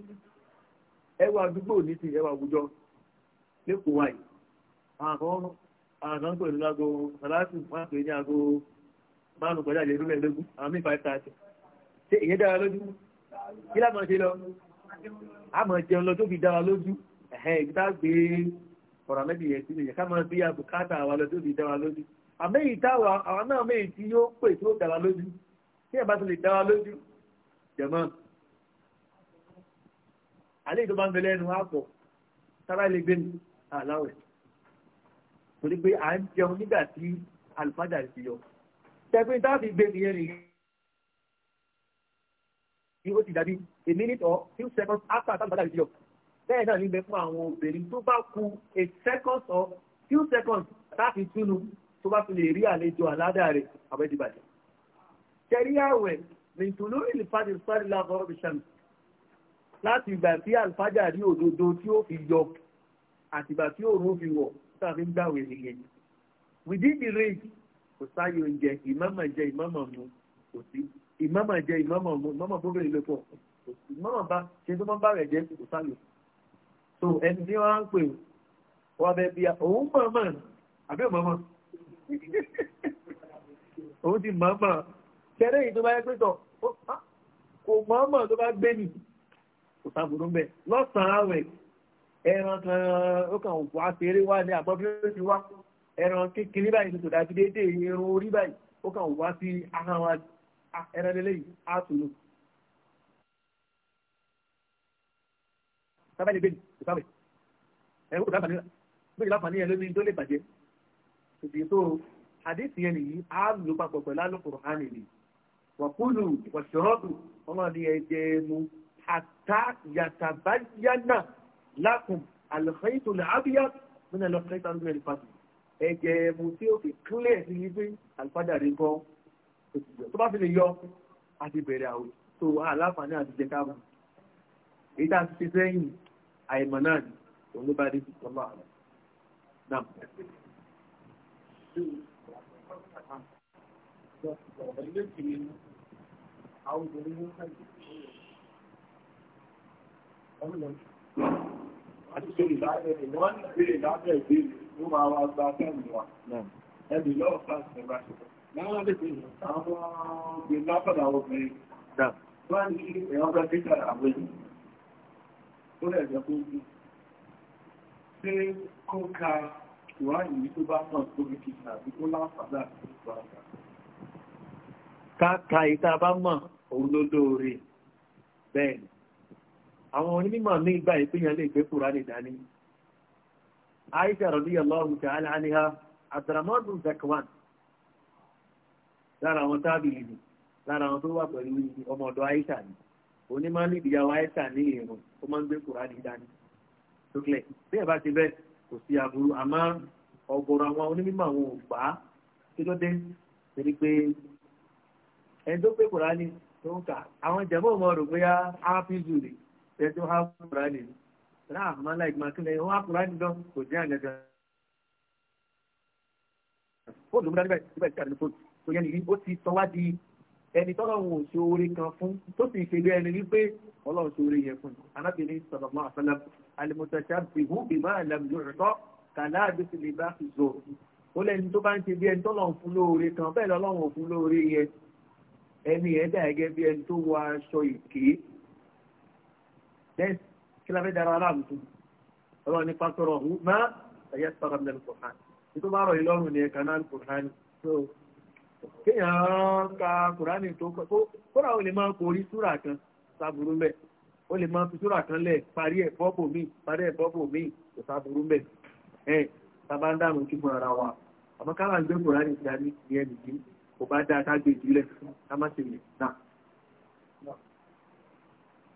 ẹwà àdúgbò ní ti ẹwà àwùjọ lẹ́kọ̀ọ́ wáyé àwọn àwọn pẹ̀lú lágo aláàtù máa pè ní àgọ́ márùn-ún kọjá ìlú mẹ́ẹ̀ẹ́dógún àwọn mí five thirty ṣe ìyẹn dára lójú kí lámọ̀ ṣe lọ àmọ̀ jẹun lọ tó fi dára lójú ẹ̀hẹ́ ìgbà gbé ọ̀rọ̀ mẹ́bí yẹn sí nìyẹn ká máa bí àbùkátà wa lọ tó fi dára lójú àmọ́ èyí táwa àwọn náà méjì yóò pè tó dára lójú tí ẹ̀ bá ti lè dára lójú jẹ̀mọ́ àlẹ́ ìjọba ń bẹ lẹ́nu àpọ̀ tára lè gbé àláwẹ̀ kò ní pé à ń jẹun nígbà tí àlùfáàjà ti yọ tẹ́pẹ́ tá a fi gbé nìyẹn nìyẹn ni ó ti dàbí a minute or few seconds after àtàlùfáàjà ti yọ bẹ́ẹ̀ náà níbẹ̀ fún àwọn obìnrin tó bá ku a second or few seconds láti túnu tó bá fi lè rí àlejò àládà rẹ̀ àwẹ́dìbàjẹ́. Kẹrí àwẹ̀, mìtùlú ìlú fàdí sọ́rí lábọ́ ọ̀bìṣàmì láti ìgbà tí àlùfájà rí òdodo tí ó fi yọ àtìgbà tí òòrùn fi wọ̀ tàbí gbàwé nìyẹn within the range kò sáyé oúnjẹ ìmọ̀mọ̀ jẹ ìmọ̀mọ̀ mu kò sí ìmọ̀mọ̀ jẹ ìmọ̀mọ̀ mu ìmọ̀mọ̀ bóbìnrin ló pọ̀ ìmọ̀mọ̀ bá ṣe tó máa ń bá rẹ̀ jẹ́ kò sáyé so ẹni tí wọ́n á ń pè wọ́n bẹ bí òun mọ̀mọ̀ àbí òmọ̀mọ̀ òun ti mọ̀mọ̀ ṣẹlẹ̀ tó bá yẹ pé tọ̀ ah, kò mọ̀mọ̀ tó bá gbé nìyí kò sábùrú mbẹ lọ́sàn-án àwẹ̀ ẹran kan ó kàn wá ṣeré wá ní àgbọ̀ bí ó ti wá ẹran kékeré báyìí tó dàbí déédéé irun orí báyìí ó kàn wá sí ahọ́n wa ẹran lélẹ́yìí á tù lù. sábà ní bẹ́ẹ̀ kò sábà ẹ̀rọ kò sábà ní bẹ́ẹ̀ láǹfààní ẹ̀ lómi tó lè bàjẹ́ tòbí tó àdéhùn yẹn nìyí á lò papọ̀ pẹ̀lú alùpùpù hàn nìyí wàkúlù wàṣọ́ọ̀dù ọlọ́ọ̀dì ẹ̀jẹ̀ mu hàtà yàtàbáyánà lákùn àlùfẹ́yìntò làbíyá nínú àlùfẹ́yìntò àdúgbò ẹ̀lìfàdù ẹ̀jẹ̀ ẹ̀mù tí ó fi kílẹ̀ sí i pé àlùfàdà rẹ̀ kọ́ tó bá fi lè yọ àti bẹ̀rẹ̀ àwẹ̀ tó aláǹfààní àti jẹ káàmù èyí tá a ti ṣe sẹ́yìn àìmọ̀ náà ni òun ló bá dé sí ọlọ́ àlọ́ náà. Àwọn obìnrin ló ń kàlùkù àti ṣe ìlànà ìwọ́n ń gbé ìlànà ìgbèrè ló máa wá gba fẹ́ẹ̀mù wa ẹbí lọ́wọ́ fásitì ẹgbà ṣùgbọ́n láwọn àdébí àwọn obìnrin lápàdà obìnrin wọ́n ní ẹ̀yọ́ bá tẹ́jà àwọn èyí ó lẹ̀ jẹ́ kó bí ṣé kó ka ìwádìí tó bá náà tó bí kìí àbí kó láǹfààní àti ìgbà ọ̀gá. ká ka ìta bá mọ̀ òun ló lóore bẹ́ẹ̀ ni àwọn onímọ̀ ní ìgbà ìpínyàn lè gbé Kùránì dání Aisha radiyallahu ta'ala anha Abdurrahman Zakwan lára àwọn tábìlì ni lára àwọn tó wà pẹ̀lú ọmọ ọ̀dọ̀ Aisha ni onímọ̀ ní ìyàwó Aisha ní ìrùn ó máa ń gbé Kùránì dání tókìlẹ̀ bí ẹ̀ bá ti bẹ́ẹ̀ kò sí aburú àmọ́ ọ̀gọ̀rọ̀ àwọn onímọ̀ àwọn ò gbà á kí ló dé ẹ tó há kúránì náà má láì máa kílẹ̀ ó há kúránì lọ kò jẹ́ àgàgà. fóònù múra níbẹ̀ níbẹ̀ tí a lè fóònù tó yẹn nìyí ó ti sọ wá di ẹni tọ́lọ̀ ń ṣe oore kan fún tó sì ṣe lé ẹni wípé ọlọ́run ṣe oore yẹn fún anábìrin sọ̀rọ̀mọ́ àfẹlẹ́ alimọ̀tàṣà bìhú bìmọ̀ àlàmì òrùtọ́ kàlá àdúsí lè bá fi zò ó lẹ́ni tó bá ń ṣe bí ẹni tọ́lọ̀ ń fún lóore kan bẹ́ẹ̀ lọ́lọ́run ò fún lóore yẹn ẹni ẹ̀dá ẹ̀gẹ́ bí ẹni tó wọ aṣọ ìké then kí la fẹ́ dara aláàmù tó ọlọ́run ní pásítọ̀rọ̀ ọ̀hún má ẹ̀yẹ sọ̀rọ̀ ní ẹ̀lùkùnrin ní tó bá rọ̀ yìí lọ́rùn ní ẹ̀ka náà kùnrin so kéèyàn ka kùránì tó kóra o lè máa kórí súrà kan sábúrú mẹ́ o lè máa fi súrà kan lẹ̀ parí ẹ̀ bọ́bù míì parí ẹ̀ bọ́bù míì kò sábúrú mẹ́ ẹ̀ sábà ń dànù kí mo ara wa àmọ́ káwọn àgbẹ̀ kùránì ti dání ní ẹnìyí kò bá dáa ká gbé ìdílé ká má ṣe lè náà.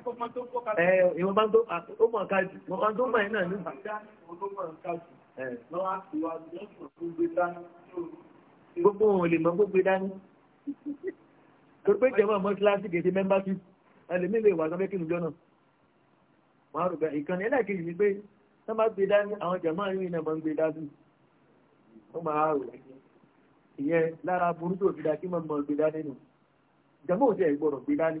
ìwọ̀n bá ń tó ó mọ̀ ká jù wọ́n bá ń tó mọ̀ yín náà ní. gbogbo wọn ò lè mọ gbogbo dání torí pé jẹ́wọ́ àmọ́ kíláàsì kèsì mẹ́mbà sí ẹlẹ́mí lè wà sọ́mẹ́kì níjọ́ náà wọ́n á rò pé ìkànnì ẹlẹ́kejì ni pé wọ́n bá gbé dání àwọn jẹ̀mọ́ àyìn náà máa ń gbé dání wọ́n máa rò ìyẹn lára burúkú òfin dá kí wọ́n mọ̀ gbé dání nù jẹ̀mọ́ òjẹ́ ìgbọ̀rọ̀ gbé dání.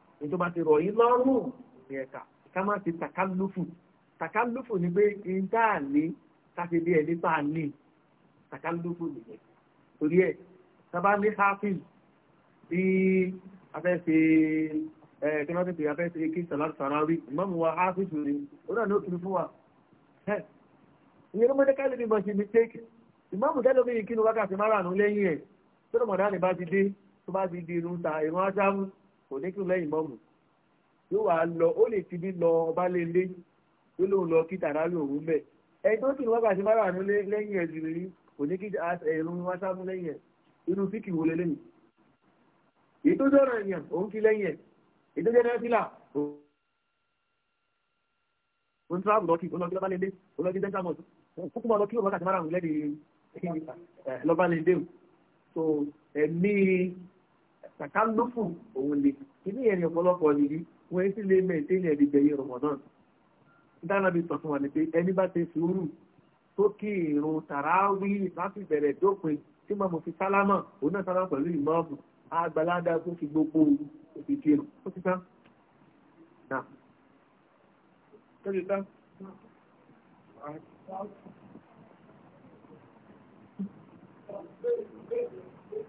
ìjọba ti rọ̀ yín lọ́rùn ní ẹ̀ka ká má ti tàkálùfù tàkálùfù ni pé n tá à ní ká ṣe bí ẹni tá à ní tàkálùfù nìyẹn torí ẹ̀ sábà ní hafiz bí afẹ́fẹ́ ẹ̀ kí wọ́n ti pè afẹ́fẹ́ kí sàlátù sàráwí ìmọ̀mù wa hafiz rẹ̀ ó náà ní òkìlú fún wa ìyẹn ló mọ́jẹ́ káàlì bímọ ṣe mistake ìmọ̀mù tẹ́lẹ̀ bí ìkínú wákàtí márùn-ún lẹ́yìn ẹ̀ tó lọ́mọdá ni bá ti dé tó bá ti di irun ta irun aṣáájú kò ní kí lẹ́yìn mọ́mù yóò wá lọ ó lè ti bí lọ ọba lé lé ó lóun lọ kí tàrá lò òun bẹ̀ ẹni tó kì í wọ́n bàtí márùn ún lẹ́yìn ẹ̀ jùlọ rí kò ní kí ẹ̀rùn wá sáfún lẹ́yìn ẹ̀ inú sí kì í wọlé lẹ́yìn èyí tó jọ́ràn èèyàn òun kí lẹ́yìn ẹ̀ èyí tó jẹ́ nẹ́fìlà òun tó àbùdó lọ́kì òun lọ́kì lọ́ba lé lé òun lọ́kì dẹ́ńtà mọ́tò kúkú mọ́ lọ́kì òun bàtí márùn ún lẹ́yìn eh, lọ́ba lé lé tàkálùfù òun lè kíní ni ọ̀pọ̀lọpọ̀ nìyí wọ́n sì lè mẹ́tẹ́ẹ̀lì ẹ̀dì gbẹ̀yìn rọ̀mọ̀dán ìdánábi sọ fún wa ni pé ẹni bá ti sùúrù tó kí ìrun tàràwí láti bẹ̀rẹ̀ dópin tí màmú fi sálámà òun náà sálámà pẹ̀lú ìmọ̀ọ́mù àgbàládá tó fi gbogbo òfin kírun ó ti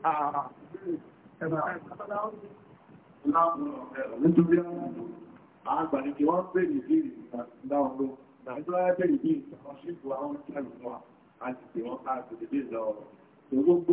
tán. Nítorí àwọn àgbàríkì wọ́n bèèrè bí ìdáwọn ló, ìdájọ́ bèèrè bí ìtàwọn ṣíkò àwọn ìṣẹ́lùmọ́ àti ìwọ́n káàkiri bí ìlọ. Gbogbo